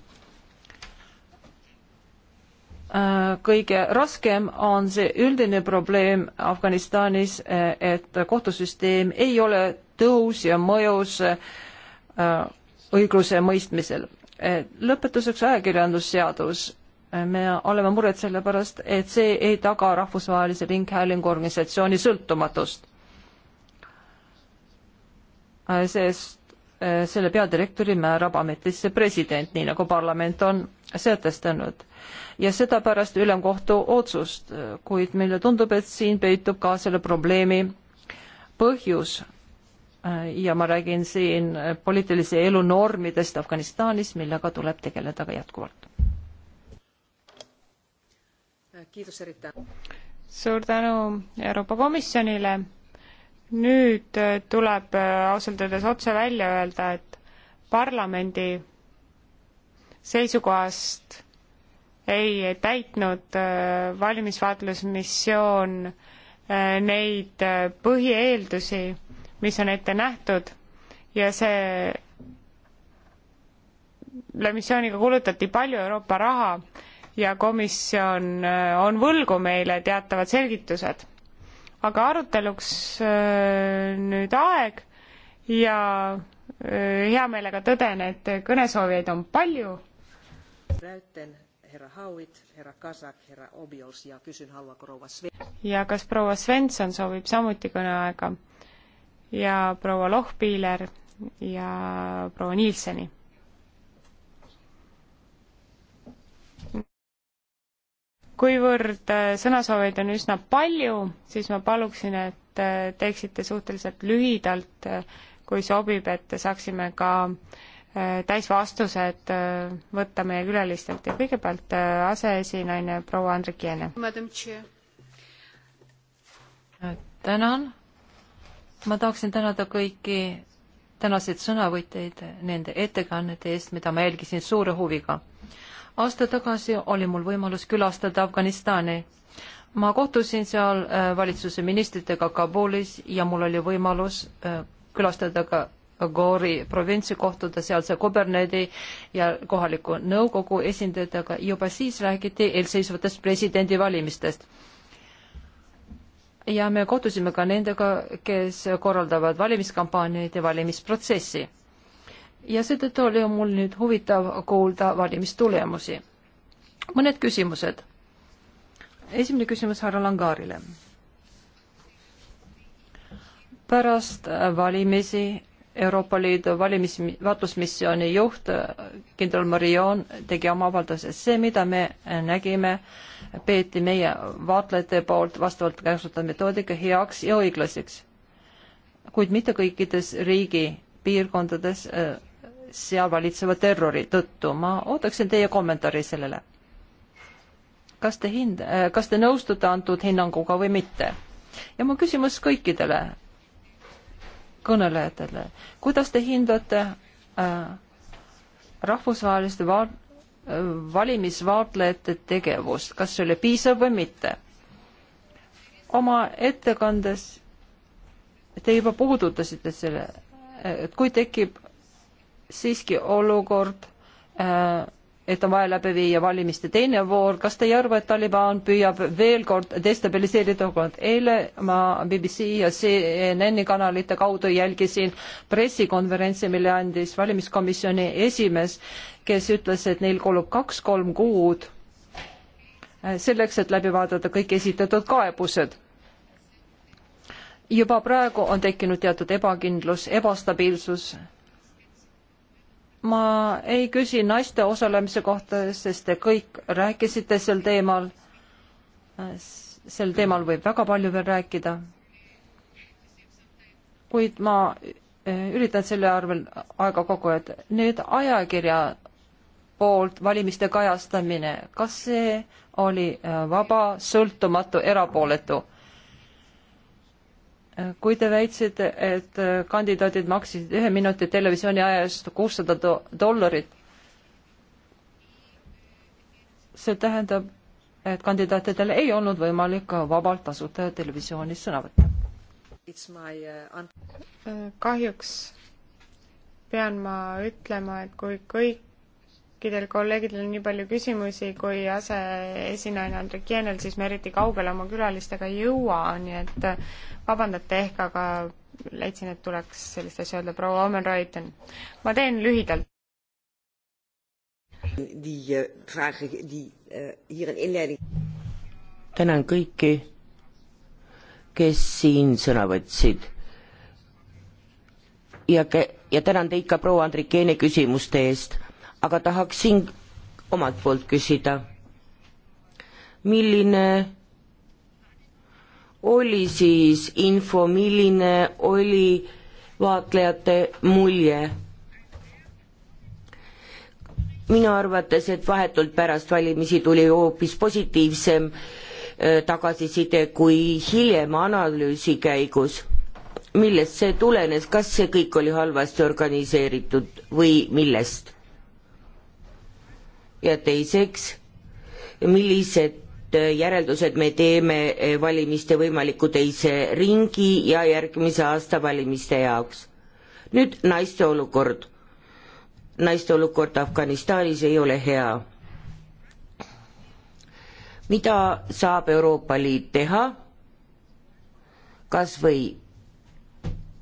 Äh, kõige raskem on see üldine probleem Afganistanis, äh, et kohtusüsteem ei ole tõus ja mõjus äh, õigluse mõistmisel. lõpetuseks ajakirjandusseadus. me oleme mured selle pärast, et see ei taga Rahvusvahelise Ringhäälingu organisatsiooni sõltumatust. sest selle peadirektori määrab ametisse president, nii nagu parlament on sätestanud ja seda pärast ülemkohtu otsust, kuid meile tundub, et siin peitub ka selle probleemi põhjus. ja ma räägin siin poliitilise elu normidest Afganistanis, millega tuleb tegeleda ka jätkuvalt. suur tänu Euroopa Komisjonile. nüüd tuleb ausalt öeldes otse välja öelda, et parlamendi seisukohast ei täitnud äh, valmisvaatlusmissioon äh, neid äh, põhieeldusi, mis on ette nähtud ja see selle missiooniga kulutati palju Euroopa raha ja komisjon on võlgu meile teatavad selgitused. aga aruteluks nüüd aeg ja hea meelega tõden, et kõnesoovijaid on palju Räytten, herra Howitt, herra Kasak, herra Obiols ja kysyn, haluaako rouva Svensson. ja kas proua Svensson soovib samuti kõneaega? ja proua Lohpiiler ja proua Nielseni. kuivõrd äh, sõnasooveid on üsna palju, siis ma paluksin, et äh, teeksite suhteliselt lühidalt, äh, kui sobib, et saaksime ka äh, Äh, täisvastused äh, võtta meie külalistelt ja kõigepealt äh, aseesinaine proua Andrikiene. tänan, ma tahaksin tänada kõiki tänaseid sõnavõtjaid nende ettekannete eest, mida ma jälgisin suure huviga. aasta tagasi oli mul võimalus külastada Afganistani. ma kohtusin seal valitsuse ministritega Kabulis ja mul oli võimalus külastada ka Gori provintsikohtuda sealse kuberneri ja kohaliku nõukogu esindajatega, juba siis räägiti eelseisvatest presidendivalimistest. ja me kohtusime ka nendega, kes korraldavad valimiskampaaniaid ja valimisprotsessi. ja seetõttu oli mul nüüd huvitav kuulda valimistulemusi. mõned küsimused. esimene küsimus härra Langaarile pärast valimisi Euroopa Liidu valimis, vaatlusmissiooni juht äh, kindral Marion tegi oma avalduses, see, mida me äh, nägime, peeti meie vaatlejate poolt vastavalt käsutatud metoodika heaks ja õiglaseks. kuid mitte kõikides riigi piirkondades äh, seal valitseva terrori tõttu. ma ootaksin teie kommentaari sellele. kas te hind-, kas te nõustute antud hinnanguga või mitte? ja mu küsimus kõikidele kõnelejatele. kuidas te hindate äh, rahvusvaheliste va äh, valimisvaatlejate tegevust, kas see oli piisav või mitte? oma ettekandes te juba puudutasite selle, et kui tekib siiski olukord äh, et on vaja läbi viia valimiste teine voor, kas te ei arva, et Taliban püüab veel kord destabiliseerida olukorda? eile ma BBC ja CNN-i kanalite kaudu jälgisin pressikonverentsi, mille andis valimiskomisjoni esimees, kes ütles, et neil kulub kaks-kolm kuud selleks, et läbi vaadata kõik esitatud kaebused juba praegu on tekkinud teatud ebakindlus, ebastabiilsus ma ei küsi naiste osalemise kohta, sest te kõik rääkisite sel teemal. sel teemal võib väga palju veel rääkida. kuid ma eh, üritan selle arvel aega kogu aeg. nüüd ajakirja poolt valimiste kajastamine, kas see oli eh, vaba, sõltumatu, erapooletu? kui te väitsite, et äh, kandidaadid maksid ühe minuti televisiooni aja eest kuussada dollarit, see tähendab, et kandidaatidel ei olnud võimalik vabalt tasuta televisioonis sõna võtta. Uh, kahjuks pean ma ütlema, et kui kõik kõikidel kolleegidel on nii palju küsimusi, kui aseesinaine Andrek Jeenel, siis me eriti kaugele oma külalistega ei jõua, nii et äh, vabandate ehk, aga leidsin, et tuleks sellist asja öelda, proua Omen Reuten. ma teen lühidalt. Äh, äh, tänan kõiki, kes siin sõna võtsid ja ke-, ja tänan teid ka proua Andrikeene küsimuste eest aga tahaksin omalt poolt küsida, milline oli siis info, milline oli vaatlejate mulje? minu arvates, et vahetult pärast valimisi tuli hoopis positiivsem äh, tagasiside kui hiljem analüüsi käigus. millest see tulenes, kas see kõik oli halvasti organiseeritud või millest? ja teiseks, millised äh, järeldused me teeme äh, valimiste võimaliku teise ringi ja järgmise aasta valimiste jaoks. nüüd naiste olukord. naiste olukord Afganistanis ei ole hea. mida saab Euroopa Liit teha? kas või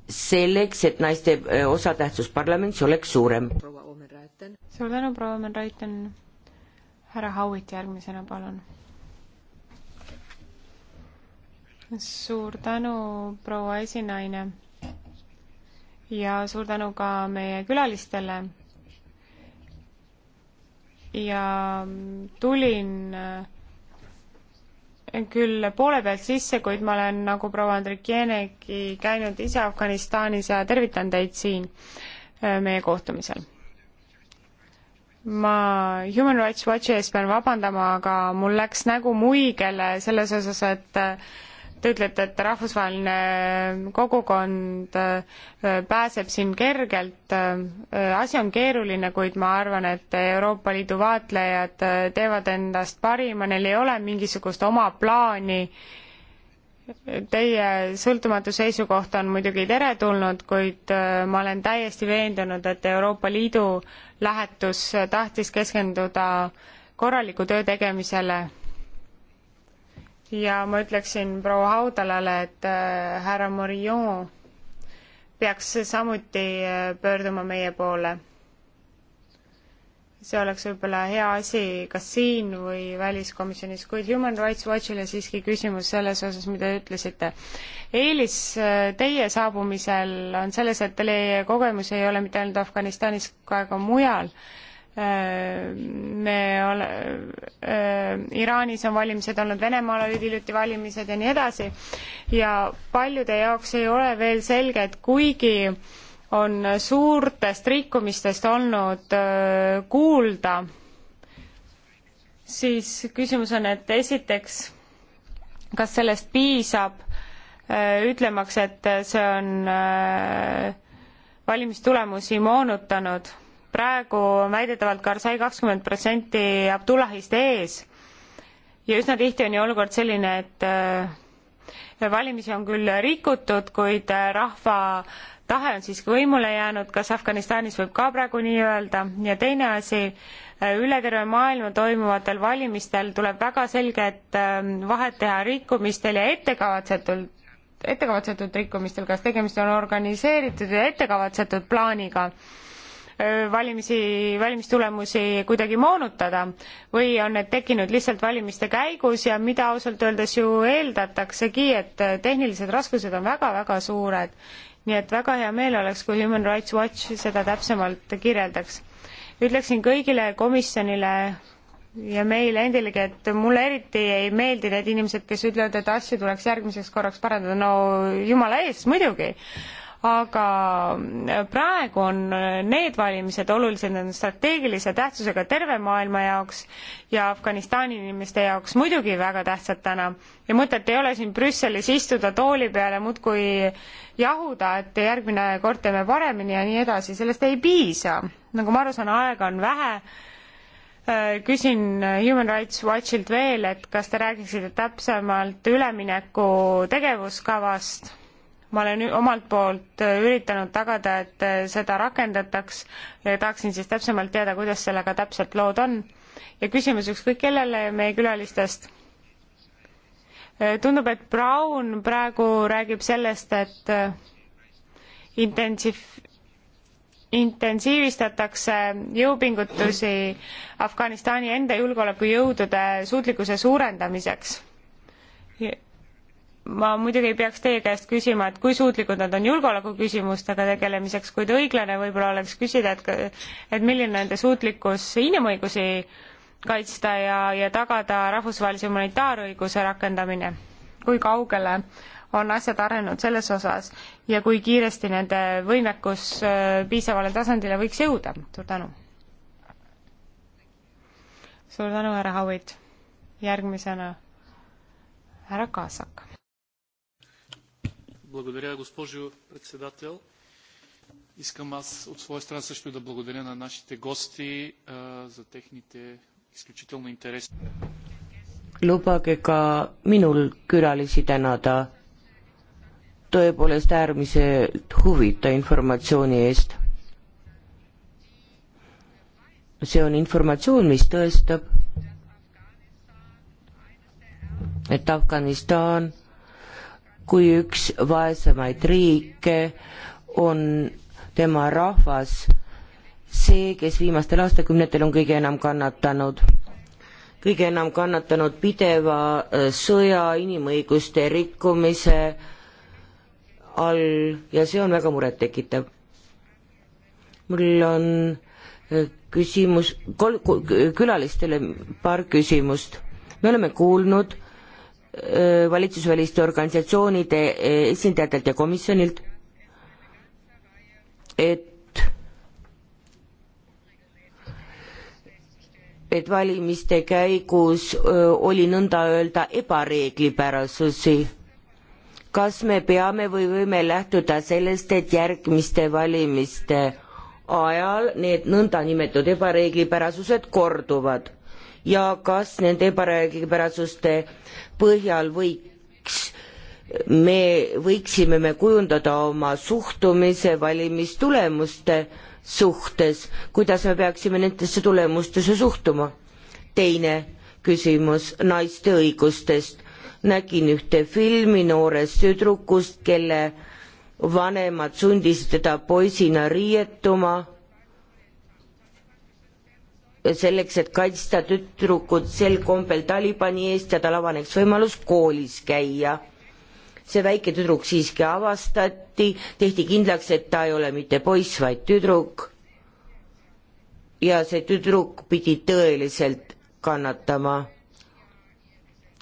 selleks, et naiste äh, osatähtsus parlamendis oleks suurem. suur tänu, proua Omen-Raiten härra Howitt järgmisena, palun. suur tänu, proua esinaine. ja suur tänu ka meie külalistele. ja tulin äh, küll poole pealt sisse, kuid ma olen nagu proua Andrikienegi käinud ise Afganistanis ja tervitan teid siin äh, meie kohtumisel ma Human Rights Watchi ees pean vabandama, aga mul läks nägu muigele selles osas, et äh, te ütlete, et rahvusvaheline äh, kogukond äh, pääseb siin kergelt. asi on keeruline, kuid ma arvan, et Euroopa Liidu vaatlejad teevad endast parima, neil ei ole mingisugust oma plaani äh, Teie sõltumatu seisukoht on muidugi teretulnud, kuid äh, ma olen täiesti veendunud, et Euroopa Liidu lähetus tahtis keskenduda korraliku töö tegemisele. ja ma ütleksin proua Haudalale, et äh, härra Morillon peaks samuti äh, pöörduma meie poole see oleks võib-olla hea asi kas siin või väliskomisjonis, kuid Human Rights Watchile siiski küsimus selles osas, mida te ütlesite. eelis äh, teie saabumisel on selles, et teie kogemus ei ole mitte ainult Afganistanis, ka ka mujal. Äh, me ole-, äh, Iraanis on valimised olnud, Venemaal olid hiljuti valimised ja nii edasi ja paljude jaoks ei ole veel selge, et kuigi on suurtest rikkumistest olnud kuulda, siis küsimus on, et esiteks, kas sellest piisab ütlemaks, et see on valimistulemusi moonutanud. praegu on väidetavalt Karzai kakskümmend protsenti Abdullahist ees ja üsna tihti on ju olukord selline, et valimisi on küll rikutud, kuid rahva tahe on siiski võimule jäänud, kas Afganistanis võib ka praegu nii öelda ja teine asi, äh, üle terve maailma toimuvatel valimistel tuleb väga selget ähm, vahet teha rikkumistel ja ettekavatsetult, ettekavatsetud rikkumistel, kas tegemist on organiseeritud ja ettekavatsetud plaaniga äh, valimisi, valimistulemusi kuidagi moonutada või on need tekkinud lihtsalt valimiste käigus ja mida ausalt öeldes ju eeldataksegi, et äh, tehnilised raskused on väga-väga suured nii et väga hea meel oleks, kui Human Rights Watch seda täpsemalt kirjeldaks. ütleksin kõigile komisjonile ja meile endilegi, et mulle eriti ei meeldi need inimesed, kes ütlevad, et asju tuleks järgmiseks korraks parandada, no jumala eest, muidugi aga praegu on need valimised olulised, need on strateegilise tähtsusega terve maailma jaoks ja Afganistani inimeste jaoks muidugi väga tähtsad täna. ja mõtet ei ole siin Brüsselis istuda tooli peal ja muudkui jahuda, et järgmine kord teeme paremini ja nii edasi, sellest ei piisa. nagu ma aru saan, aega on vähe küsin Human Rights Watchilt veel, et kas te räägiksite täpsemalt ülemineku tegevuskavast ma olen omalt poolt äh, üritanud tagada, et äh, seda rakendataks ja tahaksin siis täpsemalt teada, kuidas sellega täpselt lood on. ja küsimus ükskõik kellele meie külalistest. Äh, tundub, et Brown praegu räägib sellest, et intensiiv-, intensiivistatakse jõupingutusi Afganistani enda julgeolekujõudude suutlikkuse suurendamiseks ma muidugi ei peaks teie käest küsima, et kui suutlikud nad on julgeolekuküsimustega tegelemiseks, kuid õiglane võib-olla oleks küsida, et et milline nende suutlikkus inimõigusi kaitsta ja, ja tagada rahvusvahelise humanitaarõiguse rakendamine. kui kaugele on asjad arenenud selles osas ja kui kiiresti nende võimekus äh, piisavale tasandile võiks jõuda? suur tänu! suur tänu, härra Howitt! järgmisena härra Kaasak Благодаря, госпожо председател. Искам аз от своя страна също да благодаря на нашите гости а, за техните изключително интересни. lubage ka minul külalisi tänada tõepoolest äärmiselt huvita informatsiooni eest. see on informatsioon, mis tõestab, et Afganistan kui üks vaesemaid riike on tema rahvas see, kes viimastel aastakümnetel on kõige enam kannatanud. kõige enam kannatanud pideva äh, sõja, inimõiguste rikkumise all ja see on väga murettekitav. mul on äh, küsimus, kol-, külalistele paar küsimust. me oleme kuulnud, Äh, valitsusväliste organisatsioonide äh, esindajatelt ja komisjonilt, et et valimiste käigus äh, oli nõnda öelda ebareeglipärasusi. kas me peame või võime lähtuda sellest, et järgmiste valimiste ajal need nõndanimetatud ebareeglipärasused korduvad? ja kas nende ebareeglipärasuste põhjal võiks me, võiksime me kujundada oma suhtumise valimistulemuste suhtes, kuidas me peaksime nendesse tulemustesse suhtuma? teine küsimus naiste õigustest. nägin ühte filmi noorest tüdrukust, kelle vanemad sundisid teda poisina riietuma selleks, et kaitsta tüdrukud sel kombel Talibani eest ja tal avaneks võimalus koolis käia. see väike tüdruk siiski avastati, tehti kindlaks, et ta ei ole mitte poiss, vaid tüdruk. ja see tüdruk pidi tõeliselt kannatama.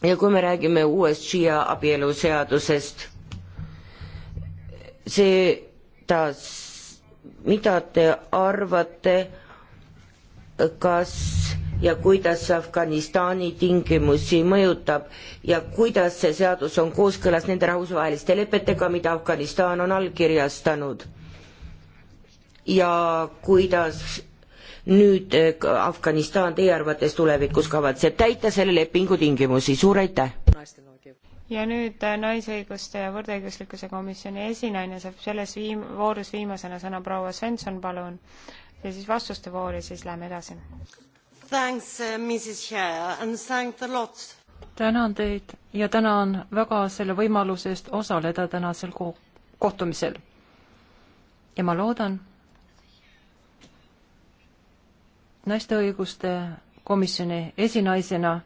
ja kui me räägime uuest Shia abieluseadusest, see, ta, mida te arvate kas ja kuidas see Afganistani tingimusi mõjutab ja kuidas see seadus on kooskõlas nende rahvusvaheliste lepetega, mida Afganistan on allkirjastanud. ja kuidas nüüd eh, Afganistan teie arvates tulevikus kavatseb täita selle lepingu tingimusi, suur aitäh! ja nüüd eh, Naisõiguste ja võrdõiguslikkuse komisjoni esinaine saab selles viim-, voorus viimasena sõna proua Svensson, palun ja siis vastuste voor ja siis läheme edasi. Uh, tänan teid ja tänan väga selle võimaluse eest osaleda tänasel ko kohtumisel. ja ma loodan naiste õiguste komisjoni esinaisena,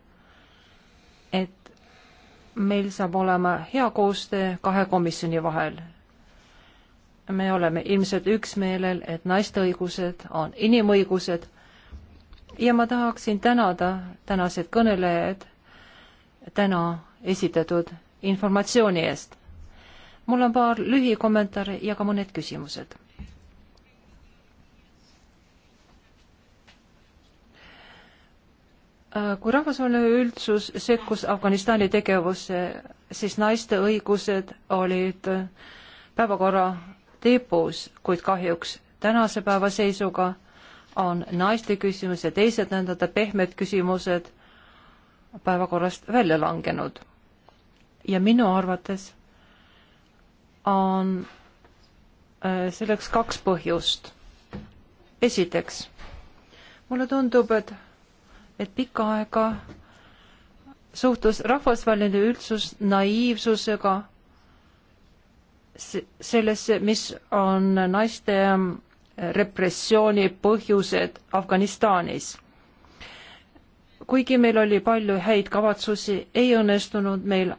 et meil saab olema hea koostöö kahe komisjoni vahel me oleme ilmselt üksmeelel, et naiste õigused on inimõigused ja ma tahaksin tänada tänased kõnelejad täna esitatud informatsiooni eest. mul on paar lühikommentaari ja ka mõned küsimused. kui rahvusvaheline üldsus sekkus Afganistani tegevusse, siis naiste õigused olid päevakorra tipus, kuid kahjuks tänase päeva seisuga on naiste küsimus ja teised nõnda pehmed küsimused päevakorrast välja langenud. ja minu arvates on äh, selleks kaks põhjust. esiteks, mulle tundub, et, et pikka aega suhtus rahvusvaheline üldsus naiivsusega sellesse, mis on naiste repressiooni põhjused Afganistanis. kuigi meil oli palju häid kavatsusi, ei õnnestunud meil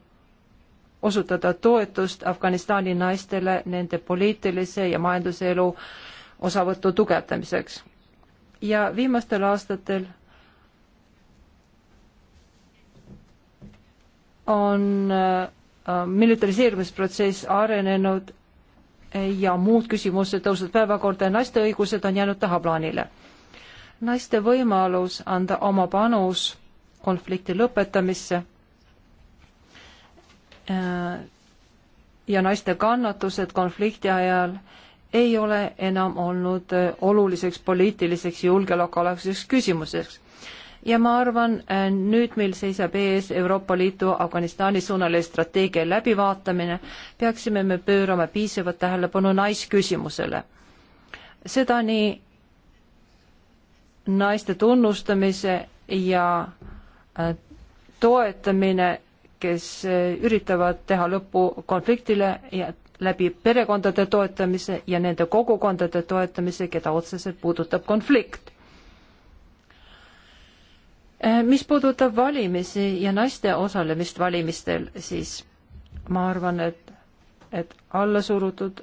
osutada toetust Afganistani naistele nende poliitilise ja majanduselu osavõtu tugevdamiseks. ja viimastel aastatel on Äh, militariseerumisprotsess arenenud ja muud küsimused tõusnud päevakorda ja naiste õigused on jäänud tahaplaanile. naiste võimalus anda oma panus konflikti lõpetamisse äh, ja naiste kannatused konflikti ajal ei ole enam olnud äh, oluliseks poliitiliseks julgeolekualaseks küsimuseks ja ma arvan, äh, nüüd meil seisab ees Euroopa Liidu Afganistani suunale strateegia läbivaatamine, peaksime me pöörama piisavat tähelepanu naisküsimusele. seda nii naiste tunnustamise ja äh, toetamine, kes äh, üritavad teha lõpu konfliktile ja läbi perekondade toetamise ja nende kogukondade toetamise, keda otseselt puudutab konflikt Eh, mis puudutab valimisi ja naiste osalemist valimistel, siis ma arvan, et, et allasurutud,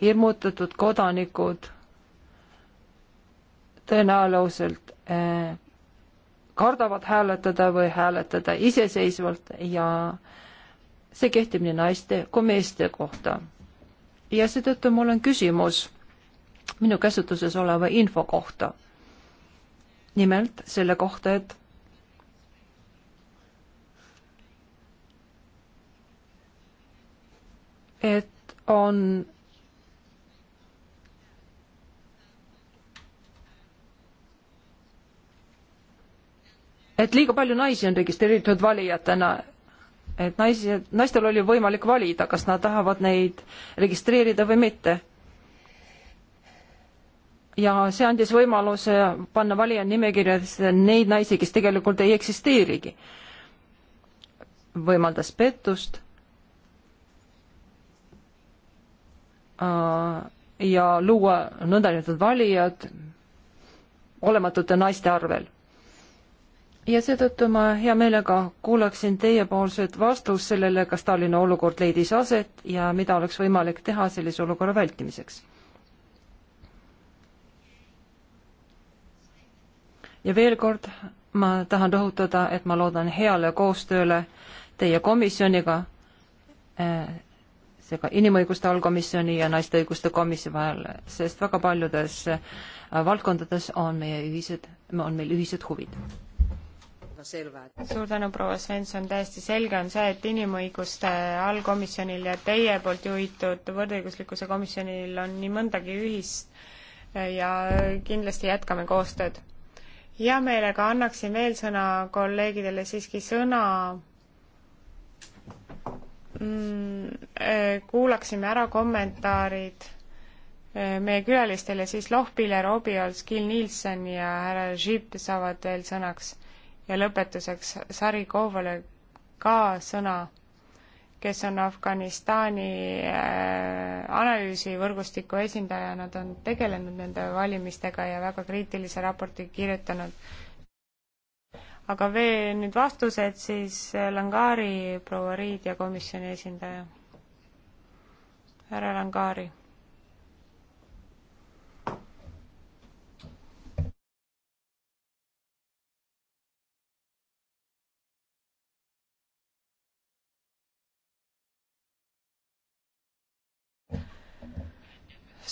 hirmutatud kodanikud tõenäoliselt eh, kardavad hääletada või hääletada iseseisvalt ja see kehtib nii naiste kui meeste kohta. ja seetõttu mul on küsimus minu käsutuses oleva info kohta nimelt selle kohta, et et on et liiga palju naisi on registreeritud valijatena, et naised, naistel oli võimalik valida, kas nad tahavad neid registreerida või mitte ja see andis võimaluse panna valija nimekirjadesse neid naisi, kes tegelikult ei eksisteerigi. võimaldas pettust äh, ja luua nõndanimetatud valijad olematute naiste arvel. ja seetõttu ma hea meelega kuulaksin teiepoolset vastust sellele, kas Tallinna olukord leidis aset ja mida oleks võimalik teha sellise olukorra vältimiseks ja veel kord ma tahan rõhutada, et ma loodan heale koostööle teie komisjoniga, eh, seega Inimõiguste Allkomisjoni ja Naiste Õiguste Komisjoni vahel, sest väga paljudes eh, valdkondades on meie ühised, on meil ühised huvid. suur tänu, proua Svensson, täiesti selge on see, et Inimõiguste Allkomisjonil ja teie poolt juhitud Võrdõiguslikkuse Komisjonil on nii mõndagi ühist eh, ja kindlasti jätkame koostööd hea meelega annaksin veel sõna kolleegidele siiski sõna mm, äh, kuulaksime ära kommentaarid äh, meie külalistele, siis Lohpiller, Obiols, Gil Nielsen ja härra Žib saavad veel sõnaks ja lõpetuseks Sari Kovale ka sõna kes on Afganistani äh, analüüsivõrgustiku esindaja, nad on tegelenud nende valimistega ja väga kriitilise raporti kirjutanud. aga veel nüüd vastused siis äh, Langari, proua Riid ja komisjoni esindaja. härra Langari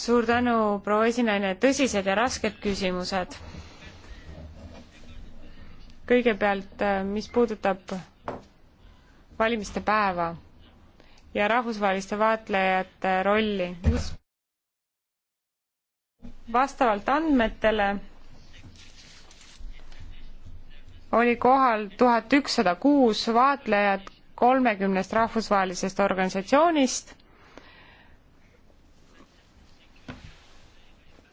suur tänu, proua esinaine, tõsised ja rasked küsimused. kõigepealt, äh, mis puudutab valimiste päeva ja rahvusvaheliste vaatlejate rolli, mis vastavalt andmetele oli kohal tuhat ükssada kuus vaatlejat kolmekümnest rahvusvahelisest organisatsioonist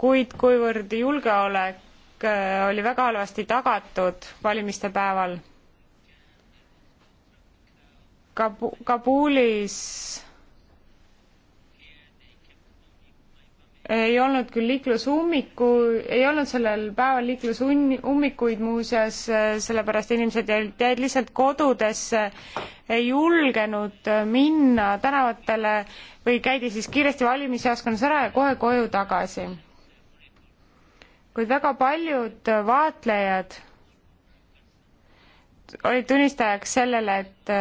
kuid kuivõrd julgeolek äh, oli väga halvasti tagatud valimiste päeval Kabu Kabulis ei olnud küll liiklusummiku, ei olnud sellel päeval liiklusummikuid muuseas, äh, sellepärast inimesed jäid, jäid lihtsalt kodudesse, ei julgenud äh, minna tänavatele või käidi siis kiiresti valimisjaoskonnas ära ja kohe koju tagasi kuid väga paljud vaatlejad olid tunnistajaks sellele, et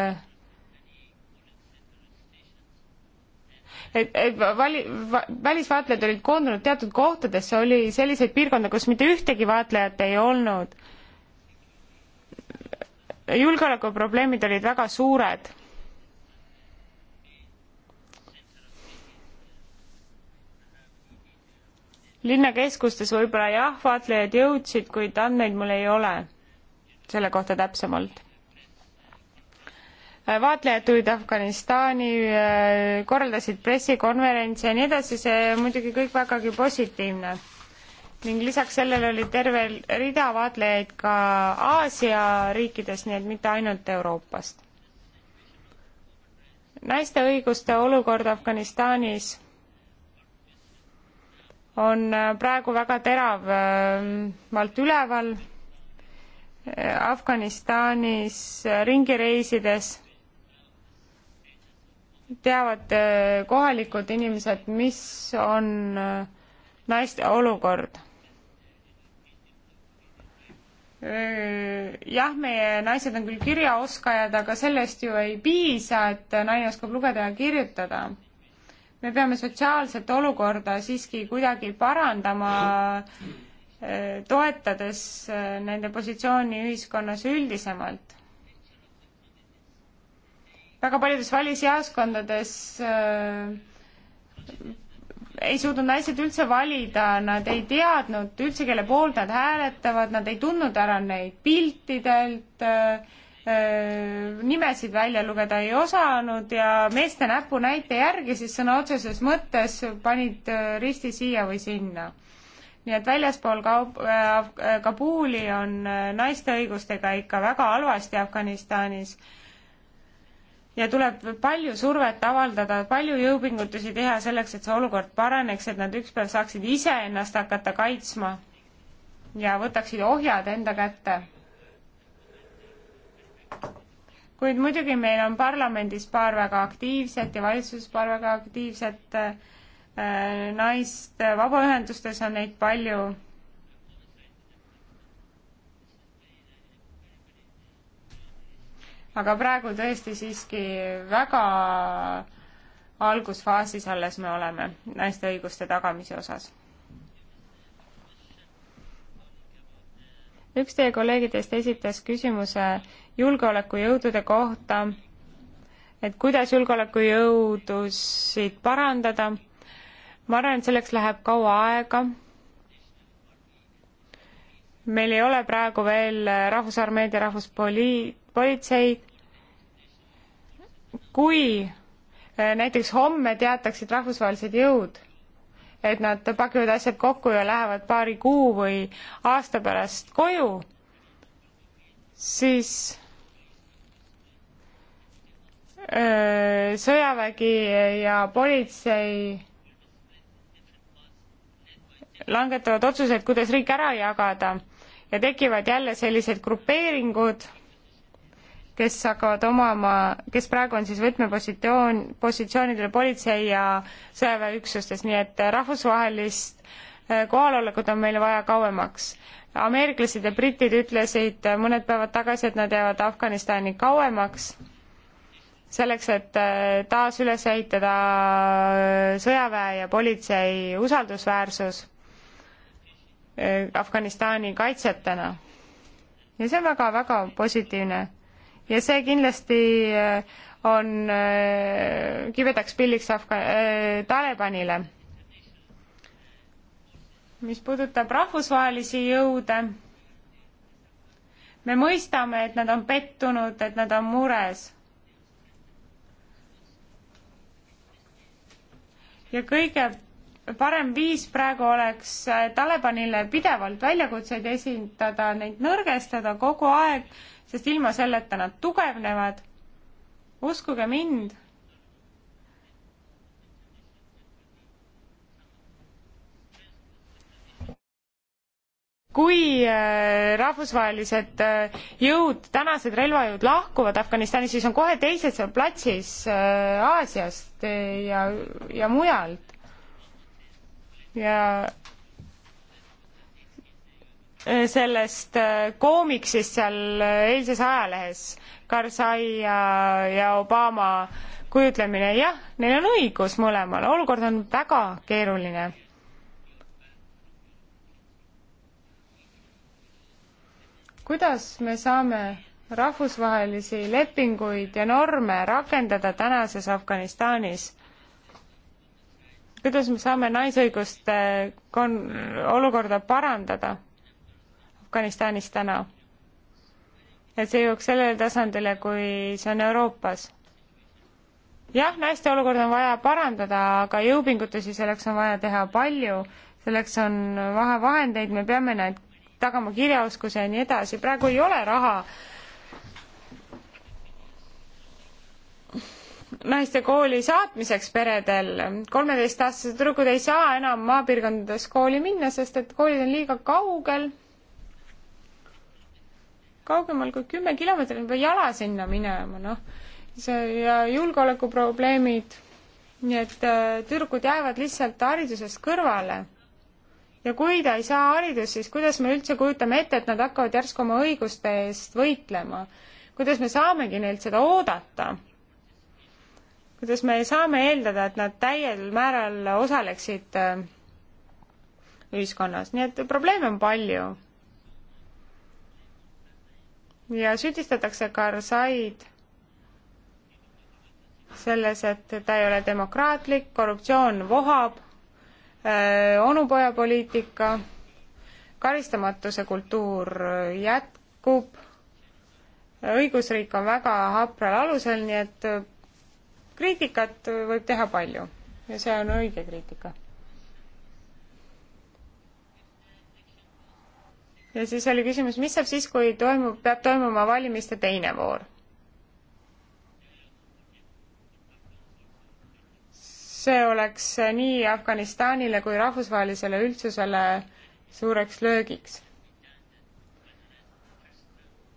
et, et vali- va,, välisvaatlejad olid koondunud teatud kohtadesse, oli selliseid piirkondi, kus mitte ühtegi vaatlejat ei olnud. julgeolekuprobleemid olid väga suured linnakeskustes võib-olla jah, vaatlejad jõudsid, kuid andmeid mul ei ole selle kohta täpsemalt. vaatlejad tulid Afganistani, korraldasid pressikonverentsi ja nii edasi, see muidugi kõik vägagi positiivne. ning lisaks sellele oli terve rida vaatlejaid ka Aasia riikides, nii et mitte ainult Euroopast. naiste õiguste olukord Afganistanis on äh, praegu väga teravalt üleval äh, Afganistanis äh, ringireisides teavad kohalikud inimesed, mis on naiste olukord. jah, meie naised on küll kirjaoskajad, aga sellest ju ei piisa, et naine oskab lugeda ja kirjutada me peame sotsiaalset olukorda siiski kuidagi parandama, eh, toetades eh, nende positsiooni ühiskonnas üldisemalt. väga paljudes valimisjaoskondades eh, ei suutnud naised üldse valida, nad ei teadnud üldse, kelle poolt nad hääletavad, nad ei tundnud ära neid piltidelt äh,, Äh, nimesid välja lugeda ei osanud ja meeste näpunäite järgi siis sõna otseses mõttes panid äh, risti siia või sinna. nii et väljaspool Kaub-, äh, Kabuli on naiste õigustega ikka väga halvasti Afganistanis ja tuleb palju survet avaldada, palju jõupingutusi teha selleks, et see olukord paraneks, et nad ükspäev saaksid iseennast hakata kaitsma ja võtaksid ohjad enda kätte kuid muidugi meil on parlamendis paar väga aktiivset ja valitsuses paar väga aktiivset äh, naist, äh, vabaühendustes on neid palju aga praegu tõesti siiski väga algusfaasis alles me oleme naiste õiguste tagamise osas. üks teie kolleegidest esitas küsimuse julgeolekujõudude kohta, et kuidas julgeolekujõudusid parandada. ma arvan, et selleks läheb kaua aega. meil ei ole praegu veel rahvusarmeed ja rahvuspolitseid. kui eh, näiteks homme teataksid rahvusvahelised jõud, et nad pakivad asjad kokku ja lähevad paari kuu või aasta pärast koju, siis öö, sõjavägi ja politsei langetavad otsuseid, kuidas riik ära jagada ja tekivad jälle sellised grupeeringud kes hakkavad omama, kes praegu on siis võtmepositsioon, positsioonidel politsei ja sõjaväeüksustes, nii et rahvusvahelist äh, kohalolekut on meile vaja kauemaks. ameeriklased ja britid ütlesid äh, mõned päevad tagasi, et nad jäävad Afganistani kauemaks, selleks, et äh, taas üles ehitada sõjaväe ja politsei usaldusväärsus Afganistani kaitsjatena. ja see on väga-väga positiivne ja see kindlasti äh, on äh, kibedaks pilliks Afga-, äh, Talibanile. mis puudutab rahvusvahelisi jõude, me mõistame, et nad on pettunud, et nad on mures. ja kõige parem viis praegu oleks Talibanile pidevalt väljakutseid esitada, neid nõrgestada kogu aeg sest ilma selleta nad tugevnevad. uskuge mind. kui äh, rahvusvahelised äh, jõud, tänased relvajõud lahkuvad Afganistanist, siis on kohe teised seal platsis äh, Aasiast ja, ja mujalt. ja sellest äh, koomiksist seal äh, eilses ajalehes, Karzai ja, ja Obama kujutlemine, jah, neil on õigus mõlemal, olukord on väga keeruline. kuidas me saame rahvusvahelisi lepinguid ja norme rakendada tänases Afganistanis? kuidas me saame naisõiguste kon-, olukorda parandada? Afganistanis täna. et see jõuaks sellele tasandile, kui see on Euroopas. jah, naiste olukorda on vaja parandada, aga jõupingutusi selleks on vaja teha palju, selleks on vahe vahendeid, me peame need tagama kirjaoskuse ja nii edasi, praegu ei ole raha naiste kooli saatmiseks peredel. kolmeteistaastased tüdrukud ei saa enam maapiirkondades kooli minna, sest et koolid on liiga kaugel kaugemal kui kümme kilomeetrit või jala sinna minema, noh. see ja julgeolekuprobleemid, nii et äh, tüdrukud jäävad lihtsalt haridusest kõrvale. ja kui ta ei saa haridust, siis kuidas me üldse kujutame ette, et nad hakkavad järsku oma õiguste eest võitlema? kuidas me saamegi neilt seda oodata? kuidas me saame eeldada, et nad täiel määral osaleksid äh, ühiskonnas, nii et probleeme on palju ja süüdistatakse Karzaid selles, et ta ei ole demokraatlik, korruptsioon vohab, äh, onupojapoliitika, karistamatuse kultuur jätkub, õigusriik on väga hapral alusel, nii et kriitikat võib teha palju ja see on õige kriitika ja siis oli küsimus, mis saab siis, kui toimub, peab toimuma valimiste teine voor? see oleks nii Afganistanile kui rahvusvahelisele üldsusele suureks löögiks.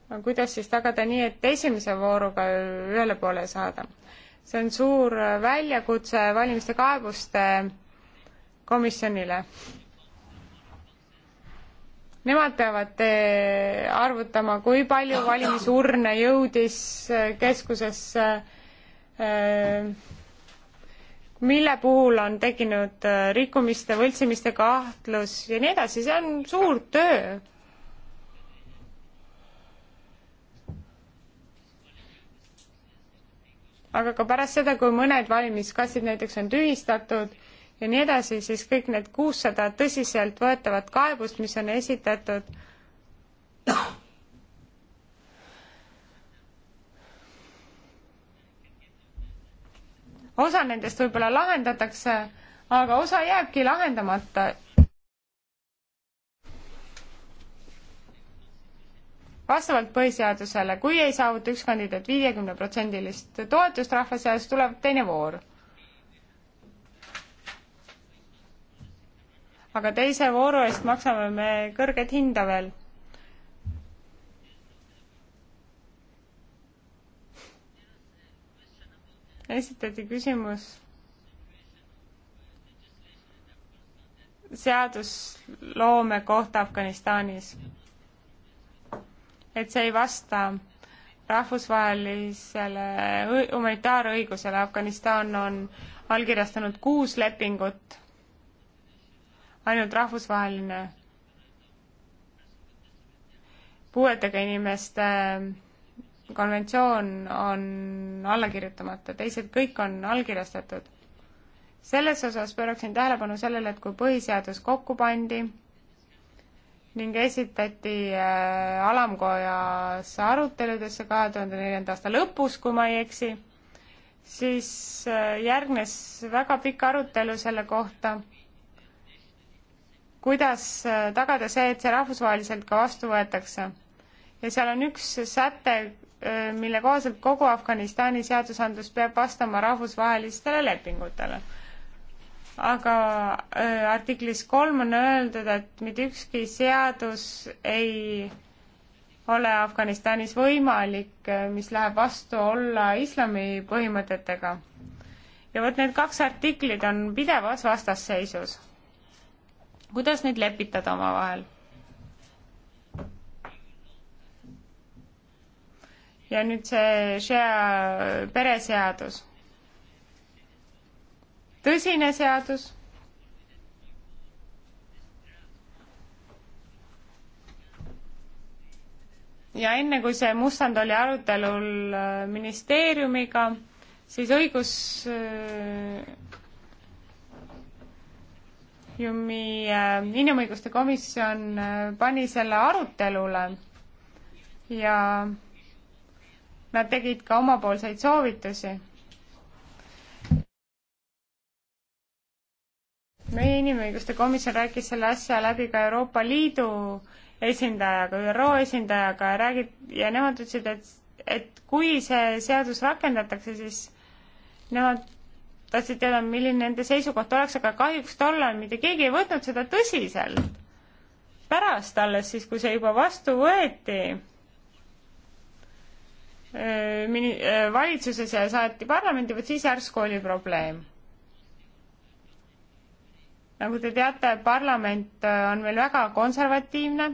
aga kuidas siis tagada nii, et esimese vooruga ühele poole saada? see on suur väljakutse valimiste kaebuste komisjonile Nemad peavad eh, arvutama, kui palju valimisurne jõudis eh, keskusesse, eh, mille puhul on tekkinud rikkumiste, võltsimiste kahtlus ja nii edasi, see on suur töö aga ka pärast seda, kui mõned valimiskastid näiteks on tühistatud, ja nii edasi, siis kõik need kuussada tõsiseltvõetavat kaebust, mis on esitatud, osa nendest võib-olla lahendatakse, aga osa jääbki lahendamata. vastavalt põhiseadusele, kui ei saavuta üks kandidaat viiekümneprotsendilist toetust rahva seas, tuleb teine voor aga teise vooru eest maksame me kõrget hinda veel. esitati küsimus seadusloome kohta Afganistanis. et see ei vasta rahvusvahelisele humanitaarõigusele. Afganistan on allkirjastanud kuus lepingut ainult rahvusvaheline puuetega inimeste äh, konventsioon on alla kirjutamata, teised kõik on allkirjastatud. selles osas pööraksin tähelepanu sellele, et kui põhiseadus kokku pandi ning esitati äh, alamkojas aruteludesse kahe tuhande neljanda aasta lõpus, kui ma ei eksi, siis äh, järgnes väga pikk arutelu selle kohta kuidas äh, tagada see, et see rahvusvaheliselt ka vastu võetakse. ja seal on üks säte, äh, mille kohaselt kogu Afganistani seadusandlus peab vastama rahvusvahelistele lepingutele. aga äh, artiklis kolm on öeldud, et mitte ükski seadus ei ole Afganistanis võimalik, äh, mis läheb vastu olla islami põhimõtetega. ja vot need kaks artiklit on pidevas vastasseisus kuidas neid lepitada omavahel? ja nüüd see share pereseadus. tõsine seadus. ja enne, kui see mustand oli arutelul äh, ministeeriumiga, siis õigus äh, kolleegiumi äh, inimõiguste komisjon äh, pani selle arutelule ja nad tegid ka omapoolseid soovitusi. meie inimõiguste komisjon rääkis selle asja läbi ka Euroopa Liidu esindajaga, ÜRO esindajaga ja räägid ja nemad ütlesid, et, et kui see seadus rakendatakse, siis nemad tahtsid teada, milline nende seisukoht oleks, aga kahjuks tollal mitte keegi ei võtnud seda tõsiselt. pärast alles siis, kui see juba vastu võeti mini-, valitsuses ja saati parlamendi, vot siis järsku oli probleem. nagu te teate, parlament on meil väga konservatiivne.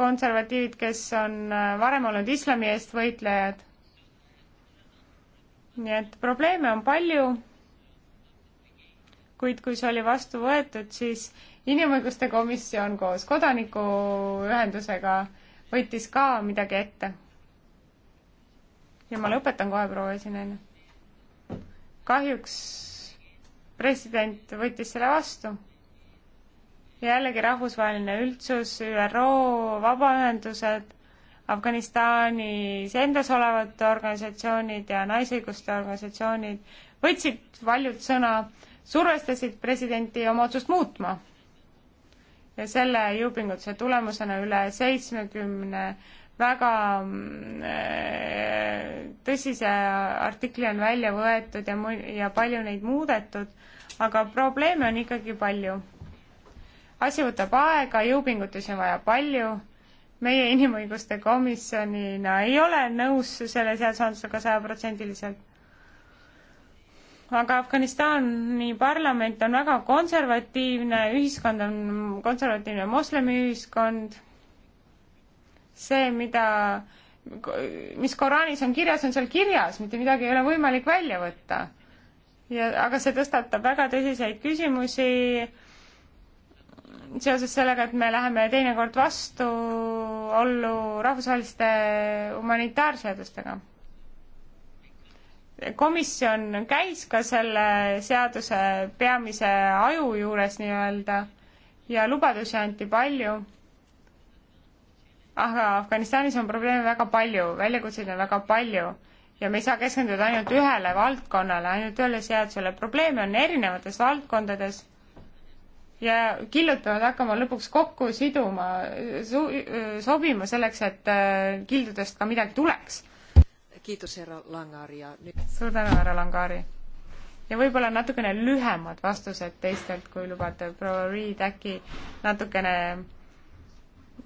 konservatiivid, kes on varem olnud islami eest võitlejad nii et probleeme on palju, kuid kui see oli vastu võetud, siis inimõiguste komisjon koos kodanikuühendusega võttis ka midagi ette. ja ma lõpetan kohe, proua esinaine. kahjuks president võttis selle vastu. jällegi rahvusvaheline üldsus, ÜRO, vabaühendused Afganistanis endas olevad organisatsioonid ja naisõiguste organisatsioonid võtsid valjult sõna, survestasid presidenti oma otsust muutma. ja selle jõupingutuse tulemusena üle seitsmekümne väga mm, äh, tõsise artikli on välja võetud ja, ja palju neid muudetud, aga probleeme on ikkagi palju. asi võtab aega, jõupingutusi on vaja palju meie inimõiguste komisjonina ei ole nõus selle seadusandlusega sajaprotsendiliselt. aga Afganistani parlament on väga konservatiivne, ühiskond on konservatiivne moslemiühiskond. see, mida, mis Koraanis on kirjas, on seal kirjas, mitte midagi ei ole võimalik välja võtta ja aga see tõstatab väga tõsiseid küsimusi seoses sellega, et me läheme teinekord vastu ollu rahvusvaheliste humanitaarseadustega. komisjon käis ka selle seaduse peamise aju juures nii-öelda ja lubadusi anti palju. aga Afganistanis on probleeme väga palju, väljakutseid on väga palju ja me ei saa keskenduda ainult ühele valdkonnale, ainult ühele seadusele. probleeme on erinevates valdkondades ja killud hakkama lõpuks kokku siduma, sobima selleks, et äh, kildudest ka midagi tuleks. suur tänu, härra Langari. ja võib-olla natukene lühemad vastused teistelt, kui lubate, proua Riid, äkki natukene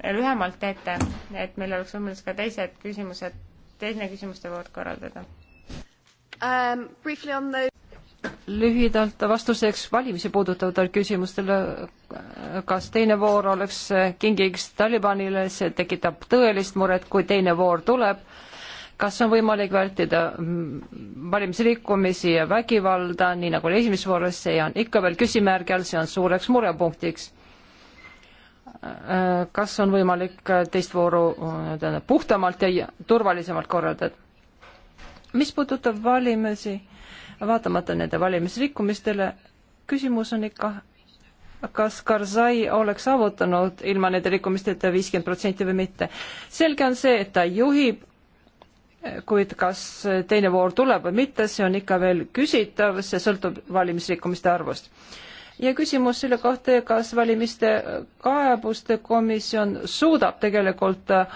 lühemalt teete, et meil oleks võimalus ka teised küsimused, teine küsimuste voor korraldada um,. The lühidalt vastuseks valimisi puudutavatele küsimustele, kas teine voor oleks kingiks Talibanile, see tekitab tõelist muret, kui teine voor tuleb, kas on võimalik vältida valimisrikkumisi ja vägivalda, nii nagu oli esimeses voorus, see on ikka veel küsimärgi all, see on suureks murepunktiks. kas on võimalik teist vooru tähendab, puhtamalt ja turvalisemalt korraldada? mis puudutab valimisi vaatamata nende valimisrikkumistele. küsimus on ikka, kas Karzai oleks saavutanud ilma nende rikkumisteta viiskümmend protsenti või mitte. selge on see, et ta juhib, kuid kas teine voor tuleb või mitte, see on ikka veel küsitav, see sõltub valimisrikkumiste arvust ja küsimus selle kohta, kas valimiste kaebuste komisjon suudab tegelikult äh,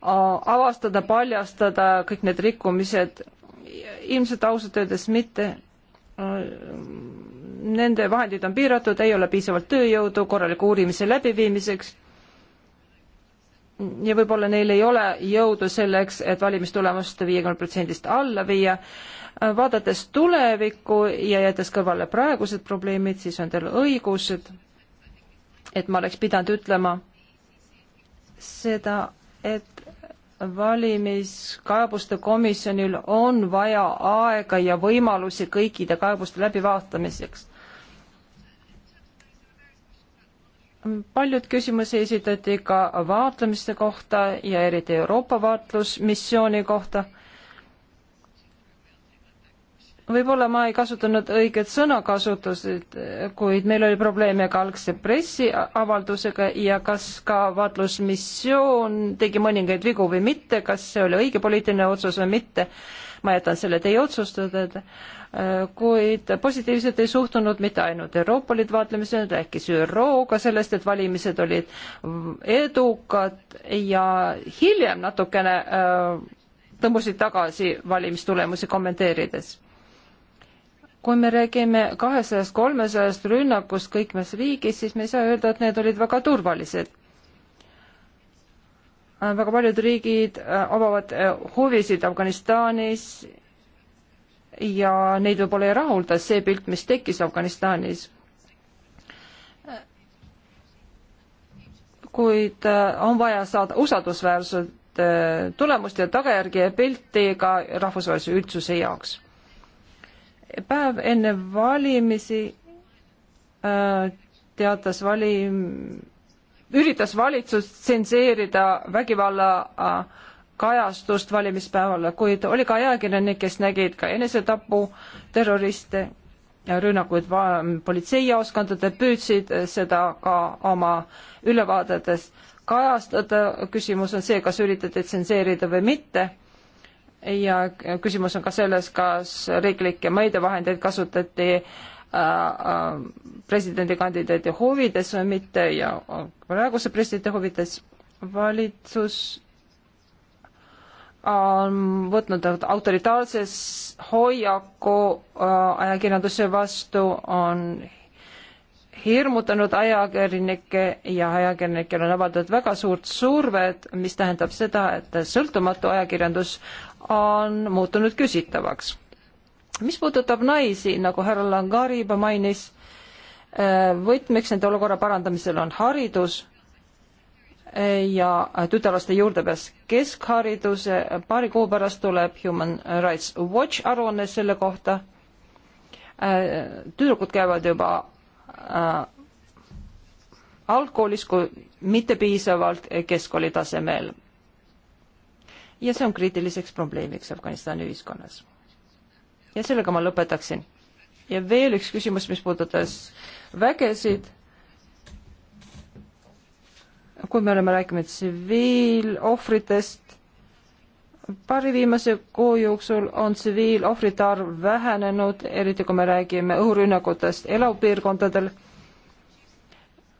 avastada, paljastada kõik need rikkumised ilmselt ausalt öeldes mitte. Äh, nende vahendid on piiratud, ei ole piisavalt tööjõudu korraliku uurimise läbiviimiseks ja võib-olla neil ei ole jõudu selleks, et valimistulemust viiekümne protsendist alla viia. Äh, vaadates tulevikku ja jättes kõrvale praegused probleemid, siis on teil õigus, et, et ma oleks pidanud ütlema seda, et valimiskaebuste komisjonil on vaja aega ja võimalusi kõikide kaebuste läbivaatamiseks. paljud küsimusi esitati ka vaatlemiste kohta ja eriti Euroopa vaatlusmissiooni kohta võib-olla ma ei kasutanud õiget sõnakasutust, kuid meil oli probleeme ka algse pressiavaldusega ja kas ka vaatlusmissioon tegi mõningaid vigu või mitte, kas see oli õige poliitiline otsus või mitte, ma jätan selle teie otsustada, kuid positiivselt ei suhtunud mitte ainult Euroopa Liidu vaatlemisel, rääkis ÜRO ka sellest, et valimised olid edukad ja hiljem natukene äh, tõmbusid tagasi valimistulemusi kommenteerides kui me räägime kahesajast, kolmesajast rünnakust kõikmes riigis, siis me ei saa öelda, et need olid väga turvalised. väga paljud riigid omavad äh, äh, huvisid Afganistanis ja neid võib-olla ei rahulda see pilt, mis tekkis Afganistanis kuid äh, on vaja saada usaldusväärset tulemust ja tagajärgi ja pilti ka rahvusvahelise üldsuse jaoks päev enne valimisi äh, teatas valim-, üritas valitsus tsenseerida vägivalla äh, kajastust valimispäeval, kuid oli ka ajakirjanikke, kes nägid ka enesetapu terroriste ja rünnakuid politseijaoskondade, püüdsid äh, seda ka oma ülevaadetes kajastada. küsimus on see, kas üritati tsenseerida või mitte ja küsimus on ka selles, kas riiklikke meediavahendeid kasutati äh, äh, presidendikandidaadi huvides või mitte ja praeguse presidendi huvides valitsus on võtnud autoritaarses hoiaku äh, ajakirjanduse vastu, on hirmutanud ajakirjanikke ja ajakirjanikel on avaldatud väga suurt survet, mis tähendab seda, et sõltumatu ajakirjandus on muutunud küsitavaks. mis puudutab naisi, nagu härra Langari juba mainis, äh, võtmeks nende olukorra parandamisel on haridus ja tütarlaste juurdepääs keskhariduse. paari kuu pärast tuleb Human Rights Watch aruanne selle kohta. Äh, tüdrukud käivad juba äh, algkoolis, kui mitte piisavalt keskkooli tasemel ja see on kriitiliseks probleemiks Afganistani ühiskonnas. ja sellega ma lõpetaksin. ja veel üks küsimus, mis puudutas vägesid. kui me oleme rääkinud tsiviilohvritest, paari viimase kuu jooksul on tsiviilohvrite arv vähenenud, eriti kui me räägime õhurünnakutest elapiirkondadel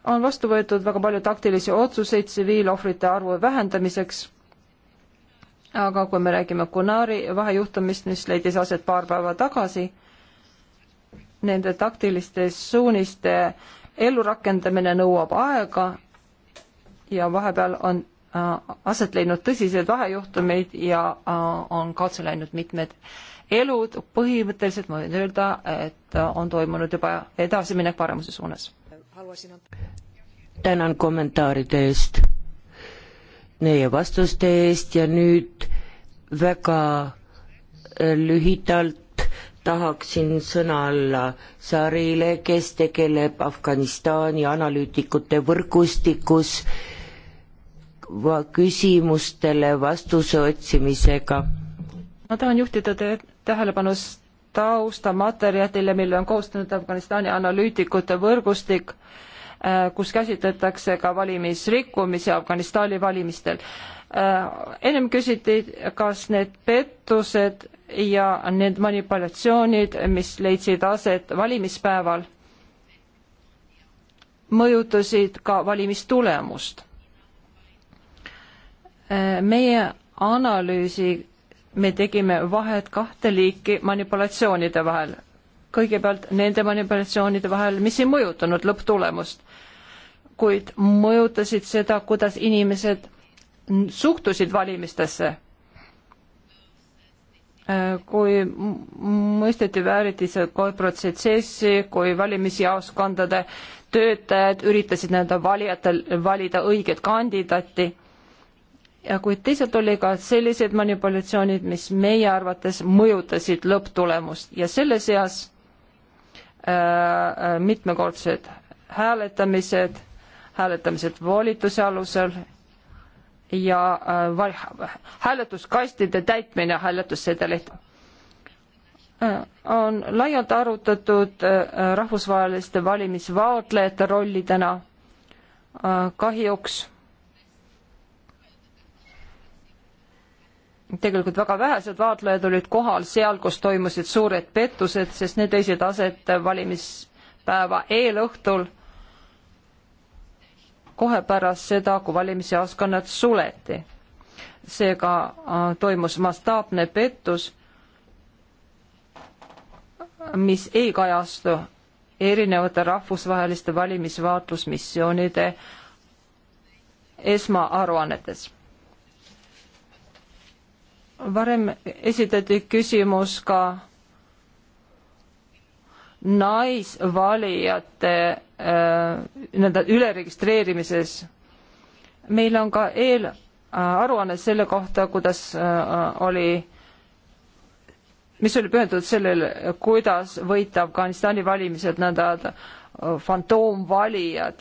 on vastu võetud väga palju taktilisi otsuseid tsiviilohvrite arvu vähendamiseks aga kui me räägime Gunari vahejuhtumist, mis leidis aset paar päeva tagasi, nende taktiliste suuniste ellurakendamine nõuab aega ja vahepeal on äh, aset leidnud tõsiseid vahejuhtumeid ja äh, on kaotsi läinud mitmed elud, põhimõtteliselt ma võin öelda, et äh, on toimunud juba edasiminek paremuse suunas. tänan kommentaaride eest meie vastuste eest ja nüüd väga äh, lühidalt tahaksin sõna alla Sarile, kes tegeleb Afganistani analüütikute võrgustikus va küsimustele vastuse otsimisega. ma tahan juhtida teie tähelepanu taustamaterjalile, mille on koostanud Afganistani analüütikute võrgustik Äh, kus käsitletakse ka valimisrikkumisi Afganistani valimistel. Äh, ennem küsiti, kas need pettused ja need manipulatsioonid, mis leidsid aset valimispäeval, mõjutasid ka valimistulemust. Äh, meie analüüsi me tegime vahet kahte liiki manipulatsioonide vahel. kõigepealt nende manipulatsioonide vahel, mis ei mõjutanud lõpptulemust kuid mõjutasid seda, kuidas inimesed suhtusid valimistesse. kui mõisteti vääritisekoprotsessi, kui valimisjaoskondade töötajad üritasid nende valijatel valida õiget kandidaati ja kuid teisalt oli ka sellised manipulatsioonid, mis meie arvates mõjutasid lõpptulemust ja selle seas äh, äh, mitmekordsed hääletamised hääletamised volituse alusel ja äh, hääletuskastide täitmine hääletussedelit äh, on laialt arutatud äh, rahvusvaheliste valimisvaatlejate rolli täna äh, kahjuks tegelikult väga vähesed vaatlejad olid kohal seal, kus toimusid suured pettused, sest need leidsid aset valimispäeva eelõhtul kohe pärast seda, kui valimisjaoskonnad suleti. seega äh, toimus mastaapne pettus, mis ei kajastu erinevate rahvusvaheliste valimisvaatlusmissioonide esmaaruannetes. varem esitati küsimus ka naisvalijate äh, nende üleregistreerimises. meil on ka eelaruanne äh, selle kohta, kuidas äh, oli, mis oli pühendatud sellele, kuidas võita Afganistani valimised, nõnda fantoomvalijad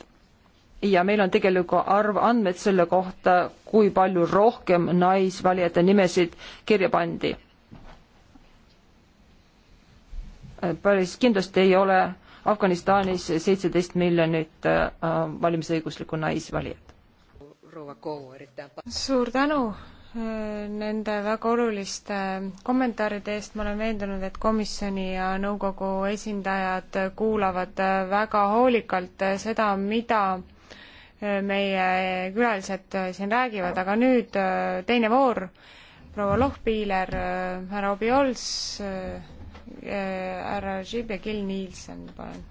ja meil on tegelikult arvandmed selle kohta, kui palju rohkem naisvalijate nimesid kirja pandi Äh, päris kindlasti ei ole Afganistanis seitseteist miljonit äh, valimisõiguslikku naisvalijat. suur tänu äh, nende väga oluliste kommentaaride eest, ma olen veendunud, et komisjoni ja nõukogu esindajad kuulavad väga hoolikalt seda, mida meie külalised siin räägivad, aga nüüd teine voor, proua Lohpiiler, härra Obi Ols, Äh, härra Žib ja Kill Nielsen, palun.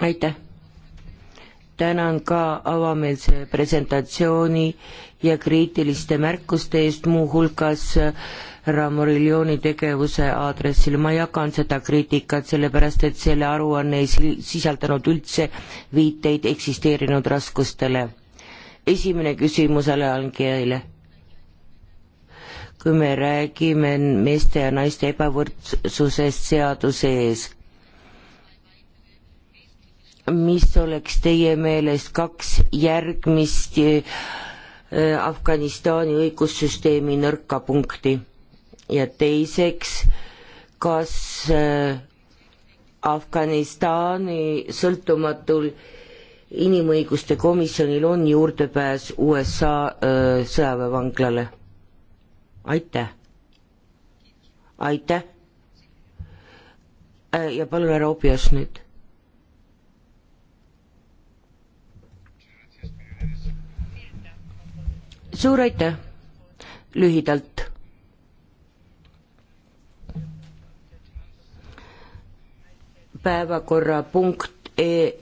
aitäh. tänan ka avameelse presentatsiooni ja kriitiliste märkuste eest, muuhulgas äh, härra Morilioni tegevuse aadressil, ma jagan seda kriitikat, sellepärast et selle aruanne ei sisaldanud üldse viiteid eksisteerinud raskustele. esimene küsimus Aleangiale. kui me räägime meeste ja naiste ebavõrdsusest seaduse ees mis oleks teie meelest kaks järgmist äh, Afganistani õigussüsteemi nõrka punkti? ja teiseks, kas äh, Afganistani sõltumatul inimõiguste komisjonil on juurdepääs USA äh, sõjaväevanglale? aitäh. aitäh. Äh, ja palun härra Objas nüüd. suur aitäh, lühidalt päevakorrapunkt e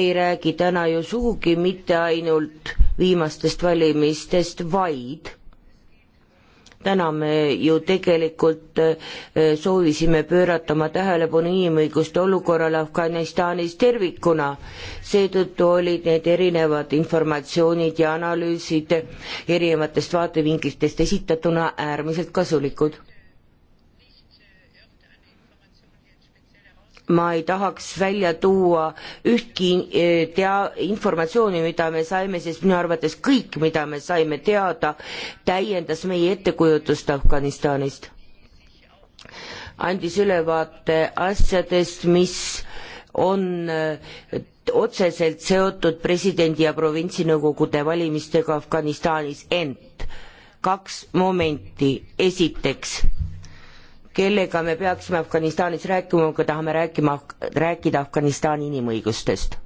ei räägi täna ju sugugi mitte ainult viimastest valimistest, vaid täna me ju tegelikult äh, soovisime pöörata oma tähelepanu inimõiguste olukorrale Afganistanis tervikuna. seetõttu olid need erinevad informatsioonid ja analüüsid erinevatest vaatevinklitest esitatuna äärmiselt kasulikud ma ei tahaks välja tuua ühtki eh, tea-, informatsiooni, mida me saime, sest minu arvates kõik, mida me saime teada, täiendas meie ettekujutust Afganistanist. andis ülevaate asjadest, mis on eh, otseselt seotud presidendi ja provintsinõukogude valimistega Afganistanis, ent kaks momenti, esiteks kellega me peaksime Afganistanis rääkima, kui tahame rääkima, rääkida Afganistani inimõigustest.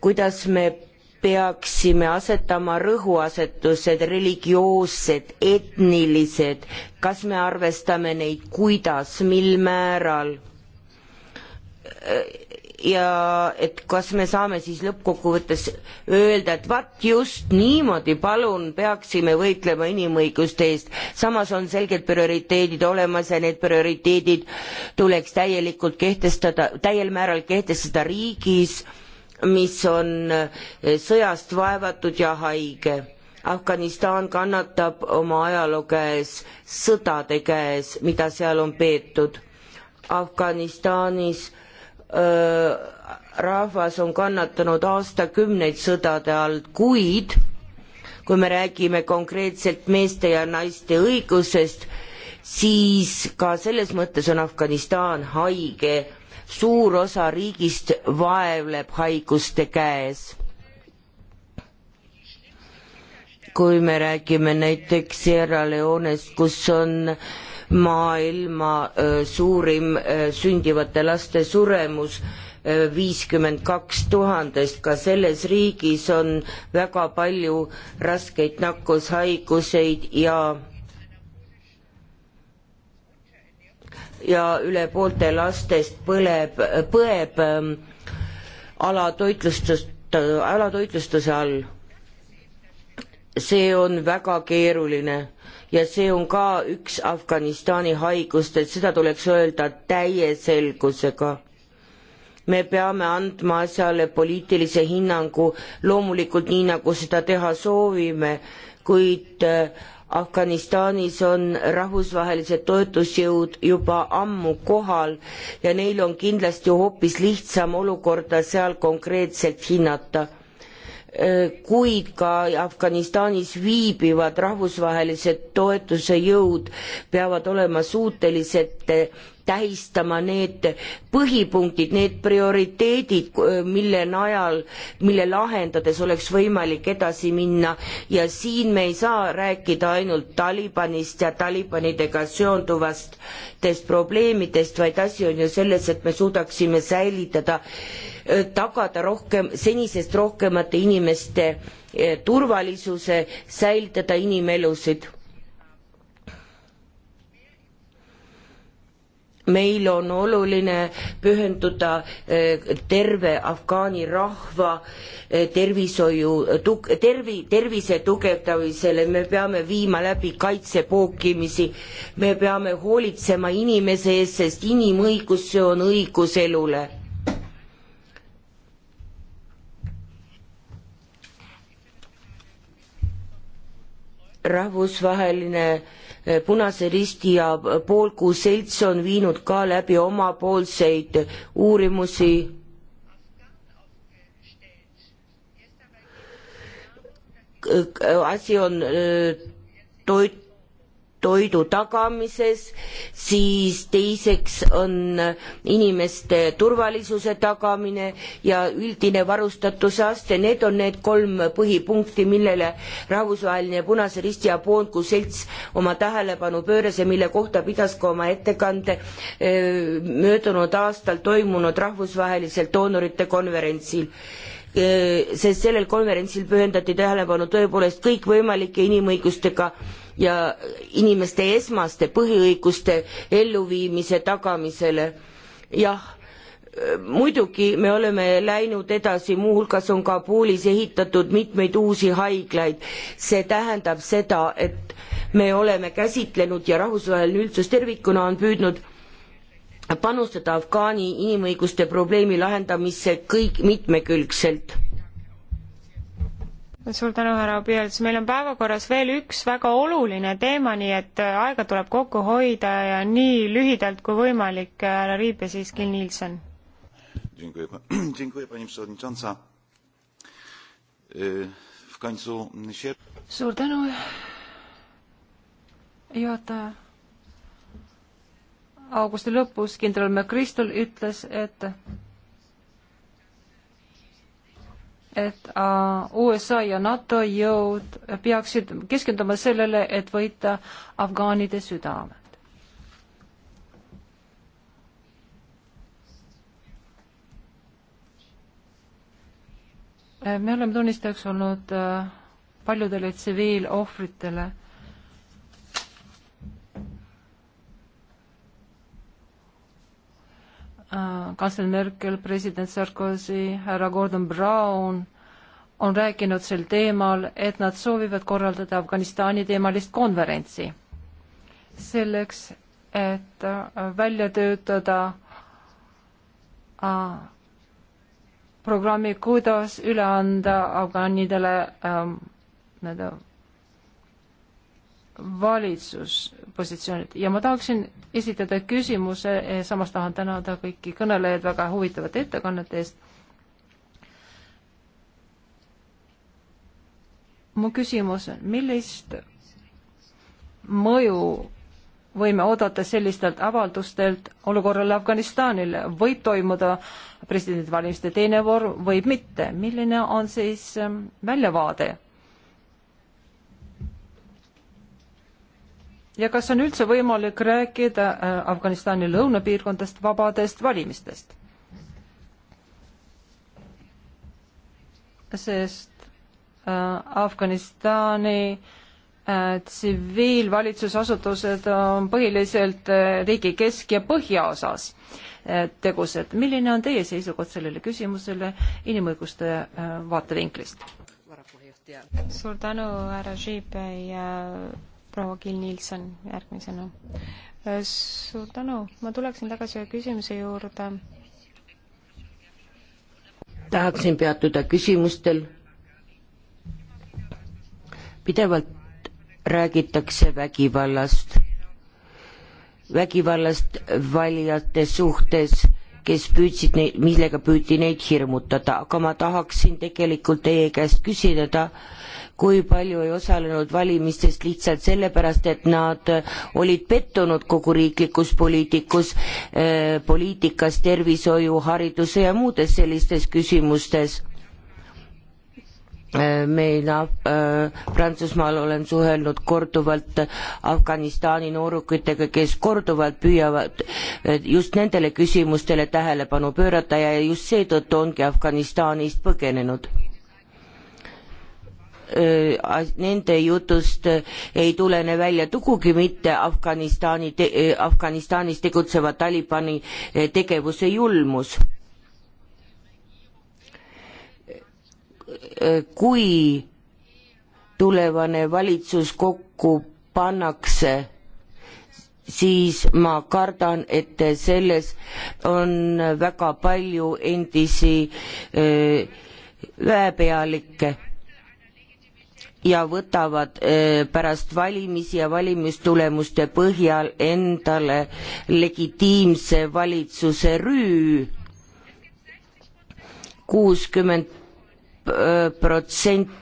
kuidas me peaksime asetama rõhuasetused, religioossed, etnilised, kas me arvestame neid, kuidas, mil määral ja et kas me saame siis lõppkokkuvõttes öelda, et vaat just niimoodi, palun, peaksime võitlema inimõiguste eest. samas on selged prioriteedid olemas ja need prioriteedid tuleks täielikult kehtestada, täiel määral kehtestada riigis, mis on eh, sõjast vaevatud ja haige. Afganistan kannatab oma ajaloo käes, sõdade käes, mida seal on peetud. Afganistanis äh, Äh, rahvas on kannatanud aastakümneid sõdade all, kuid kui me räägime konkreetselt meeste ja naiste õigusest, siis ka selles mõttes on Afganistan haige, suur osa riigist vaevleb haiguste käes. kui me räägime näiteks Sierra Leonest, kus on äh, maailma suurim sündivate laste suremus viiskümmend kaks tuhandest, ka selles riigis on väga palju raskeid nakkushaiguseid ja ja üle poolte lastest põleb, põeb alatoitlustust, alatoitlustuse all. see on väga keeruline ja see on ka üks Afganistani haigust, et seda tuleks öelda täie selgusega. me peame andma asjale poliitilise hinnangu loomulikult nii, nagu seda teha soovime, kuid äh, Afganistanis on rahvusvahelised toetusjõud juba ammu kohal ja neil on kindlasti hoopis lihtsam olukorda seal konkreetselt hinnata Äh, kuid ka Afganistanis viibivad rahvusvahelised toetuse jõud peavad olema suutelised tähistama need põhipunktid, need prioriteedid, mille najal, mille lahendades oleks võimalik edasi minna ja siin me ei saa rääkida ainult Talibanist ja Talibanidega seonduvast probleemidest, vaid asi on ju selles, et me suudaksime säilitada, tagada rohkem, senisest rohkemate inimeste eh, turvalisuse, säilitada inimelusid meil on oluline pühenduda eh, terve afgaani rahva eh, tervishoiu, tervi, tervise tugevdamisele, me peame viima läbi kaitsepookimisi, me peame hoolitsema inimese eest, sest inimõigus, see on õigus elule. rahvusvaheline Eh, punase Risti ja eh, Poolkuu Selts on viinud ka läbi omapoolseid uurimusi. asi on eh, toit, toidu tagamises, siis teiseks on inimeste turvalisuse tagamine ja üldine varustatuse aste, need on need kolm põhipunkti, millele Rahvusvaheline Punase Risti ja Poonku Selts oma tähelepanu pööras ja mille kohta pidas ka oma ettekande möödunud aastal toimunud rahvusvahelisel doonorite konverentsil sest sellel konverentsil pühendati tähelepanu tõepoolest kõikvõimalike inimõigustega ja inimeste esmaste põhiõiguste elluviimise tagamisele. jah, muidugi me oleme läinud edasi, muuhulgas on Kabulis ehitatud mitmeid uusi haiglaid. see tähendab seda, et me oleme käsitlenud ja rahvusvaheline üldsus tervikuna on püüdnud panustada Afgaani inimõiguste probleemi lahendamisse kõik mitmekülgselt suur tänu, härra Pielts, meil on päevakorras veel üks väga oluline teema, nii et äh, aega tuleb kokku hoida ja nii lühidalt kui võimalik, äh, härra Riip ja siis Gil Nielsen. suur tänu, juhataja. augusti lõpus kindral McChrystal ütles, et et äh, USA ja NATO jõud peaksid keskenduma sellele, et võita afgaanide südamed. Äh, me oleme tunnistajaks olnud äh, paljudele tsiviilohvritele Äh, kantsler Merkel, president Sarkozy, härra Gordon Brown on rääkinud sel teemal, et nad soovivad korraldada Afganistani teemalist konverentsi selleks, et äh, välja töötada äh, programmi, kuidas üle anda afgaanidele ähm, nii-öelda valitsuspositsioonid ja ma tahaksin esitada küsimuse, eh, samas tahan tänada kõiki kõnelejaid väga huvitavate ettekannete eest. mu küsimus on, millist mõju võime oodata sellistelt avaldustelt olukorrale Afganistanile, võib toimuda presidendivalimiste teine voor, võib mitte, milline on siis eh, väljavaade ja kas on üldse võimalik rääkida äh, Afganistani lõunapiirkondadest vabadest valimistest? sest äh, Afganistani äh, tsiviilvalitsusasutused on põhiliselt riigi kesk- ja põhjaosas tegused. milline on teie seisukoht sellele küsimusele inimõiguste vaatevinklist? suur tänu, härra Žiib ja proua Kill Nilsson järgmisena. Äh, suur tänu, ma tuleksin tagasi ühe küsimuse juurde. tahaksin peatuda küsimustel. pidevalt räägitakse vägivallast, vägivallast valijate suhtes kes püüdsid neid, millega püüti neid hirmutada, aga ma tahaksin tegelikult teie käest küsida, kui palju ei osalenud valimistest lihtsalt sellepärast, et nad olid pettunud kogu riiklikus poliitikus, eh, poliitikas, tervishoiu, hariduse ja muudes sellistes küsimustes eh, meil äh, Prantsusmaal olen suhelnud korduvalt Afganistani noorukitega, kes korduvalt püüavad just nendele küsimustele tähelepanu pöörata ja just seetõttu ongi Afganistanist põgenenud Äh, nende jutust äh, ei tulene välja sugugi mitte Afganistani te,, äh, Afganistanis tegutseva Talibani tegevuse julmus. kui tulevane valitsus kokku pannakse, siis ma kardan, et selles on väga palju endisi öö, väepealikke ja võtavad eh, pärast valimisi ja valimistulemuste põhjal endale legitiimse valitsuse rüü. kuuskümmend eh, protsenti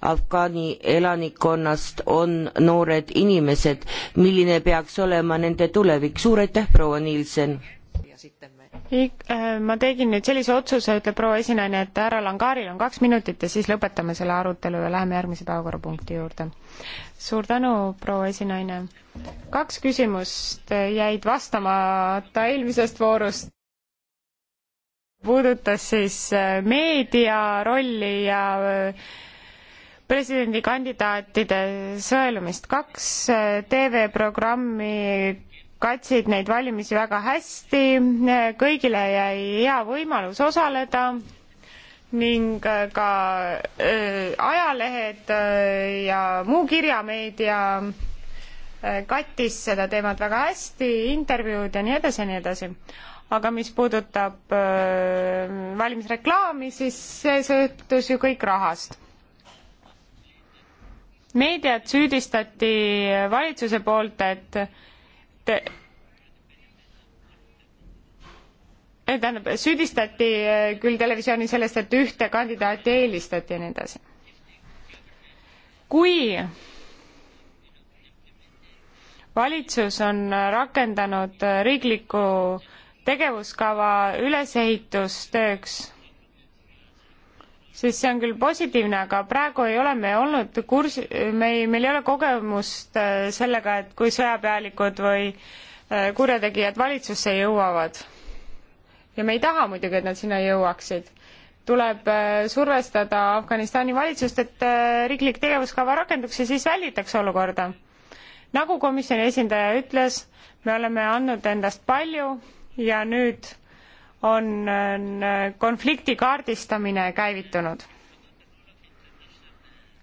Afgaani elanikkonnast on noored inimesed, milline peaks olema nende tulevik, suur aitäh, proua Nielsen! ja sitten Äh, ma tegin nüüd sellise otsuse, ütleb proua esinaine, et härra Langaaril on kaks minutit ja siis lõpetame selle arutelu ja läheme järgmise päevakorrapunkti juurde. suur tänu, proua esinaine. kaks küsimust jäid vastamata eelmisest voorust. puudutas siis äh, meedia rolli ja äh, presidendikandidaatide sõelumist. kaks TV-programmi katsid neid valimisi väga hästi, kõigile jäi hea võimalus osaleda ning äh, ka öö, äh, ajalehed öö, äh, ja muu kirjameedia kattis seda teemat väga hästi, intervjuud ja nii edasi ja nii edasi. aga mis puudutab öö, valimisreklaami, siis see sõltus ju kõik rahast meediat süüdistati valitsuse poolt, et et eh, tähendab, süüdistati eh, küll televisiooni sellest, et ühte kandidaati eelistati ja nii edasi. kui valitsus on rakendanud eh, riikliku tegevuskava ülesehitustööks siis see on küll positiivne, aga praegu ei ole me olnud kursi, me ei, meil ei ole kogemust äh, sellega, et kui sõjapealikud või äh, kurjategijad valitsusse jõuavad. ja me ei taha muidugi, et nad sinna jõuaksid. tuleb äh, survestada Afganistani valitsust, et riiklik tegevuskava rakenduks ja siis välditakse olukorda. nagu komisjoni esindaja ütles, me oleme andnud endast palju ja nüüd on äh, konflikti kaardistamine käivitunud.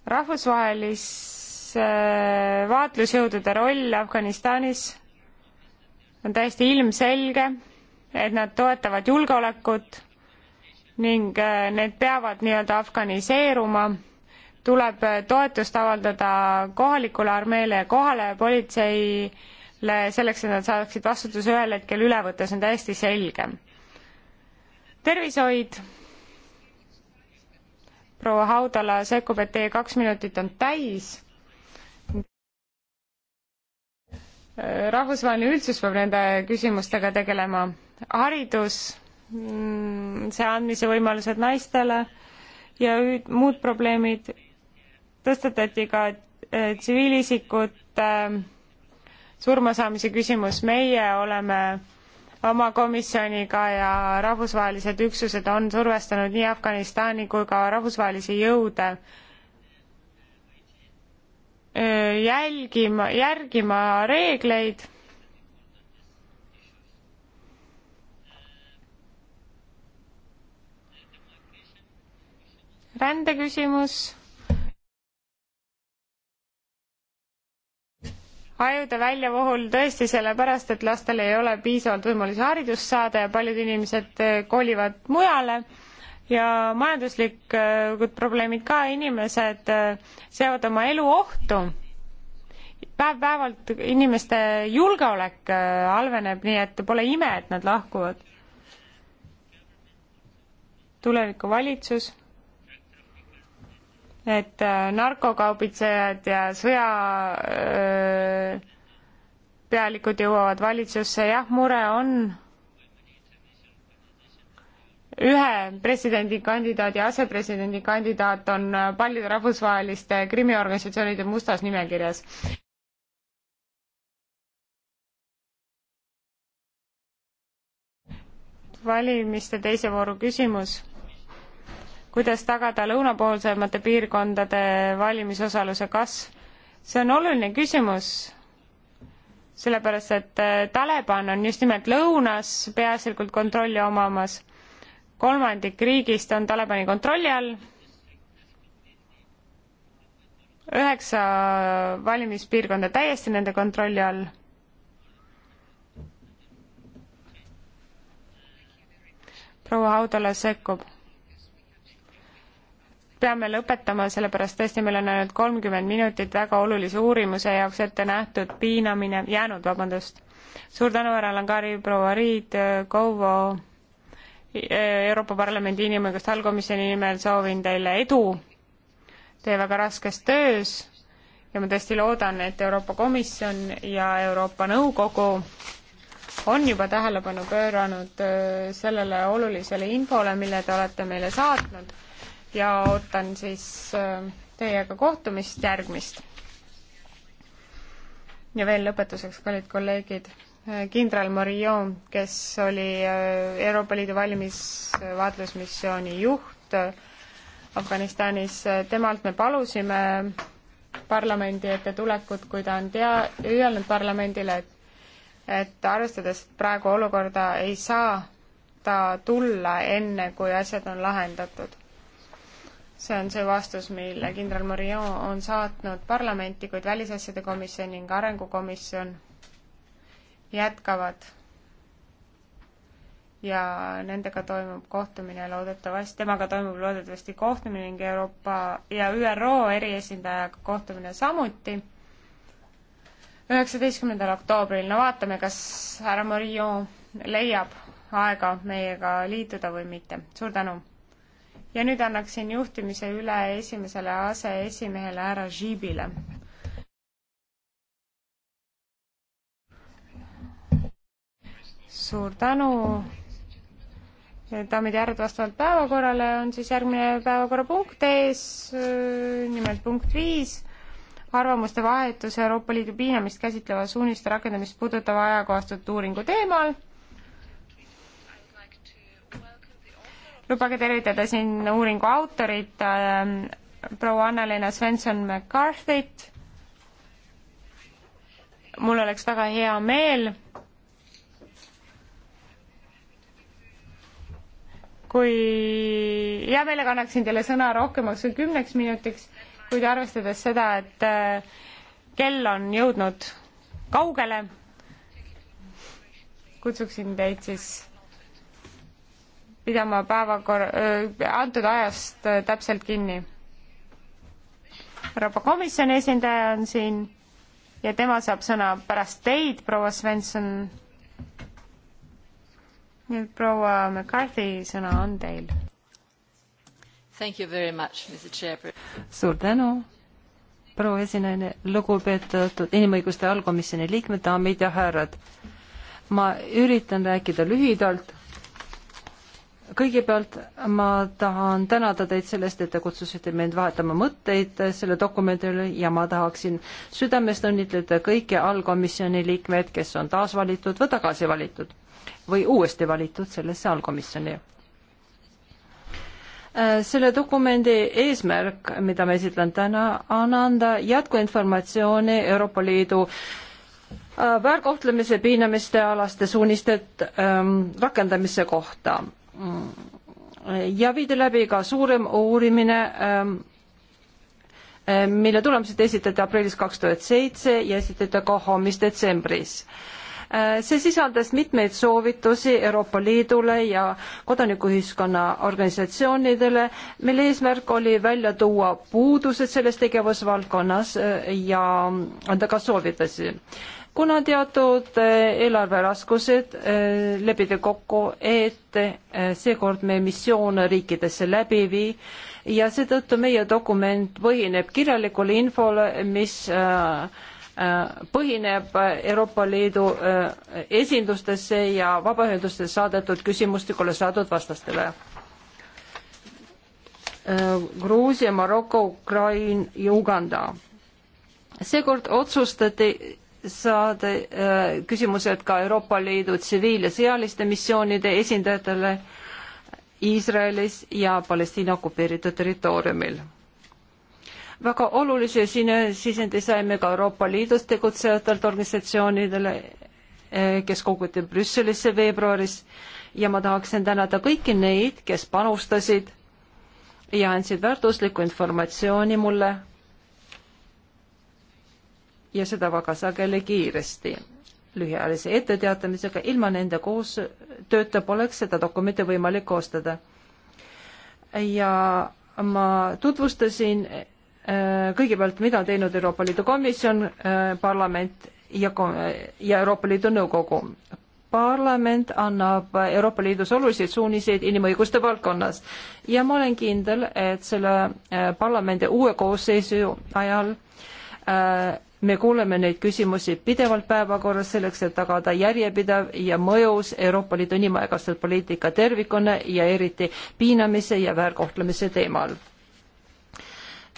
rahvusvahelise äh, vaatlusjõudude roll Afganistanis on täiesti ilmselge, et nad toetavad julgeolekut ning äh, need peavad nii-öelda afganiseeruma, tuleb toetust avaldada kohalikule armeele ja kohale politseile selleks, et nad saaksid vastutuse ühel hetkel üle võtta, see on täiesti selge tervishoid. proua Haudala sekkub, et teie kaks minutit on täis. rahvusvaheline üldsus peab nende küsimustega tegelema. haridus, mm, see andmise võimalused naistele ja muud probleemid tõstatati ka äh, tsiviilisikute äh, surmasaamise küsimus. meie oleme oma komisjoniga ja rahvusvahelised üksused on survestanud nii Afganistani kui ka rahvusvahelisi jõude jälgima, järgima reegleid rändeküsimus ajude väljavool tõesti sellepärast, et lastel ei ole piisavalt võimalusi haridust saada ja paljud inimesed äh, kolivad mujale ja majanduslikud äh, probleemid ka, inimesed äh, seavad oma elu ohtu. päev-päevalt inimeste julgeolek halveneb, nii et pole ime, et nad lahkuvad. tulevikuvalitsus et äh, narkokaubitsejad ja sõja äh, pealikud jõuavad valitsusse, jah, mure on ühe presidendikandidaadi ja asepresidendikandidaat on äh, paljude rahvusvaheliste krimiorganisatsioonide mustas nimekirjas. valimiste teise vooru küsimus kuidas tagada lõunapoolsemate piirkondade valimisosaluse kasv. see on oluline küsimus, sellepärast et äh, Taliban on just nimelt lõunas peaasjalikult kontrolli omamas, kolmandik riigist on Talibani kontrolli all, üheksa valimispiirkonda täiesti nende kontrolli all proua Haudala sekkub peame lõpetama, sellepärast tõesti, meil on ainult kolmkümmend minutit väga olulise uurimuse jaoks ette nähtud piinamine, jäänud, vabandust. suur tänu, härra Langari, proua Riid, Kovo, Euroopa Parlamendi inimõiguste allkomisjoni nimel soovin teile edu teie väga raskes töös ja ma tõesti loodan, et Euroopa Komisjon ja Euroopa Nõukogu on juba tähelepanu pööranud äh, sellele olulisele infole, mille te olete meile saatnud ja ootan siis äh, teiega kohtumist järgmist. ja veel lõpetuseks, kallid kolleegid, äh, kindral Morillon, kes oli äh, Euroopa Liidu valimisvaatlusmissiooni juht Afganistanis, temalt me palusime parlamendi ette tulekut, kui ta on tea-, öelnud parlamendile, et et arvestades praegu olukorda, ei saa ta tulla enne, kui asjad on lahendatud see on see vastus, mille kindral Morillon on saatnud parlamenti, kuid Välisasjade komisjon ning Arengukomisjon jätkavad. ja nendega toimub kohtumine loodetavasti, temaga toimub loodetavasti kohtumine ning Euroopa ja ÜRO eriesindajaga kohtumine samuti üheksateistkümnendal oktoobril, no vaatame, kas härra Morillon leiab aega meiega liituda või mitte. suur tänu! ja nüüd annaksin juhtimise üle esimesele aseesimehele härra Žiibile. suur tänu daamid ja härrad, vastavalt päevakorrale on siis järgmine päevakorrapunkt ees, nimelt punkt viis, arvamuste vahetus Euroopa Liidu piinamist käsitleva suuniste rakendamist puudutava ajakohastatud uuringu teemal lubage tervitada siin uuringu autorit ähm,, proua Anna-Lena Svensson-McCarthy't. mul oleks väga hea meel, kui hea meelega annaksin teile sõna rohkemaks kui kümneks minutiks, kuid arvestades seda, et äh, kell on jõudnud kaugele, kutsuksin teid siis pidama päevakorra, antud ajast täpselt kinni. Euroopa Komisjoni esindaja on siin ja tema saab sõna pärast teid, proua Svensson. nii et proua McCarthy, sõna on teil. suur tänu, proua esinaine, lugupeetud inimõiguste allkomisjoni liikmed, daamid ja härrad. ma üritan rääkida lühidalt kõigepealt ma tahan tänada teid sellest, et te kutsusite mind vahetama mõtteid selle dokumendi üle ja ma tahaksin südamest õnnitleda kõiki allkomisjoni liikmeid, kes on taas valitud või tagasi valitud või uuesti valitud sellesse allkomisjoni. Äh, selle dokumendi eesmärk, mida ma esitlen täna, on anda jätkuinformatsiooni Euroopa Liidu äh, väärkohtlemise, piinamiste alaste suuniste ähm, rakendamise kohta Mm. ja viidi läbi ka suurem uurimine, ähm, äh, mille tulemused esitati aprillis kaks tuhat seitse ja esitati ka hommis detsembris äh, see sisaldas mitmeid soovitusi Euroopa Liidule ja kodanikuühiskonna organisatsioonidele, mille eesmärk oli välja tuua puudused selles tegevusvaldkonnas äh, ja anda ka soovitusi kuna teatud eh, eelarveraskused eh, lepiti kokku, et eh, seekord me missioone riikidesse läbi ei vii ja seetõttu meie dokument põhineb kirjalikule infole, mis põhineb Euroopa Liidu esindustesse ja vabaühendustesse saadetud küsimustikule saadud vastastele. Gruusia, Maroko, Ukraina ja Uganda. seekord otsustati saada äh, küsimused ka Euroopa Liidu tsiviil- ja sõjaliste missioonide esindajatele Iisraelis ja Palestiina okupeeritud territooriumil. väga olulise sisendi saime ka Euroopa Liidus tegutsejatelt organisatsioonidele, äh, kes koguti Brüsselisse veebruaris ja ma tahaksin tänada kõiki neid, kes panustasid ja andsid väärtuslikku informatsiooni mulle ja seda väga sageli kiiresti lühiajalise etteteatamisega, ilma nende koos tööta poleks seda dokumenti võimalik koostada. ja ma tutvustasin äh, kõigepealt, mida on teinud Euroopa Liidu Komisjon, äh, parlament ja, ja Euroopa Liidu Nõukogu. parlament annab Euroopa Liidus oluliseid suuniseid inimõiguste valdkonnas ja ma olen kindel, et selle äh, parlamendi uue koosseisu ajal äh, me kuuleme neid küsimusi pidevalt päevakorras selleks, et tagada järjepidev ja mõjus Euroopa Liidu inimaegastatud poliitika tervikuna ja eriti piinamise ja väärkohtlemise teemal.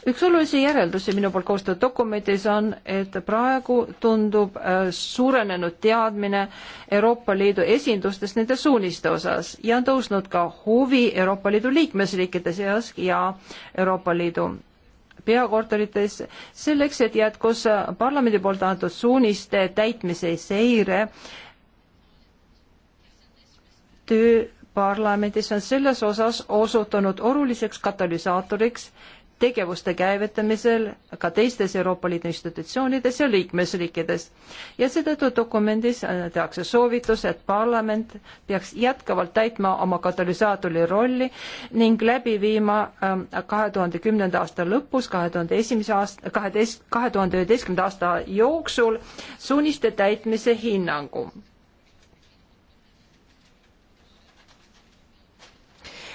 üks olulisi järeldusi minu poolt koostatud dokumendis on, et praegu tundub äh, suurenenud teadmine Euroopa Liidu esindustest nende suuniste osas ja on tõusnud ka huvi Euroopa Liidu liikmesriikide seas ja Euroopa Liidu peakorterites, selleks et jätkus parlamendi poolt antud suuniste täitmise seire töö parlamendis on selles osas osutunud oluliseks katalüsaatoriks tegevuste käivitamisel ka teistes Euroopa Liidu institutsioonides ja liikmesriikides. ja seetõttu dokumendis äh, tehakse soovitus, et parlament peaks jätkuvalt täitma oma katalüsaatori rolli ning läbi viima ähm, kahe tuhande kümnenda aasta lõpus, kahe tuhande esimese aasta, kaheteist, kahe tuhande üheteistkümnenda aasta jooksul suuniste täitmise hinnangu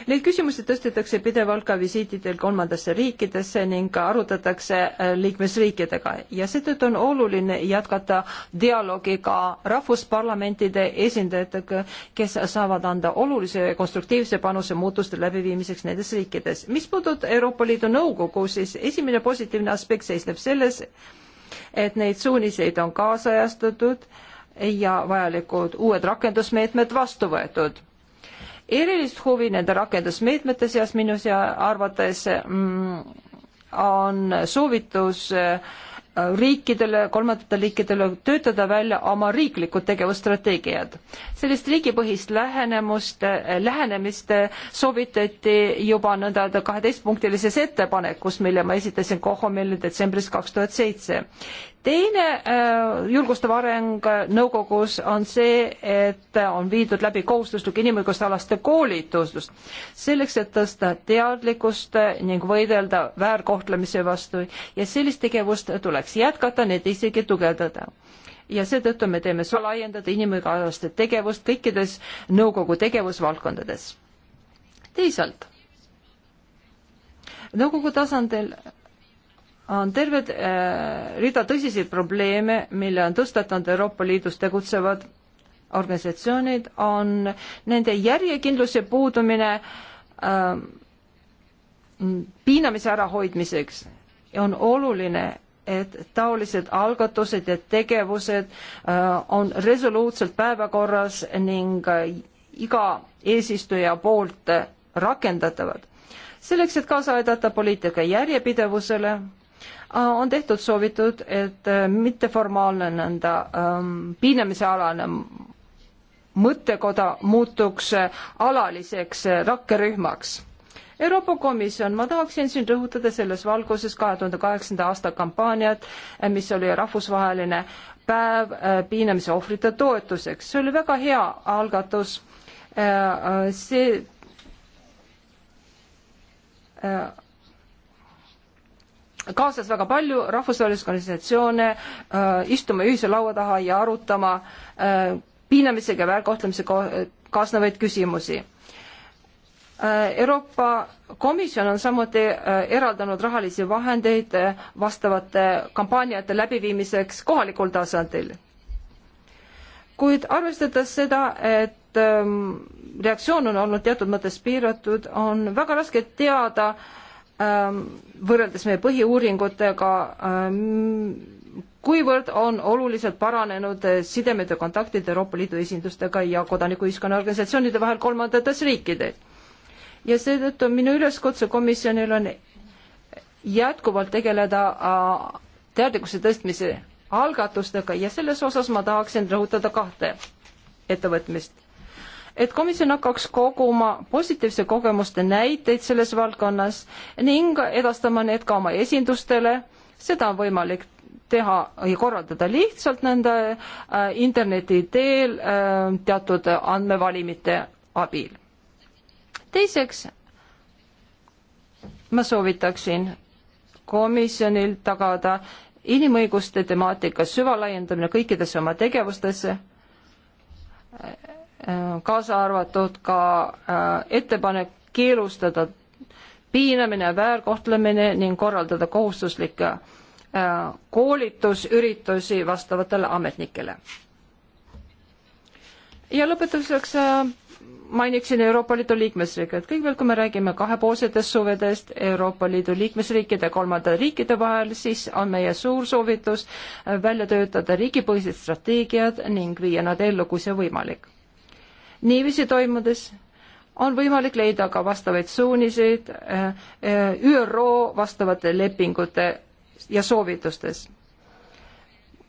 Neid küsimusi tõstetakse pidevalt ka visiitidel kolmandasse riikidesse ning arutatakse äh, liikmesriikidega ja seetõttu on oluline jätkata dialoogi ka rahvusparlamentide esindajatega, kes saavad anda olulise ja konstruktiivse panuse muutuste läbiviimiseks nendes riikides. mis puudutab Euroopa Liidu Nõukogu, siis esimene positiivne aspekt seisneb selles, et neid suuniseid on kaasajastatud ja vajalikud uued rakendusmeetmed vastu võetud erilist huvi nende rakendusmeetmete seas minu arvates mm, on soovitus äh, riikidele, kolmandatele riikidele töötada välja oma riiklikud tegevusstrateegiad. sellist riigipõhist lähenemust, äh, lähenemist soovitati juba nõnda öelda kaheteistpunktilises ettepanekus, mille ma esitasin Kohomile detsembris kaks tuhat seitse teine äh, julgustav areng nõukogus on see, et on viidud läbi kohustuslik inimõiguste alaste koolitus selleks, et tõsta teadlikkust ning võidelda väärkohtlemise vastu ja sellist tegevust tuleks jätkata, need isegi tugevdada ja seetõttu me teeme laiendada inimõiguste tegevust kõikides nõukogu tegevusvaldkondades. teisalt, nõukogu tasandil on terved äh, rida tõsiseid probleeme, mille on tõstatanud Euroopa Liidus tegutsevad organisatsioonid, on nende järjekindluse puudumine äh, piinamise ärahoidmiseks. on oluline, et taolised algatused ja tegevused äh, on resoluutselt päevakorras ning äh, iga eesistuja poolt äh, rakendatavad. selleks, et kaasa aidata poliitika järjepidevusele, Äh, on tehtud soovitud, et äh, mitteformaalne nõnda ähm, piinamise alane mõttekoda muutuks äh, alaliseks rakkerühmaks. Euroopa Komisjon, ma tahaksin siin rõhutada selles valguses kahe tuhande kaheksanda aasta kampaaniat, mis oli rahvusvaheline päev piinamise ohvrite toetuseks. see oli väga hea algatus. see kaasas väga palju rahvusvahelisi organisatsioone äh, istuma ühise laua taha ja arutama äh, piinamisega ja väärkohtlemise kaasnevaid küsimusi äh,. Euroopa Komisjon on samuti äh, eraldanud rahalisi vahendeid äh, vastavate kampaaniate läbiviimiseks kohalikul tasandil. kuid arvestades seda, et ähm, reaktsioon on olnud teatud mõttes piiratud, on väga raske teada äh, Ähm, võrreldes meie põhiuuringutega, ähm, kuivõrd on oluliselt paranenud äh, sidemed ja kontaktid Euroopa Liidu esindustega ja kodanikuühiskonna organisatsioonide vahel kolmandates riikides. ja seetõttu minu üleskutse komisjonil on jätkuvalt tegeleda äh, teadlikkuse tõstmise algatustega ja selles osas ma tahaksin rõhutada kahte ettevõtmist et komisjon hakkaks koguma positiivse kogemuste näiteid selles valdkonnas ning edastama need ka oma esindustele. seda on võimalik teha ja korraldada lihtsalt nende äh, interneti teel äh, teatud andmevalimite abil. teiseks, ma soovitaksin komisjonil tagada inimõiguste temaatika süvalaiendamine kõikidesse oma tegevustesse kaasa arvatud ka äh, ettepanek keelustada piinamine, väärkohtlemine ning korraldada kohustuslikke äh, koolitusüritusi vastavatele ametnikele. ja lõpetuseks äh, mainiksin Euroopa Liidu liikmesriike, et kõigepealt, kui me räägime kahepoolsetest suvedest Euroopa Liidu liikmesriikide ja kolmandate riikide vahel, siis on meie suur soovitus välja töötada riigipõhised strateegiad ning viia nad ellu, kui see võimalik niiviisi toimudes on võimalik leida ka vastavaid suuniseid äh, äh, ÜRO vastavate lepingute ja soovitustes.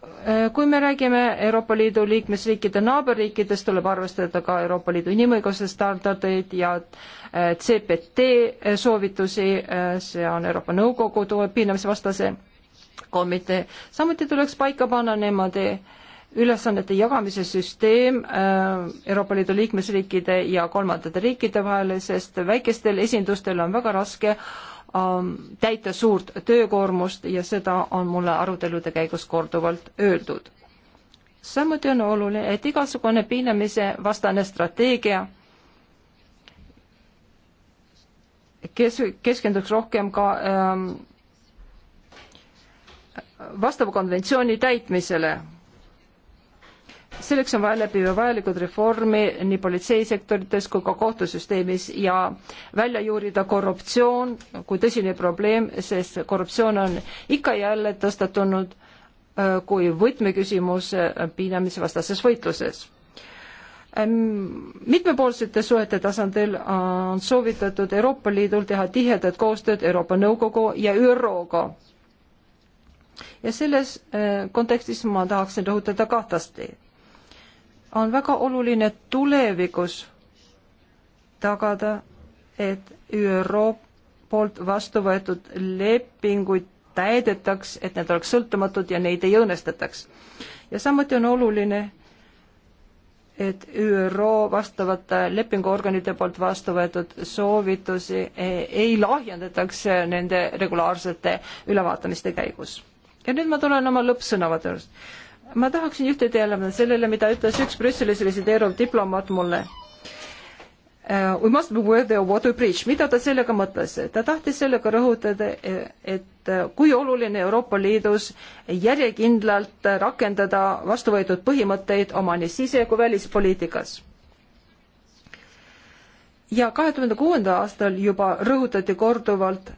Äh, kui me räägime Euroopa Liidu liikmesriikide naaberriikidest, tuleb arvestada ka Euroopa Liidu inimõiguste standardeid ja CPT soovitusi, see on Euroopa Nõukogu piinamisvastase komitee, samuti tuleks paika panna niimoodi, ülesannete jagamise süsteem äh, Euroopa Liidu liikmesriikide ja kolmandate riikide vahel, sest väikestel esindustel on väga raske ähm, täita suurt töökoormust ja seda on mulle arutelude käigus korduvalt öeldud. samuti on oluline, et igasugune piinamise vastane strateegia kes, keskenduks rohkem ka ähm, vastava konventsiooni täitmisele selleks on vaja läbi viia vajalikud reformi nii politseisektorites kui ka kohtusüsteemis ja välja juurida korruptsioon kui tõsine probleem, sest korruptsioon on ikka ja jälle tõstatunud äh, kui võtmeküsimus äh, piinamisvastases võitluses. Ähm, mitmepoolsete suhete tasandil äh, on soovitatud Euroopa Liidul teha tihedat koostööd Euroopa Nõukogu ja ÜRO-ga ja selles kontekstis ma tahaksin rõhutada kahtlasti on väga oluline tulevikus tagada, et ÜRO poolt vastu võetud lepinguid täidetaks, et need oleks sõltumatud ja neid ei õõnestataks. ja samuti on oluline, et ÜRO vastavate lepinguorganite poolt vastu võetud soovitusi e, ei lahjendataks nende regulaarsete ülevaatamiste käigus. ja nüüd ma tulen oma lõppsõnavõtu juurest ma tahaksin juhtida tähelepanu sellele, mida ütles üks Brüsselis resideeruv diplomaat mulle uh,. We must be worthy of what we preach. mida ta sellega mõtles? ta tahtis sellega rõhutada, äh, et äh, kui oluline Euroopa Liidus järjekindlalt rakendada vastu võetud põhimõtteid oma nii sise- kui välispoliitikas ja kahe tuhande kuuenda aastal juba rõhutati korduvalt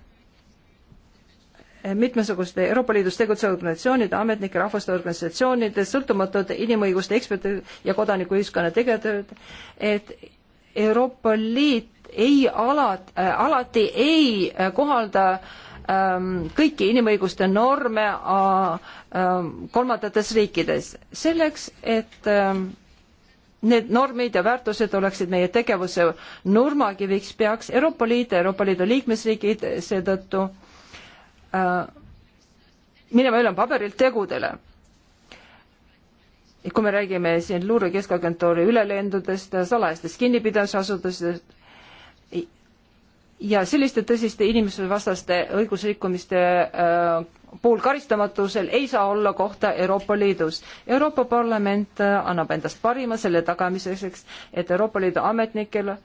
mitmesuguste Euroopa Liidus tegutsevate organisatsioonide, ametnike, rahvaste organisatsioonide, sõltumatute inimõiguste ekspertide ja kodanikuühiskonna tegevused, et Euroopa Liit ei alat- äh,, alati ei äh, kohalda ähm, kõiki inimõiguste norme äh, äh, kolmandates riikides. selleks, et ähm, need normid ja väärtused oleksid meie tegevuse nurmakiviks, peaks Euroopa Liit ja Euroopa Liidu liikmesriigid seetõttu äh, Äh, minema üle paberilt tegudele. kui me räägime siin Luure Keskagentuuri ülelendudest, salajastest kinnipidamisasutustest ja selliste tõsiste inimsusevastaste õigusrikkumiste äh, puhul karistamatusel ei saa olla kohta Euroopa Liidus. Euroopa Parlament äh, annab endast parima selle tagamiseks, et Euroopa Liidu ametnikel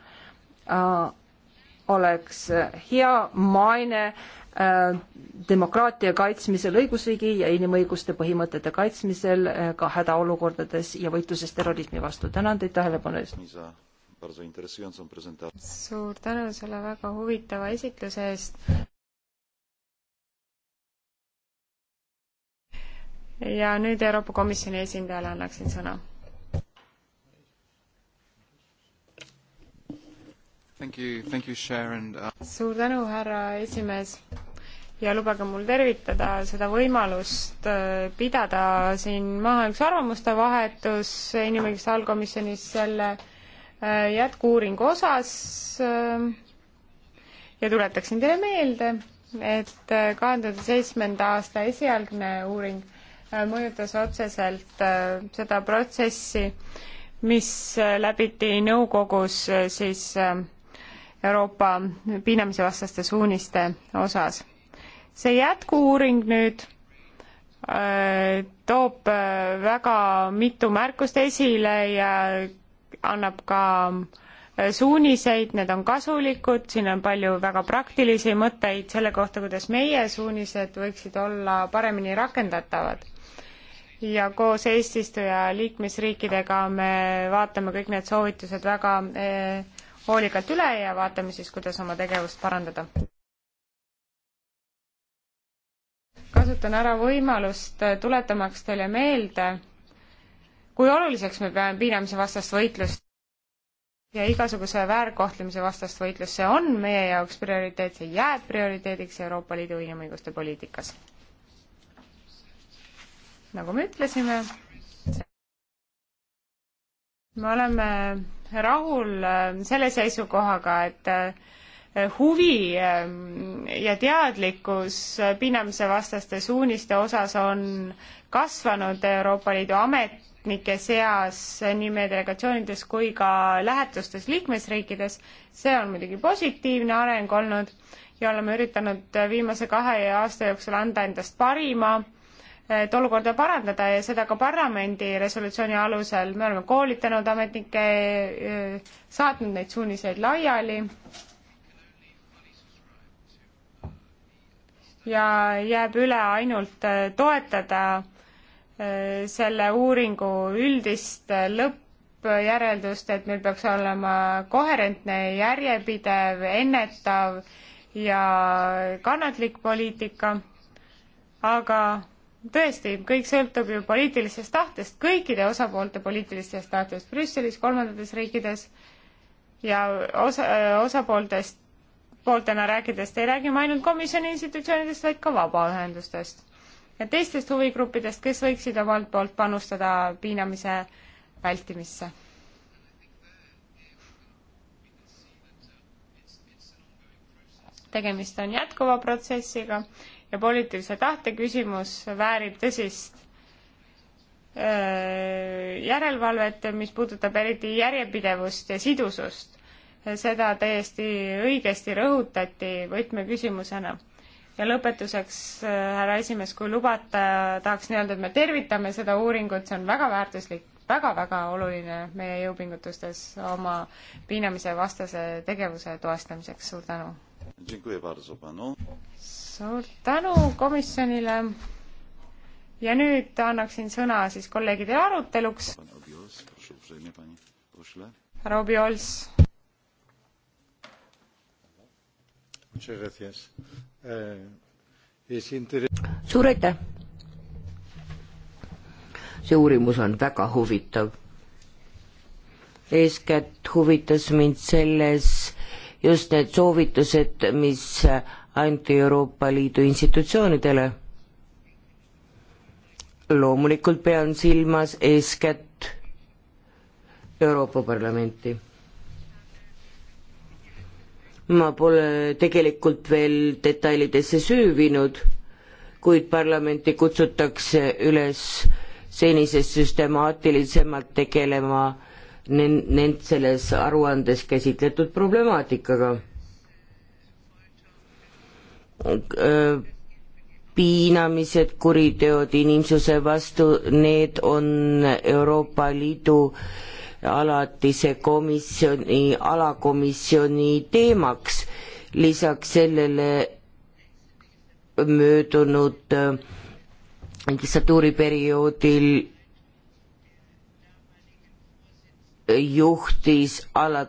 oleks hea maine äh, Äh, demokraatia kaitsmisel õigusriigi ja inimõiguste põhimõtete kaitsmisel äh, ka hädaolukordades ja võitluses terrorismi vastu. tänan teid tähelepanu eest. suur tänu selle väga huvitava esitluse eest. ja nüüd Euroopa Komisjoni esindajale annaksin sõna Thank you, thank you, Sharon. Uh, suur tänu, härra esimees ja lubage mul tervitada seda võimalust äh, pidada siin maha üks arvamuste vahetus inimõiguste allkomisjonis selle äh, jätku-uuringu osas. Äh, ja tuletaksin teile meelde, et kahe tuhande seitsmenda aasta esialgne uuring mõjutas otseselt seda protsessi, mis läbiti nõukogus siis Euroopa piinamisvastaste suuniste osas. see jätku-uuring nüüd äh, toob äh, väga mitu märkust esile ja annab ka äh, suuniseid, need on kasulikud, siin on palju väga praktilisi mõtteid selle kohta, kuidas meie suunised võiksid olla paremini rakendatavad. ja koos eesistuja liikmesriikidega me vaatame kõik need soovitused väga eh, hoolikalt üle ja vaatame siis, kuidas oma tegevust parandada. kasutan ära võimalust äh, tuletamaks teile meelde, kui oluliseks me peame piinamise vastast võitlust ja igasuguse väärkohtlemise vastast võitlust, see on meie jaoks prioriteet, see jääb prioriteediks Euroopa Liidu inimõiguste poliitikas. nagu me ütlesime, me oleme rahul äh, selle seisukohaga, et äh, huvi äh, ja teadlikkus pinnamise vastaste suuniste osas on kasvanud Euroopa Liidu ametnike seas nii meie delegatsioonides kui ka lähetustes liikmesriikides. see on muidugi positiivne areng olnud ja oleme üritanud viimase kahe aasta jooksul anda endast parima et olukorda parandada ja seda ka parlamendi resolutsiooni alusel. me oleme koolitanud ametnikke, saatnud neid suuniseid laiali. ja jääb üle ainult toetada selle uuringu üldist lõppjäreldust, et meil peaks olema koherentne, järjepidev, ennetav ja kannatlik poliitika, aga tõesti, kõik sõltub ju poliitilisest tahtest, kõikide osapoolte poliitilistest tahtest Brüsselis, kolmandates riikides ja osa, osapooltest, pooltena rääkides ei räägi me ainult komisjoni institutsioonidest, vaid ka vabaühendustest ja teistest huvigruppidest, kes võiksid omalt poolt panustada piinamise vältimisse. tegemist on jätkuva protsessiga ja poliitilise tahte küsimus väärib tõsist järelevalvet, mis puudutab eriti järjepidevust ja sidusust. seda täiesti õigesti rõhutati võtmeküsimusena. ja lõpetuseks, härra esimees, kui lubate, tahaks nii-öelda, et me tervitame seda uuringut, see on väga väärtuslik väga,, väga-väga oluline meie jõupingutustes oma piinamise vastase tegevuse toestamiseks, suur tänu! suur tänu komisjonile. ja nüüd annaksin sõna siis kolleegidele aruteluks. härra Obiols. Eh, suur aitäh. see uurimus on väga huvitav. eeskätt huvitas mind selles just need soovitused, mis anti Euroopa Liidu institutsioonidele. loomulikult pean silmas eeskätt Euroopa Parlamenti. ma pole tegelikult veel detailidesse süüvinud, kuid parlamenti kutsutakse üles senisest süstemaatilisemalt tegelema nend-, selles aruandes käsitletud problemaatikaga Äh, piinamised, kuriteod inimsuse vastu, need on Euroopa Liidu alatise komisjoni, alakomisjoni teemaks. lisaks sellele möödunud äh, diktatuuriperioodil juhtis ala,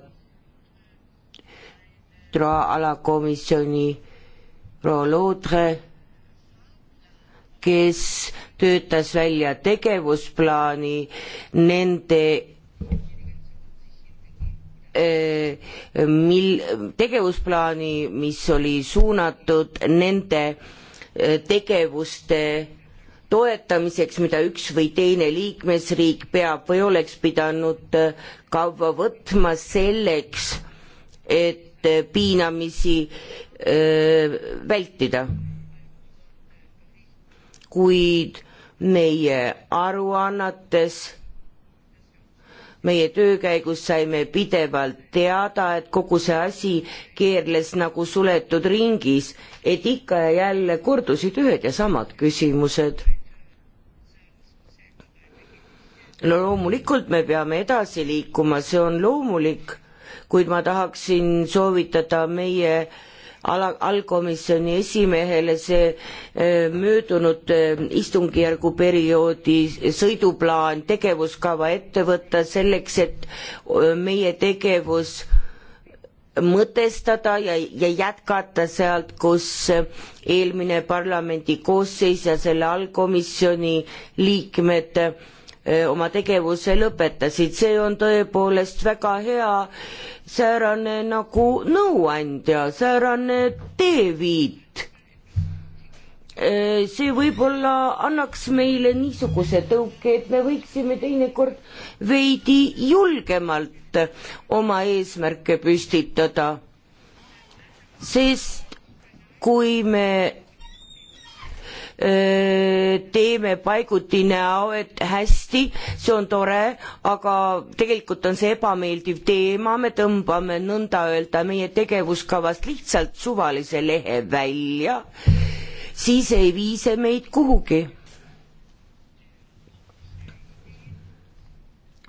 alakomisjoni proua Luutre, kes töötas välja tegevusplaani nende eh, mil-, tegevusplaani, mis oli suunatud nende eh, tegevuste toetamiseks, mida üks või teine liikmesriik peab või oleks pidanud eh, kaua võtma selleks, et piinamisi vältida. kuid meie aruannetes, meie töö käigus saime pidevalt teada, et kogu see asi keerles nagu suletud ringis, et ikka ja jälle kordusid ühed ja samad küsimused no loomulikult me peame edasi liikuma, see on loomulik, kuid ma tahaksin soovitada meie äh, ala, allkomisjoni esimehele see eh, möödunud eh, istungjärgu perioodi sõiduplaan, tegevuskava ette võtta selleks, et eh, meie tegevus mõtestada ja, ja jätkata sealt, kus eelmine parlamendi koosseis ja selle allkomisjoni liikmed oma tegevuse lõpetasid, see on tõepoolest väga hea säärane nagu nõuandja, säärane teeviit. see võib-olla annaks meile niisuguse tõuke, et me võiksime teinekord veidi julgemalt oma eesmärke püstitada. sest kui me teeme paiguti näo, et hästi, see on tore, aga tegelikult on see ebameeldiv teema, me tõmbame nõnda öelda meie tegevuskavast lihtsalt suvalise lehe välja, siis ei vii see meid kuhugi.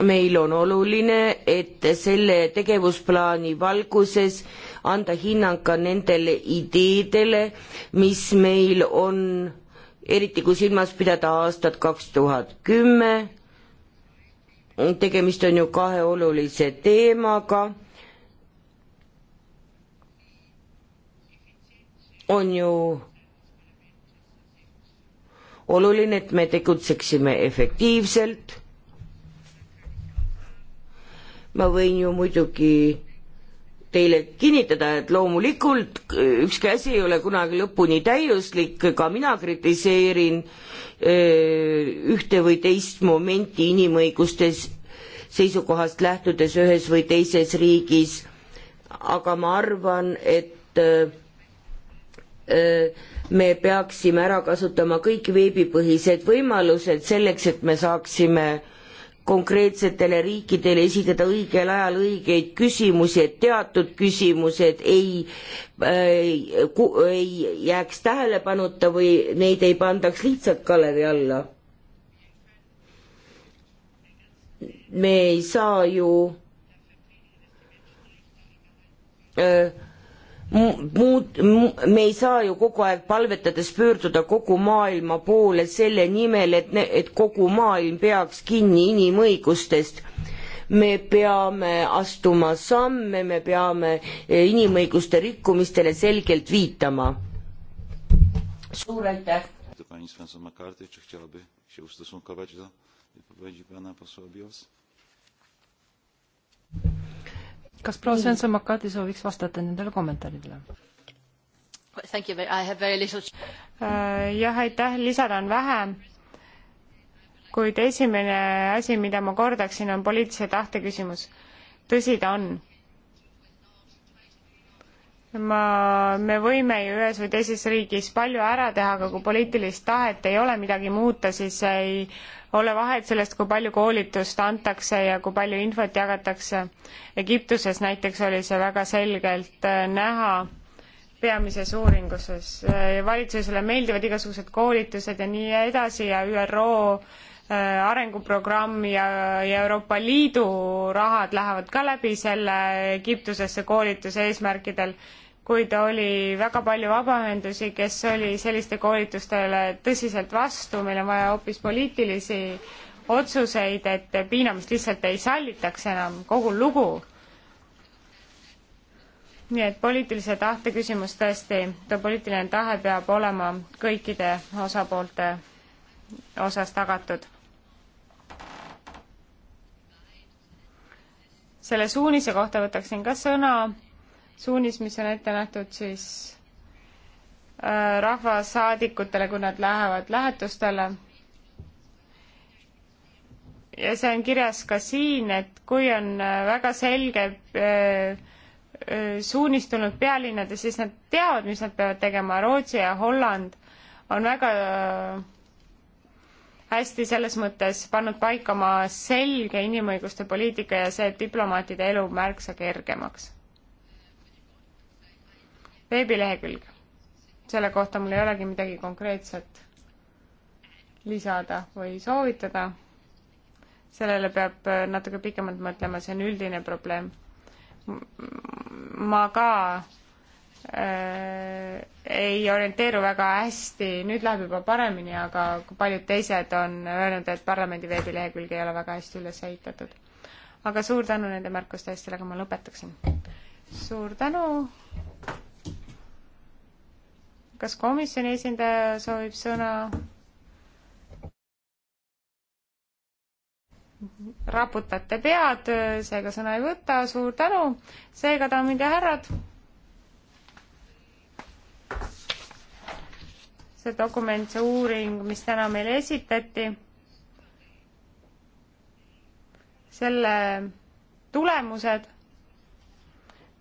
meil on oluline, et selle tegevusplaani valguses anda hinnang ka nendele ideedele, mis meil on eriti kui silmas pidada aastat kaks tuhat kümme, tegemist on ju kahe olulise teemaga, on ju oluline, et me tegutseksime efektiivselt, ma võin ju muidugi teile kinnitada, et loomulikult eh, ükski asi ei ole kunagi lõpuni täiuslik, ka mina kritiseerin eh, ühte või teist momenti inimõigustes seisukohast lähtudes ühes või teises riigis, aga ma arvan, et eh, me peaksime ära kasutama kõik veebipõhised võimalused selleks, et me saaksime äh, konkreetsetele riikidele esitada õigel ajal õigeid küsimusi, et teatud küsimused ei äh,, ei jääks tähelepanuta või neid ei pandaks lihtsalt kalevi alla. me ei saa ju äh, muud, me ei saa ju kogu aeg palvetades pöörduda kogu maailma poole selle nimel, et, et kogu maailm peaks kinni inimõigustest. me peame astuma samme, me peame eh, inimõiguste rikkumistele selgelt viitama. suur aitäh. Pani Svensson McCarthy, czy chciałaby się ustosunkować do wypowiedzi pana posła Bios? kas proua Svensson-Makati sooviks vastata nendele kommentaaridele? Äh, jah, aitäh, lisada on vähe, kuid esimene asi, mida ma kordaksin, on poliitilise tahte küsimus. tõsi ta on. ma, me võime ju ühes või teises riigis palju ära teha, aga kui poliitilist tahet ei ole midagi muuta, siis ei äh, olla vahet sellest, kui palju koolitust antakse ja kui palju infot jagatakse. Egiptuses näiteks oli see väga selgelt äh, näha peamises uuringuses. Äh, valitsusele meeldivad igasugused koolitused ja nii edasi ja ÜRO äh, arenguprogramm ja, ja Euroopa Liidu rahad lähevad ka läbi selle Egiptusesse koolituse eesmärkidel kuid oli väga palju vabaühendusi, kes oli selliste koolitustele tõsiselt vastu, meil on vaja hoopis poliitilisi otsuseid, et piinamist lihtsalt ei sallitaks enam, kogu lugu. nii et poliitilise tahte küsimus tõesti, ta poliitiline tahe peab olema kõikide osapoolte osas tagatud. selle suunise kohta võtaksin ka sõna suunis, mis on ette nähtud siis äh, rahvasaadikutele, kui nad lähevad lähetustele. ja see on kirjas ka siin, et kui on äh, väga selge äh, suunis tulnud pealinnades, siis nad teavad, mis nad peavad tegema. Rootsi ja Holland on väga hästi selles mõttes pannud paika oma selge inimõiguste poliitika ja see diplomaatide elu märksa kergemaks veebilehekülg. selle kohta mul ei olegi midagi konkreetset lisada või soovitada. sellele peab äh, natuke pikemalt mõtlema, see on üldine probleem. ma ka äh, ei orienteeru väga hästi, nüüd läheb juba paremini, aga paljud teised on öelnud, et parlamendi veebilehekülg ei ole väga hästi üles ehitatud. aga suur tänu nende märkuste eest, sellega ma lõpetaksin. suur tänu kas komisjoni esindaja soovib sõna? raputate pead, seega sõna ei võta, suur tänu. seega, daamid ja härrad. see dokument, see uuring, mis täna meile esitati, selle tulemused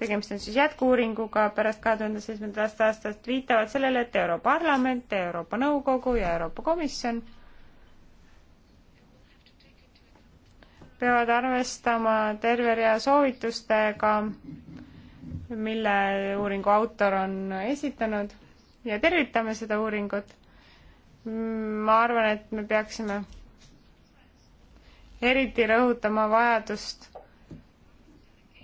tegemist on siis jätku-uuringuga pärast kahe tuhande seitsmendast aastast, viitavad sellele, et Europarlament, Euroopa Nõukogu ja Euroopa Komisjon peavad arvestama terve rea soovitustega, mille uuringu autor on esitanud ja tervitame seda uuringut. ma arvan, et me peaksime eriti rõhutama vajadust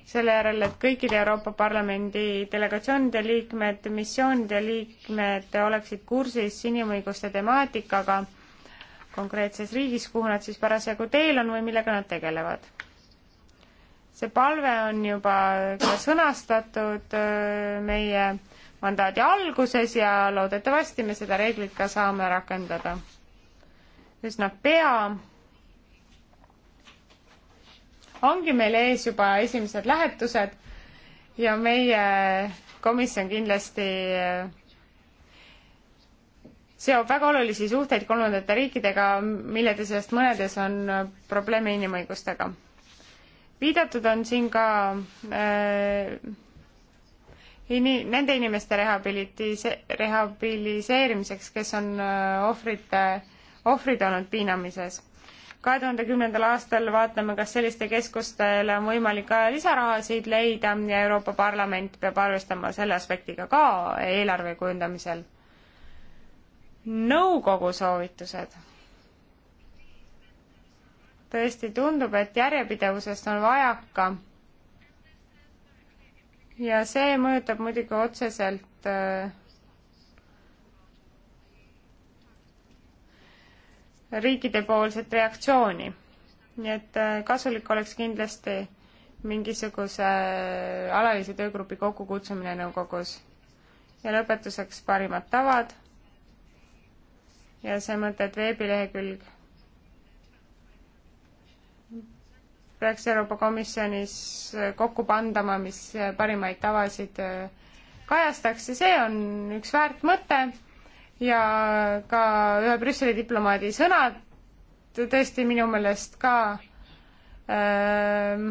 selle järel, et kõikide Euroopa Parlamendi delegatsioonide liikmed, missioonide liikmed oleksid kursis inimõiguste temaatikaga konkreetses riigis, kuhu nad siis parasjagu teel on või millega nad tegelevad. see palve on juba ka sõnastatud äh, meie mandaadi alguses ja loodetavasti me seda reeglit ka saame rakendada üsna pea ongi meil ees juba esimesed lähetused ja meie komisjon kindlasti äh, seob väga olulisi suhteid kolmandate riikidega, millede seast mõnedes on äh, probleeme inimõigustega. viidatud on siin ka äh, ini-, nende inimeste rehabilitise-, rehabiliseerimiseks, kes on äh, ohvrite, ohvrid olnud piinamises kahe tuhande kümnendal aastal vaatame, kas selliste keskustele on võimalik ka lisarahasid leida ja Euroopa Parlament peab arvestama selle aspektiga ka eelarve kujundamisel. nõukogu soovitused. tõesti tundub, et järjepidevusest on vajaka ja see mõjutab muidugi otseselt äh, riikidepoolset reaktsiooni. nii et äh, kasulik oleks kindlasti mingisuguse äh, alalise töögrupi kokkukutsumine nõukogus. ja lõpetuseks parimad tavad ja see mõte, et veebilehekülg peaks Euroopa Komisjonis äh, kokku pandama, mis parimaid tavasid kajastaks ja see on üks väärt mõte ja ka ühe Brüsseli diplomaadi sõnad tõesti minu meelest ka öö, ähm,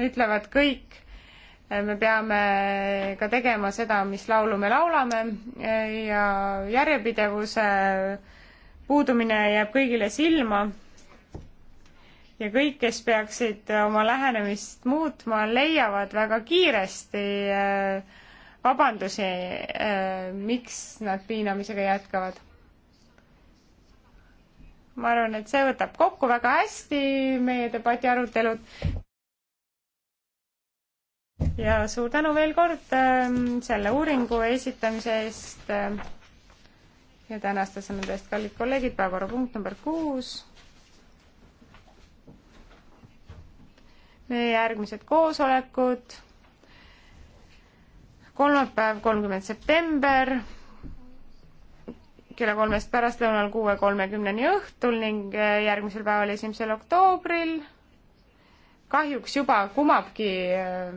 ütlevad kõik, me peame ka tegema seda, mis laulu me laulame äh, ja järjepidevuse puudumine jääb kõigile silma. ja kõik, kes peaksid oma lähenemist muutma, leiavad väga kiiresti öö, äh, vabandusi, äh, miks nad piinamisega jätkavad. ma arvan, et see võtab kokku väga hästi meie debati arutelud. ja suur tänu veel kord ähm, selle uuringu esitamise eest äh, ja tänaste sõnade eest, kallid kolleegid, päevakorrapunkt number kuus meie järgmised koosolekud kolmapäev, kolmkümmend september kella kolmest pärastlõunal kuue kolmekümneni õhtul ning äh, järgmisel päeval, esimesel oktoobril. kahjuks juba kumabki äh,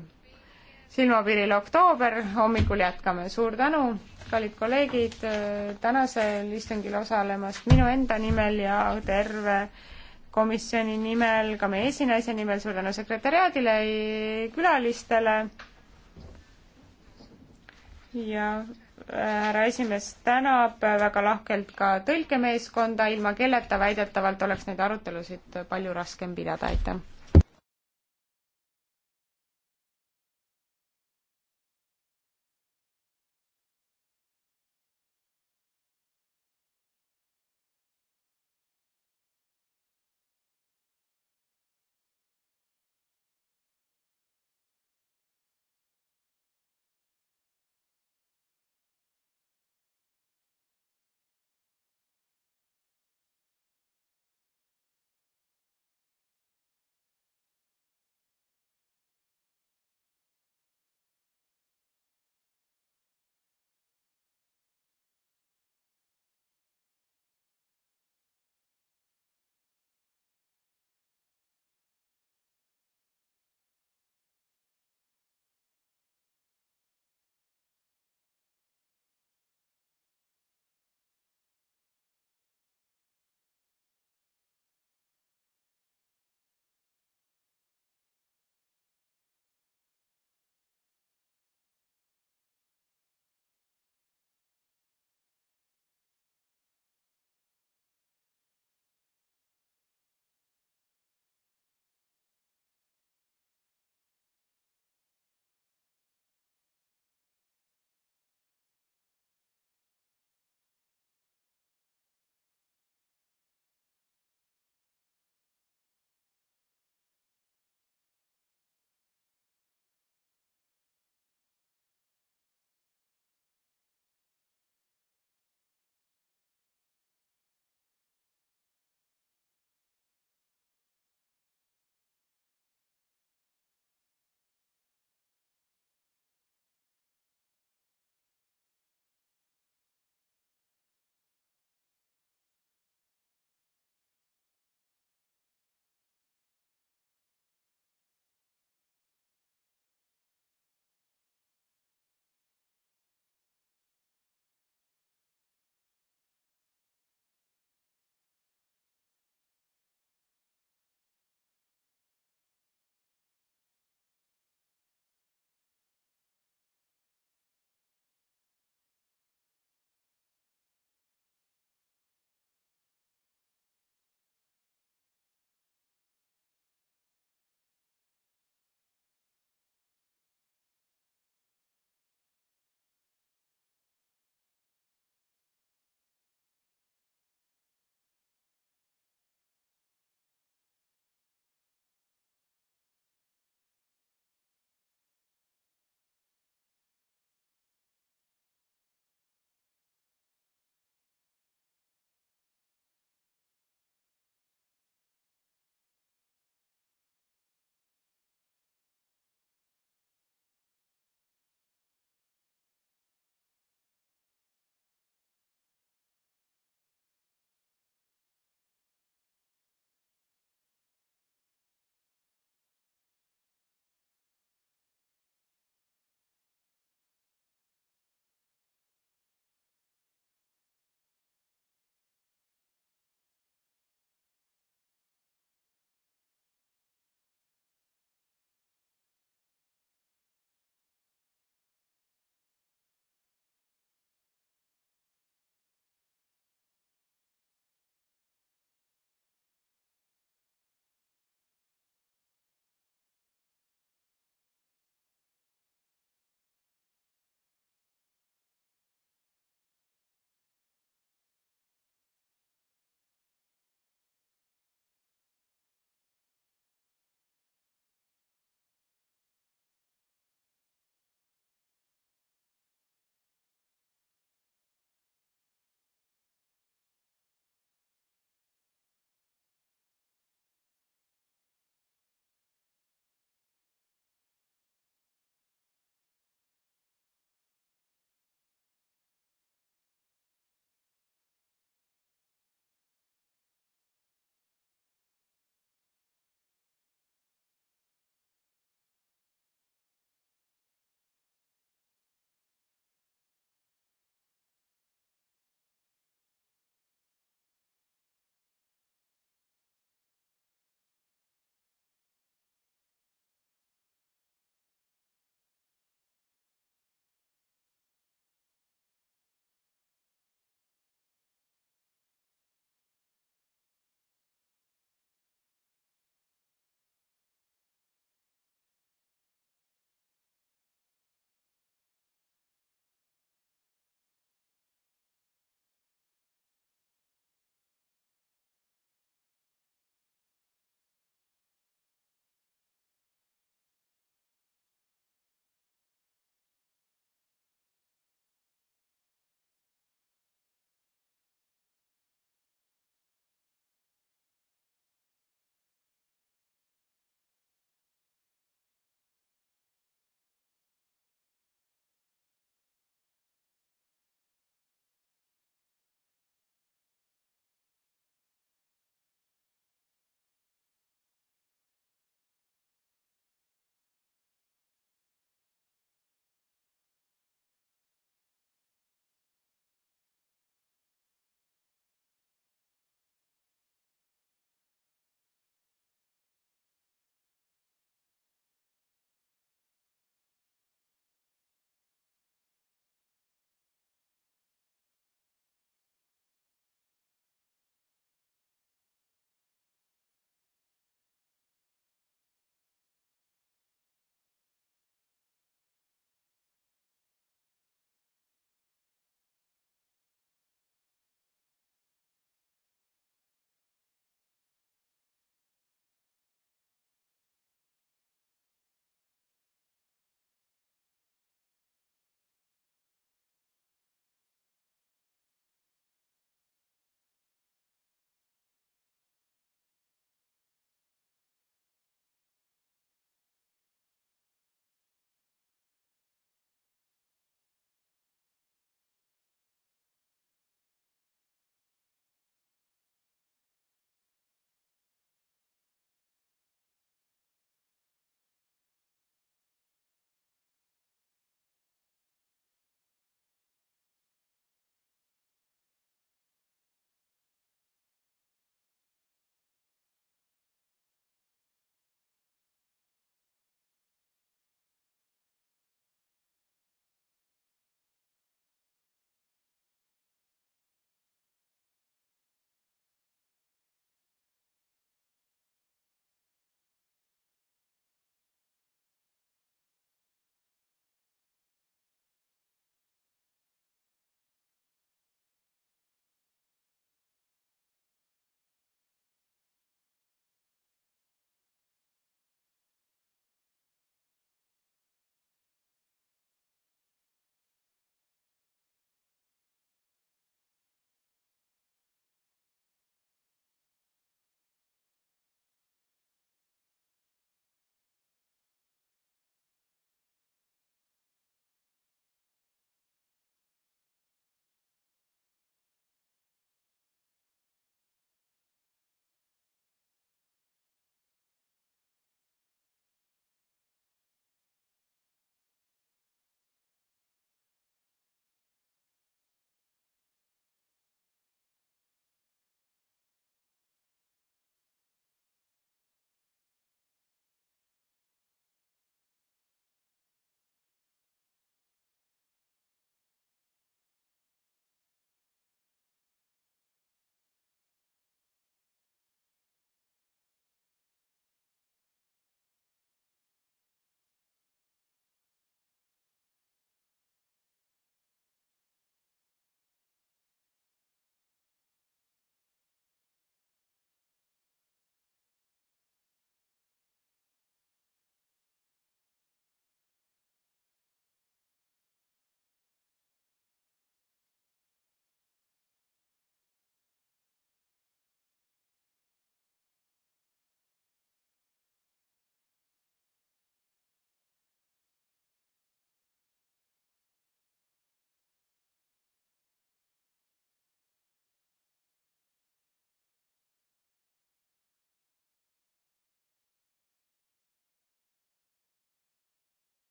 silmapiiril oktoober, hommikul jätkame. suur tänu, kallid kolleegid, äh, tänasel istungil osalemast minu enda nimel ja terve komisjoni nimel, ka meie esinaise nimel, suur tänu sekretäriaadile, külalistele ja härra esimees tänab väga lahkelt ka tõlkemeeskonda, ilma kelleta väidetavalt oleks neid arutelusid palju raskem pidada, aitäh!